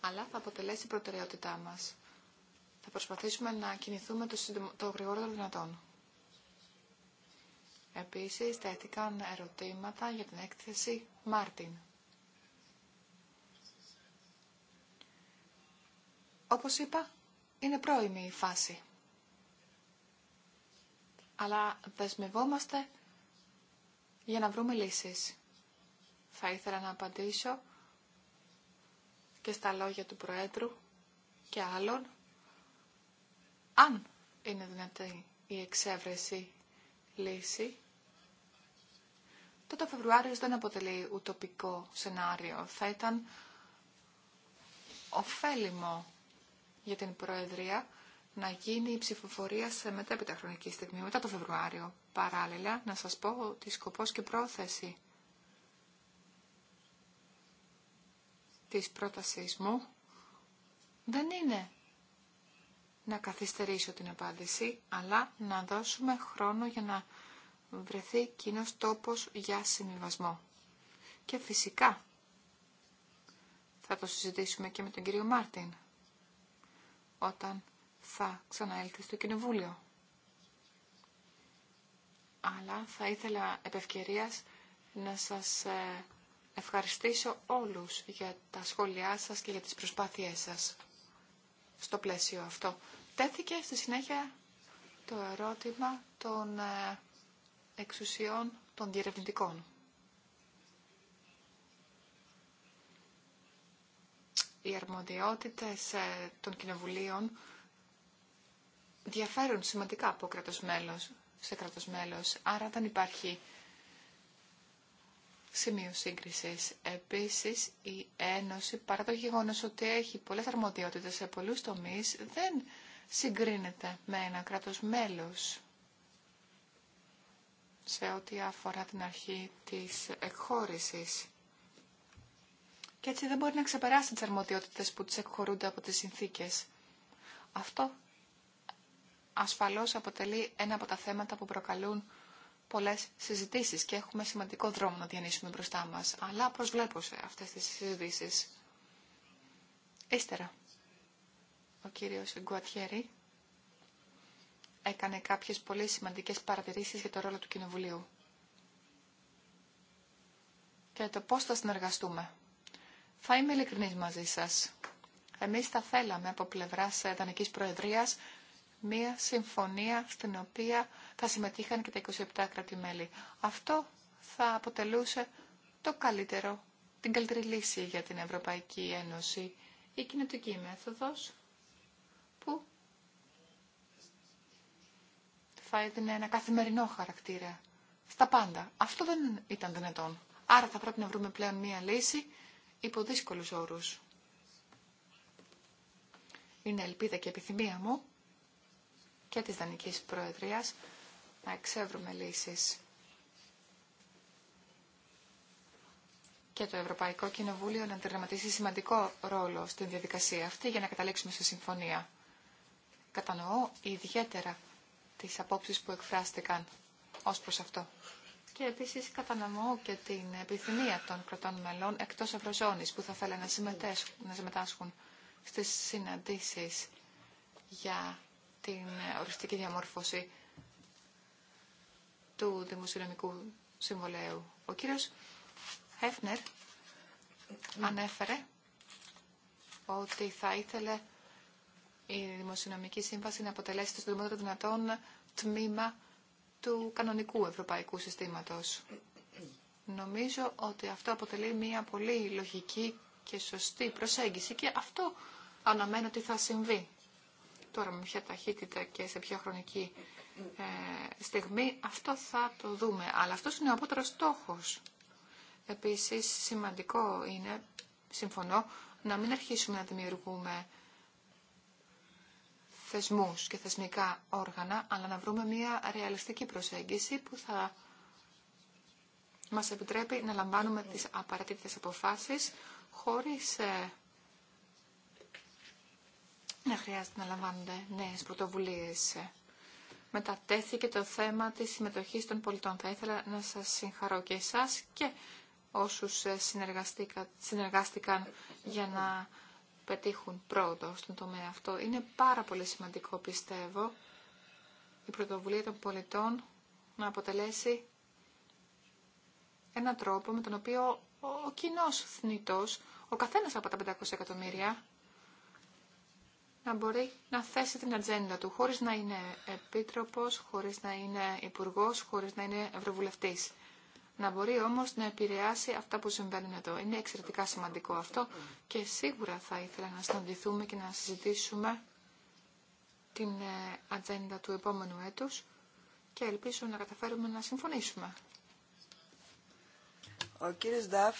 αλλά θα αποτελέσει προτεραιότητά μας. Θα προσπαθήσουμε να κινηθούμε το, το γρηγορότερο δυνατόν. Επίσης, τα ερωτήματα για την έκθεση Μάρτιν. Όπως είπα, είναι πρώιμη η φάση. Αλλά δεσμευόμαστε για να βρούμε λύσεις. Θα ήθελα να απαντήσω και στα λόγια του Προέδρου και άλλων, αν είναι δυνατή η εξέβρεση λύση, τότε ο Φεβρουάριος δεν αποτελεί ουτοπικό σενάριο. Θα ήταν ωφέλιμο για την Προεδρία να γίνει η ψηφοφορία σε μετέπειτα χρονική στιγμή, μετά το Φεβρουάριο. Παράλληλα, να σας πω ότι σκοπός και πρόθεση της πρότασής μου δεν είναι να καθυστερήσω την απάντηση, αλλά να δώσουμε χρόνο για να βρεθεί κοινό τόπος για συμβιβασμό. Και φυσικά θα το συζητήσουμε και με τον κύριο Μάρτιν όταν θα ξαναέλθει στο Κοινοβούλιο. Αλλά θα ήθελα επευκαιρίας να σας ε, ευχαριστήσω όλους για τα σχόλιά σας και για τις προσπάθειές σας στο πλαίσιο αυτό. Τέθηκε στη συνέχεια το ερώτημα των ε, εξουσιών των διερευνητικών. οι αρμοδιότητες ε, των κοινοβουλίων διαφέρουν σημαντικά από κράτος μέλος σε κράτος μέλος, άρα δεν υπάρχει σημείο σύγκριση. Επίσης, η Ένωση, παρά το γεγονό ότι έχει πολλές αρμοδιότητες σε πολλούς τομείς, δεν συγκρίνεται με ένα κράτος μέλος σε ό,τι αφορά την αρχή της εκχώρησης και έτσι δεν μπορεί να ξεπεράσει τις αρμοδιότητες που τις εκχωρούνται από τις συνθήκες. Αυτό ασφαλώς αποτελεί ένα από τα θέματα που προκαλούν πολλές συζητήσεις και έχουμε σημαντικό δρόμο να διανύσουμε μπροστά μας, αλλά προσβλέπω σε αυτές τις συζητήσεις. Ύστερα, ο κύριος Γκουατιέρη έκανε κάποιες πολύ σημαντικές παρατηρήσεις για το ρόλο του Κοινοβουλίου και το πώς θα συνεργαστούμε. Θα είμαι ειλικρινή μαζί σα. Εμεί θα θέλαμε από πλευράς Ιδανική Προεδρία μία συμφωνία στην οποία θα συμμετείχαν και τα 27 κράτη-μέλη. Αυτό θα αποτελούσε το καλύτερο, την καλύτερη λύση για την Ευρωπαϊκή Ένωση. Η κοινωτική Μέθοδο, που θα έδινε ένα καθημερινό χαρακτήρα στα πάντα. Αυτό δεν ήταν δυνατόν. Άρα θα πρέπει να βρούμε πλέον μία λύση υπό δύσκολους όρους. Είναι ελπίδα και επιθυμία μου και της Δανικής Προεδρίας να εξεύρουμε λύσεις. Και το Ευρωπαϊκό Κοινοβούλιο να τερματίσει σημαντικό ρόλο στην διαδικασία αυτή για να καταλήξουμε σε συμφωνία. Κατανοώ ιδιαίτερα τις απόψεις που εκφράστηκαν ως προς αυτό και επίση καταναμώ και την επιθυμία των κρατών μελών εκτό Ευρωζώνη που θα θέλανε να συμμετάσχουν στι συναντήσεις για την οριστική διαμόρφωση του Δημοσιονομικού Συμβολέου. Ο κύριος Χέφνερ ανέφερε ότι θα ήθελε η Δημοσιονομική Σύμβαση να αποτελέσει το συντομότερο δυνατόν τμήμα του κανονικού ευρωπαϊκού συστήματος. Νομίζω ότι αυτό αποτελεί μια πολύ λογική και σωστή προσέγγιση και αυτό αναμένω ότι θα συμβεί. Τώρα με ποια ταχύτητα και σε ποια χρονική ε, στιγμή αυτό θα το δούμε. Αλλά αυτό είναι ο απότερος στόχος. Επίσης σημαντικό είναι, συμφωνώ, να μην αρχίσουμε να δημιουργούμε θεσμούς και θεσμικά όργανα, αλλά να βρούμε μια ρεαλιστική προσέγγιση που θα μας επιτρέπει να λαμβάνουμε τις απαραίτητες αποφάσεις χωρίς ε, να χρειάζεται να λαμβάνονται νέες πρωτοβουλίες. Μετατέθηκε το θέμα της συμμετοχής των πολιτών. Θα ήθελα να σας συγχαρώ και εσάς και όσους ε, συνεργάστηκαν για να πετύχουν πρώτο στον τομέα αυτό. Είναι πάρα πολύ σημαντικό, πιστεύω, η πρωτοβουλία των πολιτών να αποτελέσει ένα τρόπο με τον οποίο ο κοινό θνητός, ο καθένας από τα 500 εκατομμύρια, να μπορεί να θέσει την ατζέντα του, χωρίς να είναι επίτροπος, χωρίς να είναι υπουργός, χωρίς να είναι ευρωβουλευτής να μπορεί όμως να επηρεάσει αυτά που συμβαίνουν εδώ. Είναι εξαιρετικά σημαντικό αυτό και σίγουρα θα ήθελα να συναντηθούμε και να συζητήσουμε την ε, ατζέντα του επόμενου έτους και ελπίζω να καταφέρουμε να συμφωνήσουμε. Ο κύριος Νταφ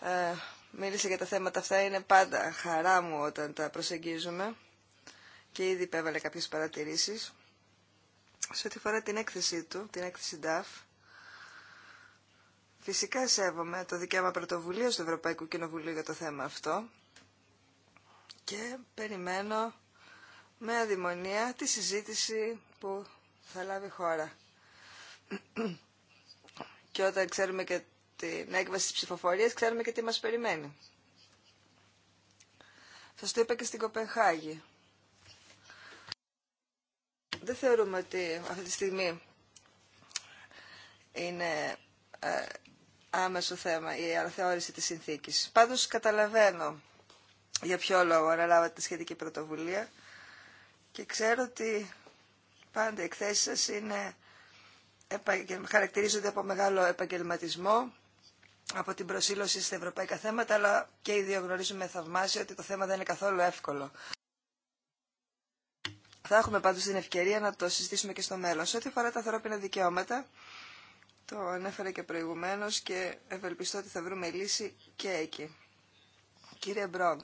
ε, μίλησε για τα θέματα αυτά. Είναι πάντα χαρά μου όταν τα προσεγγίζουμε και ήδη υπέβαλε κάποιες παρατηρήσεις. Σε ό,τι φορά την έκθεσή του, την έκθεση DAF, φυσικά σέβομαι το δικαίωμα πρωτοβουλίας του Ευρωπαϊκού Κοινοβουλίου για το θέμα αυτό και περιμένω με αδημονία τη συζήτηση που θα λάβει η χώρα. και όταν ξέρουμε και την έκβαση της ψηφοφορίας, ξέρουμε και τι μας περιμένει. Σας το είπα και στην Κοπενχάγη. Δεν θεωρούμε ότι αυτή τη στιγμή είναι ε, άμεσο θέμα η αναθεώρηση της συνθήκης. Πάντως καταλαβαίνω για ποιο λόγο αναλάβατε τη σχετική πρωτοβουλία και ξέρω ότι πάντα οι εκθέσεις σας είναι, χαρακτηρίζονται από μεγάλο επαγγελματισμό, από την προσήλωση στα ευρωπαϊκά θέματα, αλλά και οι δύο γνωρίζουμε θαυμάσια ότι το θέμα δεν είναι καθόλου εύκολο. Θα έχουμε πάντως την ευκαιρία να το συζητήσουμε και στο μέλλον. Σε ό,τι αφορά τα ανθρώπινα δικαιώματα, το ανέφερα και προηγουμένως και ευελπιστώ ότι θα βρούμε λύση και εκεί. Κύριε Μπρόγκ,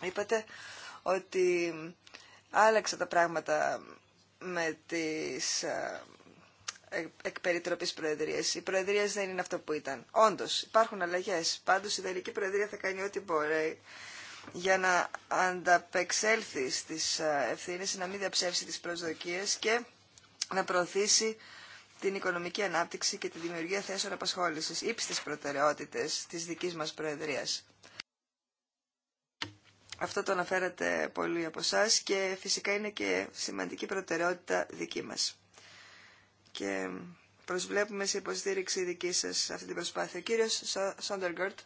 είπατε ότι άλλαξα τα πράγματα με τις ε, εκπεριτροπής προεδρίες. Οι προεδρίες δεν είναι αυτό που ήταν. Όντως, υπάρχουν αλλαγές. Πάντως η Ιταλική Προεδρία θα κάνει ό,τι μπορεί για να ανταπεξέλθει στις ε, ευθύνες, να μην διαψεύσει τις προσδοκίες και να προωθήσει την οικονομική ανάπτυξη και τη δημιουργία θέσεων απασχόλησης, ύψης προτεραιότητες της δικής μας Προεδρίας. Αυτό το αναφέρατε πολλοί από εσά και φυσικά είναι και σημαντική προτεραιότητα δική μας. Και προσβλέπουμε σε υποστήριξη δική σας αυτή την προσπάθεια. Ο κύριος Σόντεργκορτ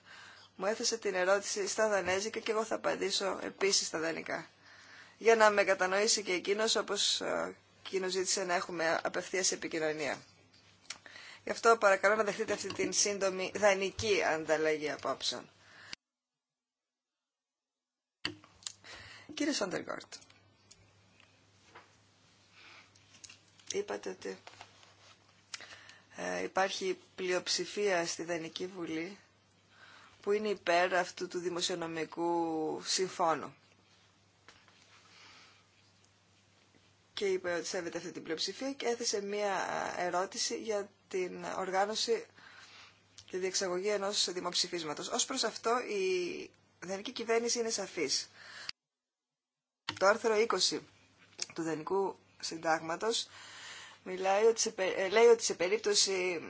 μου έθεσε την ερώτηση στα Δανέζικα και εγώ θα απαντήσω επίσης στα Δανικά. Για να με κατανοήσει και εκείνος όπως ε, εκείνος ζήτησε να έχουμε απευθείας επικοινωνία. Γι' αυτό παρακαλώ να δεχτείτε αυτή την σύντομη δανεική ανταλλαγή απόψεων. Κύριε Σαντεργόρτ, είπατε ότι ε, υπάρχει πλειοψηφία στη Δανική Βουλή που είναι υπέρ αυτού του δημοσιονομικού συμφώνου. Και είπε ότι σέβεται αυτή την πλειοψηφία και έθεσε μία ερώτηση για την οργάνωση και διεξαγωγή ενός δημοψηφίσματος. Ως προς αυτό η δανεική κυβέρνηση είναι σαφής. Το άρθρο 20 του Δενικού Συντάγματος μιλάει ότι σε, λέει ότι σε περίπτωση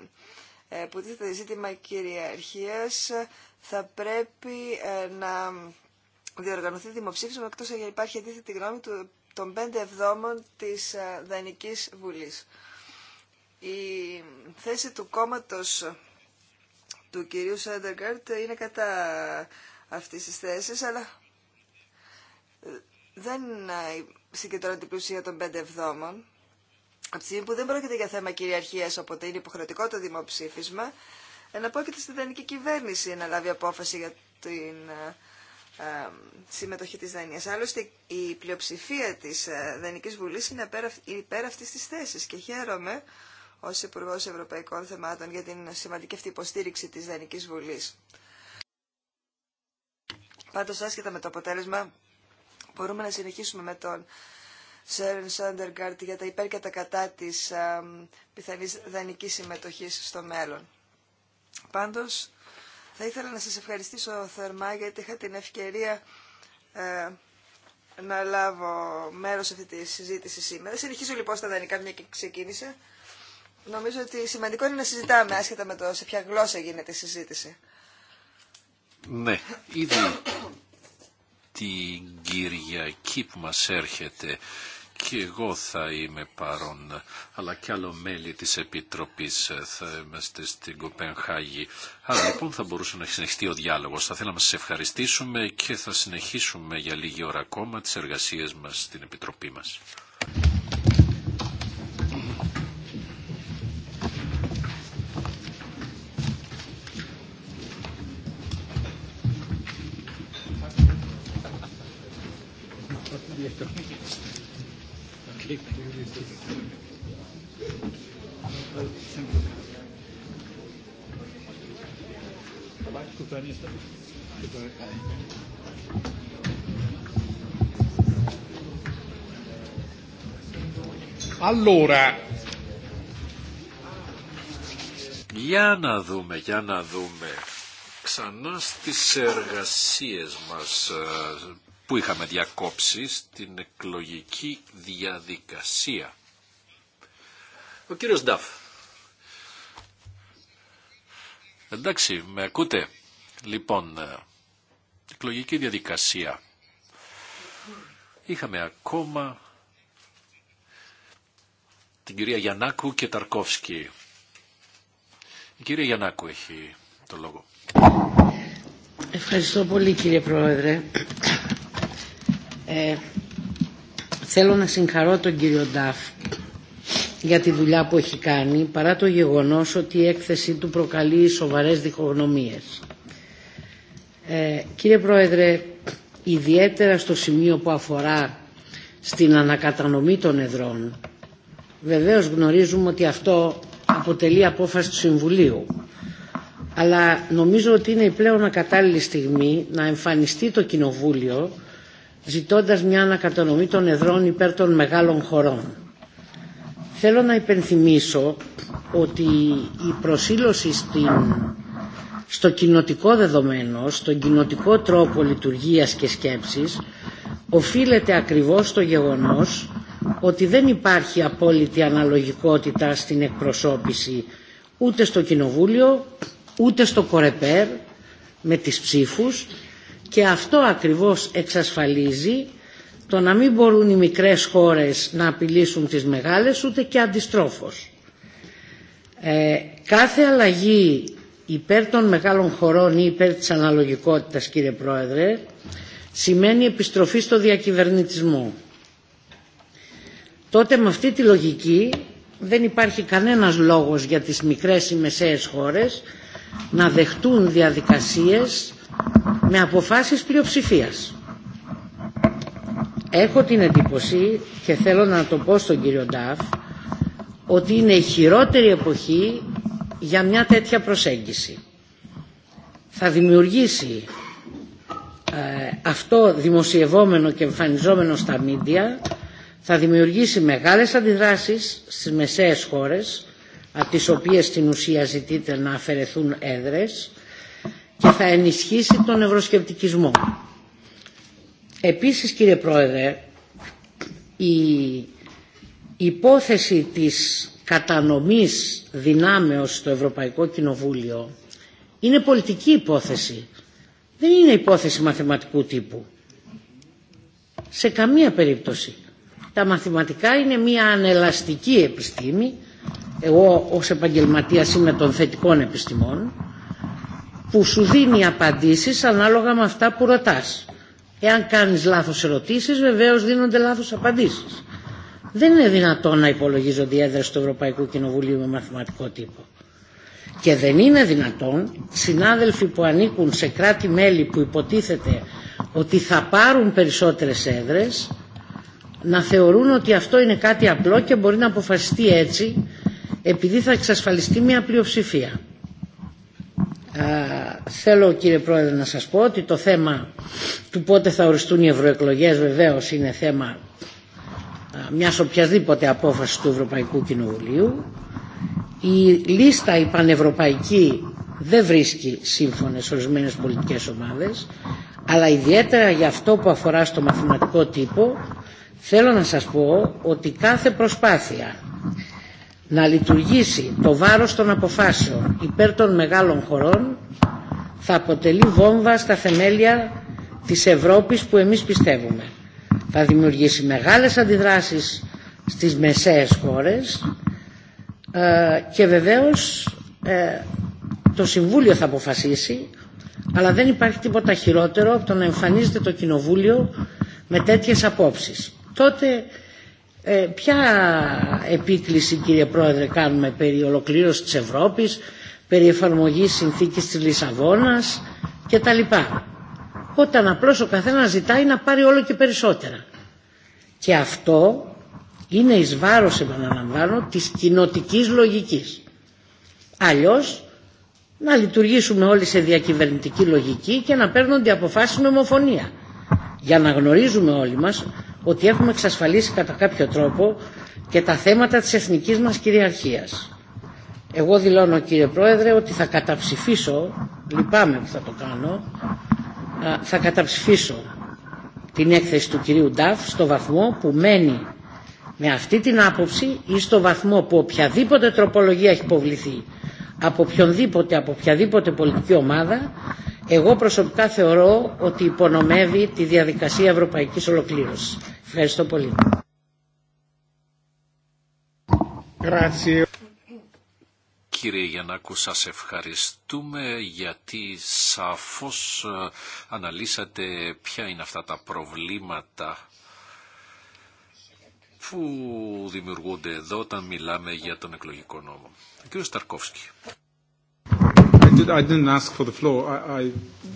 ε, που τίθεται ζήτημα κυριαρχίας θα πρέπει ε, να διοργανωθεί δημοψήφισμα εκτός αν υπάρχει αντίθετη γνώμη του, των πέντε εβδόμων της ε, Δανικής Βουλής. Η θέση του κόμματος του κυρίου Σέντεργκαρτ είναι κατά αυτής της θέσης, αλλά ε, δεν συγκεντρώνει την πλουσία των πέντε εβδόμων. Από τη στιγμή που δεν πρόκειται για θέμα κυριαρχίας, οπότε είναι υποχρεωτικό το δημοψήφισμα, εναπόκειται στη Δανική κυβέρνηση να λάβει απόφαση για την ε, ε, συμμετοχή της Δανίας. Άλλωστε η πλειοψηφία της ε, Δανικής Βουλής είναι υπέρ αυτής της θέσης και χαίρομαι ως υπουργό Ευρωπαϊκών Θεμάτων για την σημαντική αυτή υποστήριξη της Δανικής Βουλής. Πάντως άσχετα με το αποτέλεσμα μπορούμε να συνεχίσουμε με τον Σέρεν Σάντεργκαρτ για τα υπέρ και τα κατά της πιθανής δανικής συμμετοχής στο μέλλον. Πάντως, θα ήθελα να σας ευχαριστήσω θερμά γιατί είχα την ευκαιρία ε, να λάβω μέρος σε αυτή τη συζήτηση σήμερα. Συνεχίζω λοιπόν στα δανεικά μια και ξεκίνησε. Νομίζω ότι σημαντικό είναι να συζητάμε άσχετα με το σε ποια γλώσσα γίνεται η συζήτηση. Ναι, ήδη την Κυριακή που μας έρχεται και εγώ θα είμαι παρόν, αλλά και άλλο μέλη της Επιτροπής ε, θα είμαστε στην Κοπενχάγη. Άρα λοιπόν θα μπορούσε να συνεχιστεί ο διάλογος. Θα θέλαμε να σας ευχαριστήσουμε και θα συνεχίσουμε για λίγη ώρα ακόμα τις εργασίες μας στην Επιτροπή μας. Allora. Για να δούμε, για να δούμε. Ξανά στις εργασίες μας που είχαμε διακόψει στην εκλογική διαδικασία. Ο κύριος Νταφ. Εντάξει, με ακούτε. Λοιπόν, ε, εκλογική διαδικασία. Είχαμε ακόμα την κυρία Γιαννάκου και Ταρκόφσκι. Η κυρία Γιαννάκου έχει το λόγο. Ευχαριστώ πολύ κύριε Πρόεδρε. Ε, θέλω να συγχαρώ τον κύριο Νταφ για τη δουλειά που έχει κάνει παρά το γεγονός ότι η έκθεση του προκαλεί σοβαρές διχογνωμίες. Ε, κύριε Πρόεδρε, ιδιαίτερα στο σημείο που αφορά στην ανακατανομή των εδρών, βεβαίως γνωρίζουμε ότι αυτό αποτελεί απόφαση του Συμβουλίου. Αλλά νομίζω ότι είναι η πλέον ακατάλληλη στιγμή να εμφανιστεί το Κοινοβούλιο ζητώντας μια ανακατανομή των εδρών υπέρ των μεγάλων χωρών. Θέλω να υπενθυμίσω ότι η προσήλωση στο κοινοτικό δεδομένο, στον κοινοτικό τρόπο λειτουργίας και σκέψης, οφείλεται ακριβώς στο γεγονός ότι δεν υπάρχει απόλυτη αναλογικότητα στην εκπροσώπηση ούτε στο Κοινοβούλιο, ούτε στο Κορεπέρ με τις ψήφους και αυτό ακριβώς εξασφαλίζει το να μην μπορούν οι μικρές χώρες να απειλήσουν τις μεγάλες ούτε και αντιστρόφως. Ε, κάθε αλλαγή υπέρ των μεγάλων χωρών ή υπέρ της αναλογικότητας κύριε Πρόεδρε σημαίνει επιστροφή στο διακυβερνητισμό. Τότε με αυτή τη λογική δεν υπάρχει κανένας λόγος για τις μικρές ή μεσαίες χώρες να δεχτούν διαδικασίες με αποφάσεις πλειοψηφίας. Έχω την εντύπωση και θέλω να το πω στον κύριο Νταφ ότι είναι η χειρότερη εποχή για μια τέτοια προσέγγιση. Θα δημιουργήσει ε, αυτό δημοσιευόμενο και εμφανιζόμενο στα μίντια θα δημιουργήσει μεγάλες αντιδράσεις στις μεσαίες χώρες από τις οποίες στην ουσία ζητείτε να αφαιρεθούν έδρες και θα ενισχύσει τον ευρωσκεπτικισμό. Επίσης κύριε Πρόεδρε, η υπόθεση της κατανομής δυνάμεως στο Ευρωπαϊκό Κοινοβούλιο είναι πολιτική υπόθεση. Δεν είναι υπόθεση μαθηματικού τύπου. Σε καμία περίπτωση. Τα μαθηματικά είναι μια ανελαστική επιστήμη. Εγώ ως επαγγελματίας είμαι των θετικών επιστημών που σου δίνει απαντήσεις ανάλογα με αυτά που ρωτάς. Εάν κάνεις λάθος ερωτήσεις βεβαίως δίνονται λάθος απαντήσεις. Δεν είναι δυνατόν να υπολογίζονται οι έδρες του Ευρωπαϊκού Κοινοβουλίου με μαθηματικό τύπο. Και δεν είναι δυνατόν συνάδελφοι που ανήκουν σε κράτη-μέλη που υποτίθεται ότι θα πάρουν περισσότερες έδρες να θεωρούν ότι αυτό είναι κάτι απλό και μπορεί να αποφασιστεί έτσι επειδή θα εξασφαλιστεί μια πλειοψηφία θέλω κύριε Πρόεδρε να σας πω ότι το θέμα του πότε θα οριστούν οι ευρωεκλογέ βεβαίως είναι θέμα μιας οποιασδήποτε απόφασης του Ευρωπαϊκού Κοινοβουλίου. Η λίστα η πανευρωπαϊκή δεν βρίσκει σύμφωνες ορισμένε πολιτικές ομάδες αλλά ιδιαίτερα για αυτό που αφορά στο μαθηματικό τύπο θέλω να σας πω ότι κάθε προσπάθεια να λειτουργήσει το βάρος των αποφάσεων υπέρ των μεγάλων χωρών θα αποτελεί βόμβα στα θεμέλια της Ευρώπης που εμείς πιστεύουμε. Θα δημιουργήσει μεγάλες αντιδράσεις στις μεσαίες χώρες ε, και βεβαίως ε, το Συμβούλιο θα αποφασίσει αλλά δεν υπάρχει τίποτα χειρότερο από το να εμφανίζεται το Κοινοβούλιο με τέτοιες απόψεις. Τότε ε, ποια επίκληση κύριε Πρόεδρε κάνουμε περί ολοκλήρωσης της Ευρώπης, περί εφαρμογής συνθήκης της Λισαβόνας λοιπά... Όταν απλώς ο καθένας ζητάει να πάρει όλο και περισσότερα. Και αυτό είναι εις βάρος επαναλαμβάνω της κοινοτικής λογικής. Αλλιώς να λειτουργήσουμε όλοι σε διακυβερνητική λογική και να παίρνονται αποφάσεις με ομοφωνία. Για να γνωρίζουμε όλοι μας ότι έχουμε εξασφαλίσει κατά κάποιο τρόπο και τα θέματα της εθνικής μας κυριαρχίας. Εγώ δηλώνω κύριε Πρόεδρε ότι θα καταψηφίσω, λυπάμαι που θα το κάνω, θα καταψηφίσω την έκθεση του κυρίου Νταφ στο βαθμό που μένει με αυτή την άποψη ή στο βαθμό που οποιαδήποτε τροπολογία έχει υποβληθεί από οποιονδήποτε, από οποιαδήποτε πολιτική ομάδα εγώ προσωπικά θεωρώ ότι υπονομεύει τη διαδικασία ευρωπαϊκής ολοκλήρωσης. Ευχαριστώ πολύ. Κύριε Γιαννάκου, σας ευχαριστούμε γιατί σαφώς ε, αναλύσατε ποια είναι αυτά τα προβλήματα που δημιουργούνται εδώ όταν μιλάμε για τον εκλογικό νόμο. Ο κύριος Σταρκόφσκι. I didn't ask for the floor.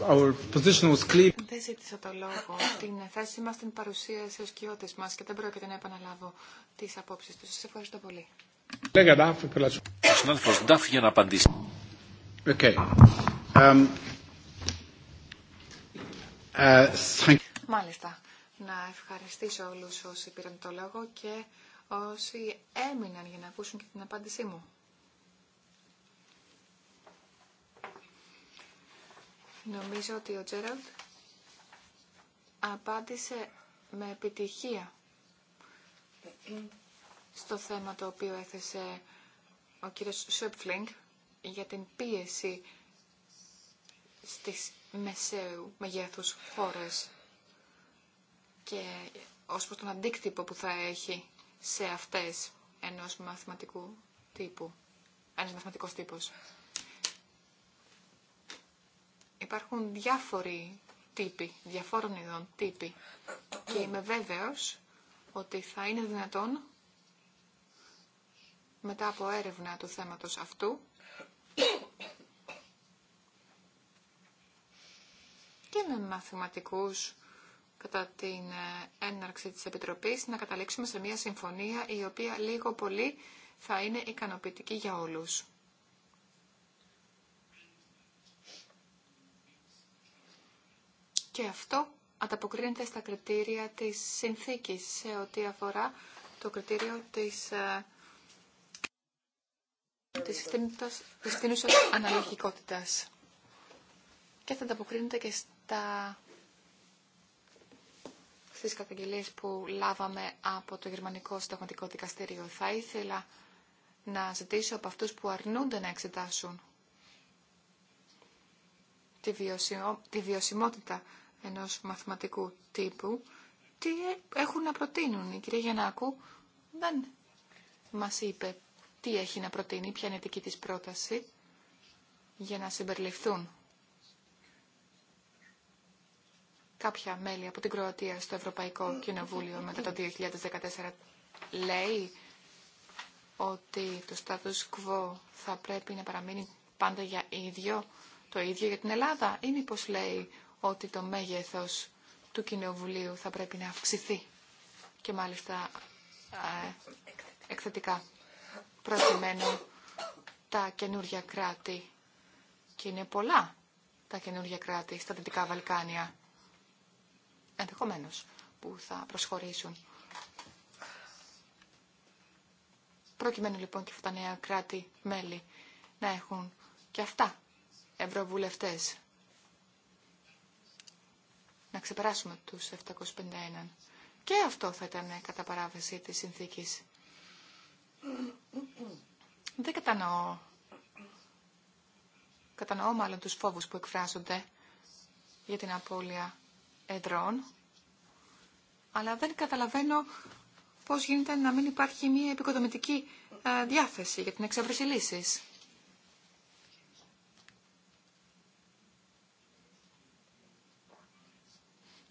Our position was Δεν ζήτησα το λόγο. Την θέση μας την παρουσία ο σκιώτης μας και δεν πρόκειται να επαναλάβω τις απόψεις του. Σας ευχαριστώ πολύ. Μάλιστα. Να ευχαριστήσω όλους όσοι πήραν το λόγο και όσοι έμειναν για να ακούσουν και την απάντησή μου. Νομίζω ότι ο Τζέραλτ απάντησε με επιτυχία στο θέμα το οποίο έθεσε ο κύριος Σουέπφλινγκ για την πίεση στις μεσαίου μεγέθους χώρες και ως προς τον αντίκτυπο που θα έχει σε αυτές ενός μαθηματικού τύπου, ένας μαθηματικός τύπος. Υπάρχουν διάφοροι τύποι, διαφόρων ειδών τύποι και είμαι βέβαιος ότι θα είναι δυνατόν μετά από έρευνα του θέματος αυτού και με μαθηματικούς κατά την ε, έναρξη της Επιτροπής να καταλήξουμε σε μια συμφωνία η οποία λίγο πολύ θα είναι ικανοποιητική για όλους. Και αυτό ανταποκρίνεται στα κριτήρια της συνθήκης σε ό,τι αφορά το κριτήριο της, ε, της, φθήνουσας, της αναλογικότητας. Και θα ανταποκρίνεται και στα, στις καταγγελίες που λάβαμε από το Γερμανικό Συνταγματικό Δικαστήριο. Θα ήθελα να ζητήσω από αυτούς που αρνούνται να εξετάσουν τη, βιωσιμότητα ενός μαθηματικού τύπου, τι ε, έχουν να προτείνουν. Η κυρία Γιαννάκου δεν μας είπε τι έχει να προτείνει, ποια είναι η δική της πρόταση για να συμπεριληφθούν κάποια μέλη από την Κροατία στο Ευρωπαϊκό Κοινοβούλιο μετά το 2014 λέει ότι το status quo θα πρέπει να παραμείνει πάντα για ίδιο, το ίδιο για την Ελλάδα ή μήπω λέει ότι το μέγεθος του Κοινοβουλίου θα πρέπει να αυξηθεί και μάλιστα εκθετικά προκειμένου τα καινούργια κράτη και είναι πολλά τα καινούργια κράτη στα Δυτικά Βαλκάνια ενδεχομένως, που θα προσχωρήσουν. Προκειμένου λοιπόν και αυτά τα νέα κράτη-μέλη να έχουν και αυτά ευρωβουλευτές να ξεπεράσουμε τους 751. Και αυτό θα ήταν κατά παράβαση της συνθήκης. Δεν κατανοώ. Κατανοώ μάλλον τους φόβους που εκφράζονται για την απώλεια εδρών, αλλά δεν καταλαβαίνω πώς γίνεται να μην υπάρχει μια επικοδομητική ε, διάθεση για την εξαπλήση λύσης.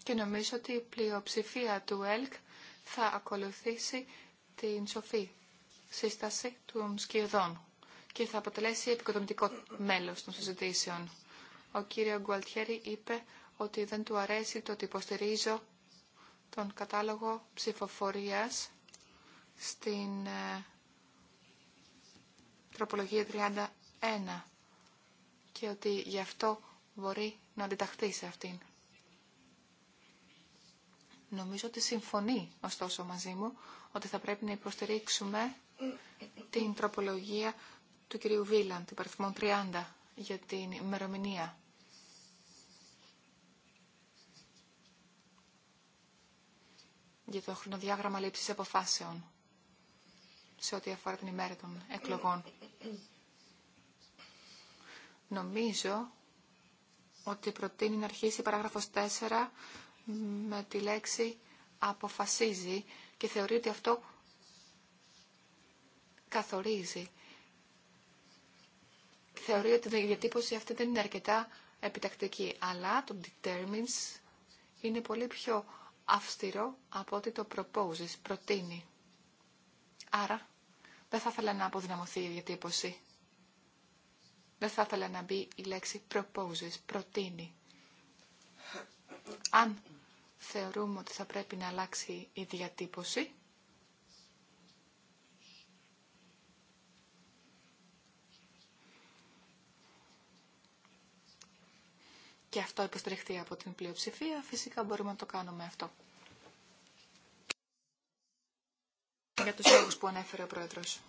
και νομίζω ότι η πλειοψηφία του ΕΛΚ θα ακολουθήσει την σοφή σύσταση των σκιωδών και θα αποτελέσει επικοδομητικό μέλος των συζητήσεων. Ο κύριο Γκουαλτιέρη είπε ότι δεν του αρέσει το ότι υποστηρίζω τον κατάλογο ψηφοφορίας στην ε, τροπολογία 31 και ότι γι' αυτό μπορεί να αντιταχθεί σε αυτήν. Νομίζω ότι συμφωνεί ωστόσο μαζί μου ότι θα πρέπει να υποστηρίξουμε την τροπολογία του κυρίου Βίλαν, την 30, για την ημερομηνία. για το χρονοδιάγραμμα λήψης αποφάσεων σε ό,τι αφορά την ημέρα των εκλογών. Νομίζω ότι προτείνει να αρχίσει η παράγραφος 4 με τη λέξη αποφασίζει και θεωρεί ότι αυτό καθορίζει. Θεωρεί ότι η διατύπωση αυτή δεν είναι αρκετά επιτακτική, αλλά το determines είναι πολύ πιο αυστηρό από ότι το proposes, προτείνει. Άρα, δεν θα ήθελα να αποδυναμωθεί η διατύπωση. Δεν θα ήθελα να μπει η λέξη proposes, προτείνει. Αν θεωρούμε ότι θα πρέπει να αλλάξει η διατύπωση. Και αυτό υποστηριχθεί από την πλειοψηφία. Φυσικά μπορούμε να το κάνουμε αυτό. Για τους λόγους που ανέφερε ο Πρόεδρος.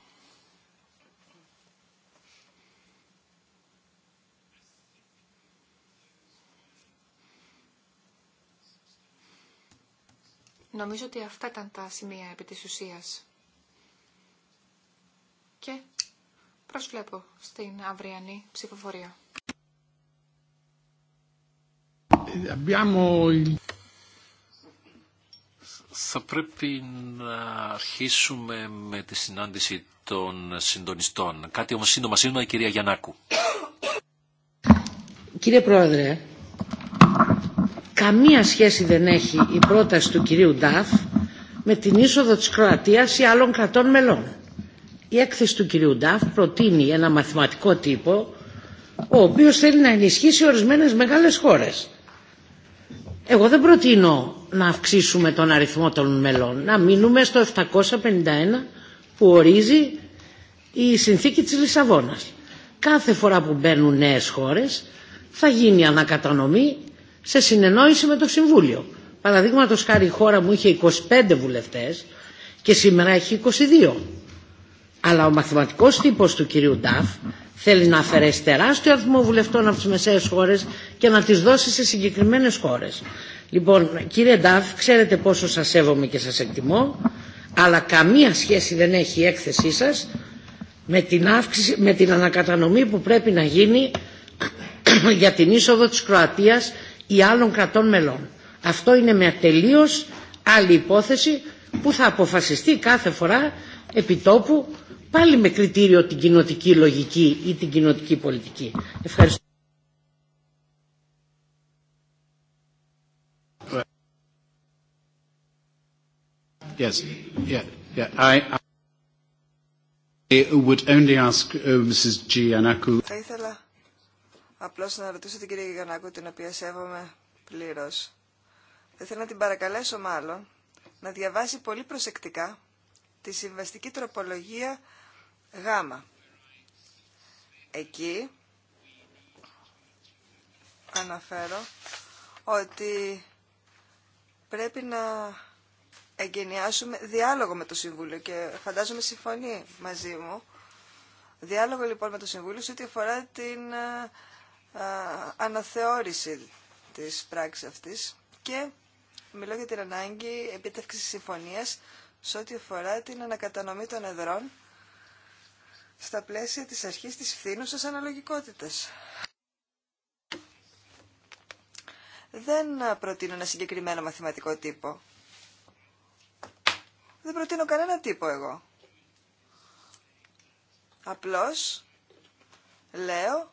Νομίζω ότι αυτά ήταν τα σημεία επί της ουσίας. Και προσβλέπω στην αυριανή ψηφοφορία. Θα πρέπει να αρχίσουμε με τη συνάντηση των συντονιστών. Κάτι όμως σύντομα, σύντομα η κυρία Γιαννάκου. Κύριε Πρόεδρε, καμία σχέση δεν έχει η πρόταση του κυρίου Νταφ με την είσοδο της Κροατίας ή άλλων κρατών μελών. Η έκθεση του κυρίου Νταφ προτείνει ένα μαθηματικό τύπο ο οποίος θέλει να ενισχύσει ορισμένες μεγάλες χώρες. Εγώ δεν προτείνω να αυξήσουμε τον αριθμό των μελών, να μείνουμε στο 751 που ορίζει η συνθήκη της Λισαβόνας. Κάθε φορά που μπαίνουν νέες χώρες θα γίνει ανακατανομή σε συνεννόηση με το Συμβούλιο. Παραδείγματο χάρη η χώρα μου είχε 25 βουλευτές και σήμερα έχει 22. Αλλά ο μαθηματικός τύπος του κυρίου Νταφ θέλει να αφαιρέσει τεράστιο αριθμό βουλευτών από τις μεσαίες χώρες και να τις δώσει σε συγκεκριμένες χώρες. Λοιπόν, κύριε Νταφ, ξέρετε πόσο σας σέβομαι και σας εκτιμώ, αλλά καμία σχέση δεν έχει η έκθεσή σας με την, αύξηση, με την ανακατανομή που πρέπει να γίνει για την είσοδο της Κροατίας ή άλλων κρατών μελών. Αυτό είναι μια τελείω άλλη υπόθεση που θα αποφασιστεί κάθε φορά τόπου, πάλι με κριτήριο την κοινοτική λογική ή την κοινοτική πολιτική. Ευχαριστώ. Yes. Yeah. Yeah. I, I would only ask uh, Mrs. Απλώς να ρωτήσω την κυρία Γιγανάκου, την οποία σέβομαι πλήρως. Θα ήθελα να την παρακαλέσω μάλλον να διαβάσει πολύ προσεκτικά τη συμβαστική τροπολογία Γ. Εκεί αναφέρω ότι πρέπει να εγκαινιάσουμε διάλογο με το Συμβούλιο και φαντάζομαι συμφωνεί μαζί μου. Διάλογο λοιπόν με το Συμβούλιο σε ό,τι αφορά την ε, αναθεώρηση της πράξης αυτής και μιλώ για την ανάγκη επίτευξης συμφωνίας σε ό,τι αφορά την ανακατανομή των εδρών στα πλαίσια της αρχής της φθήνουσας αναλογικότητας. Δεν προτείνω ένα συγκεκριμένο μαθηματικό τύπο. Δεν προτείνω κανένα τύπο εγώ. Απλώς λέω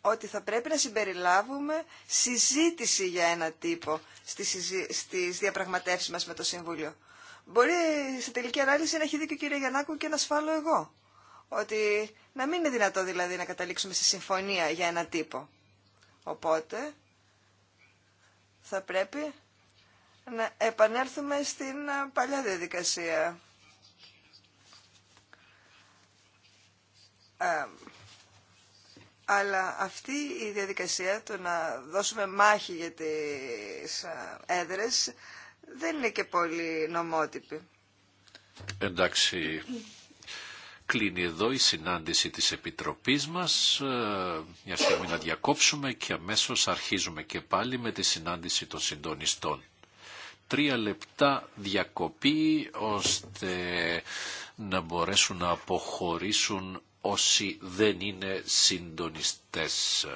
ότι θα πρέπει να συμπεριλάβουμε συζήτηση για ένα τύπο στις διαπραγματεύσεις μας με το Συμβούλιο. Μπορεί σε τελική ανάλυση να έχει δίκιο κύριε Γιαννάκου και να ασφάλω εγώ. Ότι να μην είναι δυνατό δηλαδή να καταλήξουμε στη συμφωνία για ένα τύπο. Οπότε θα πρέπει να επανέλθουμε στην παλιά διαδικασία. Ε, αλλά αυτή η διαδικασία του να δώσουμε μάχη για τις έδρες δεν είναι και πολύ νομότυπη. Εντάξει, κλείνει εδώ η συνάντηση της Επιτροπής μας. Ε, μια στιγμή να διακόψουμε και αμέσως αρχίζουμε και πάλι με τη συνάντηση των συντονιστών. Τρία λεπτά διακοπή ώστε να μπορέσουν να αποχωρήσουν όσοι δεν είναι συντονιστές.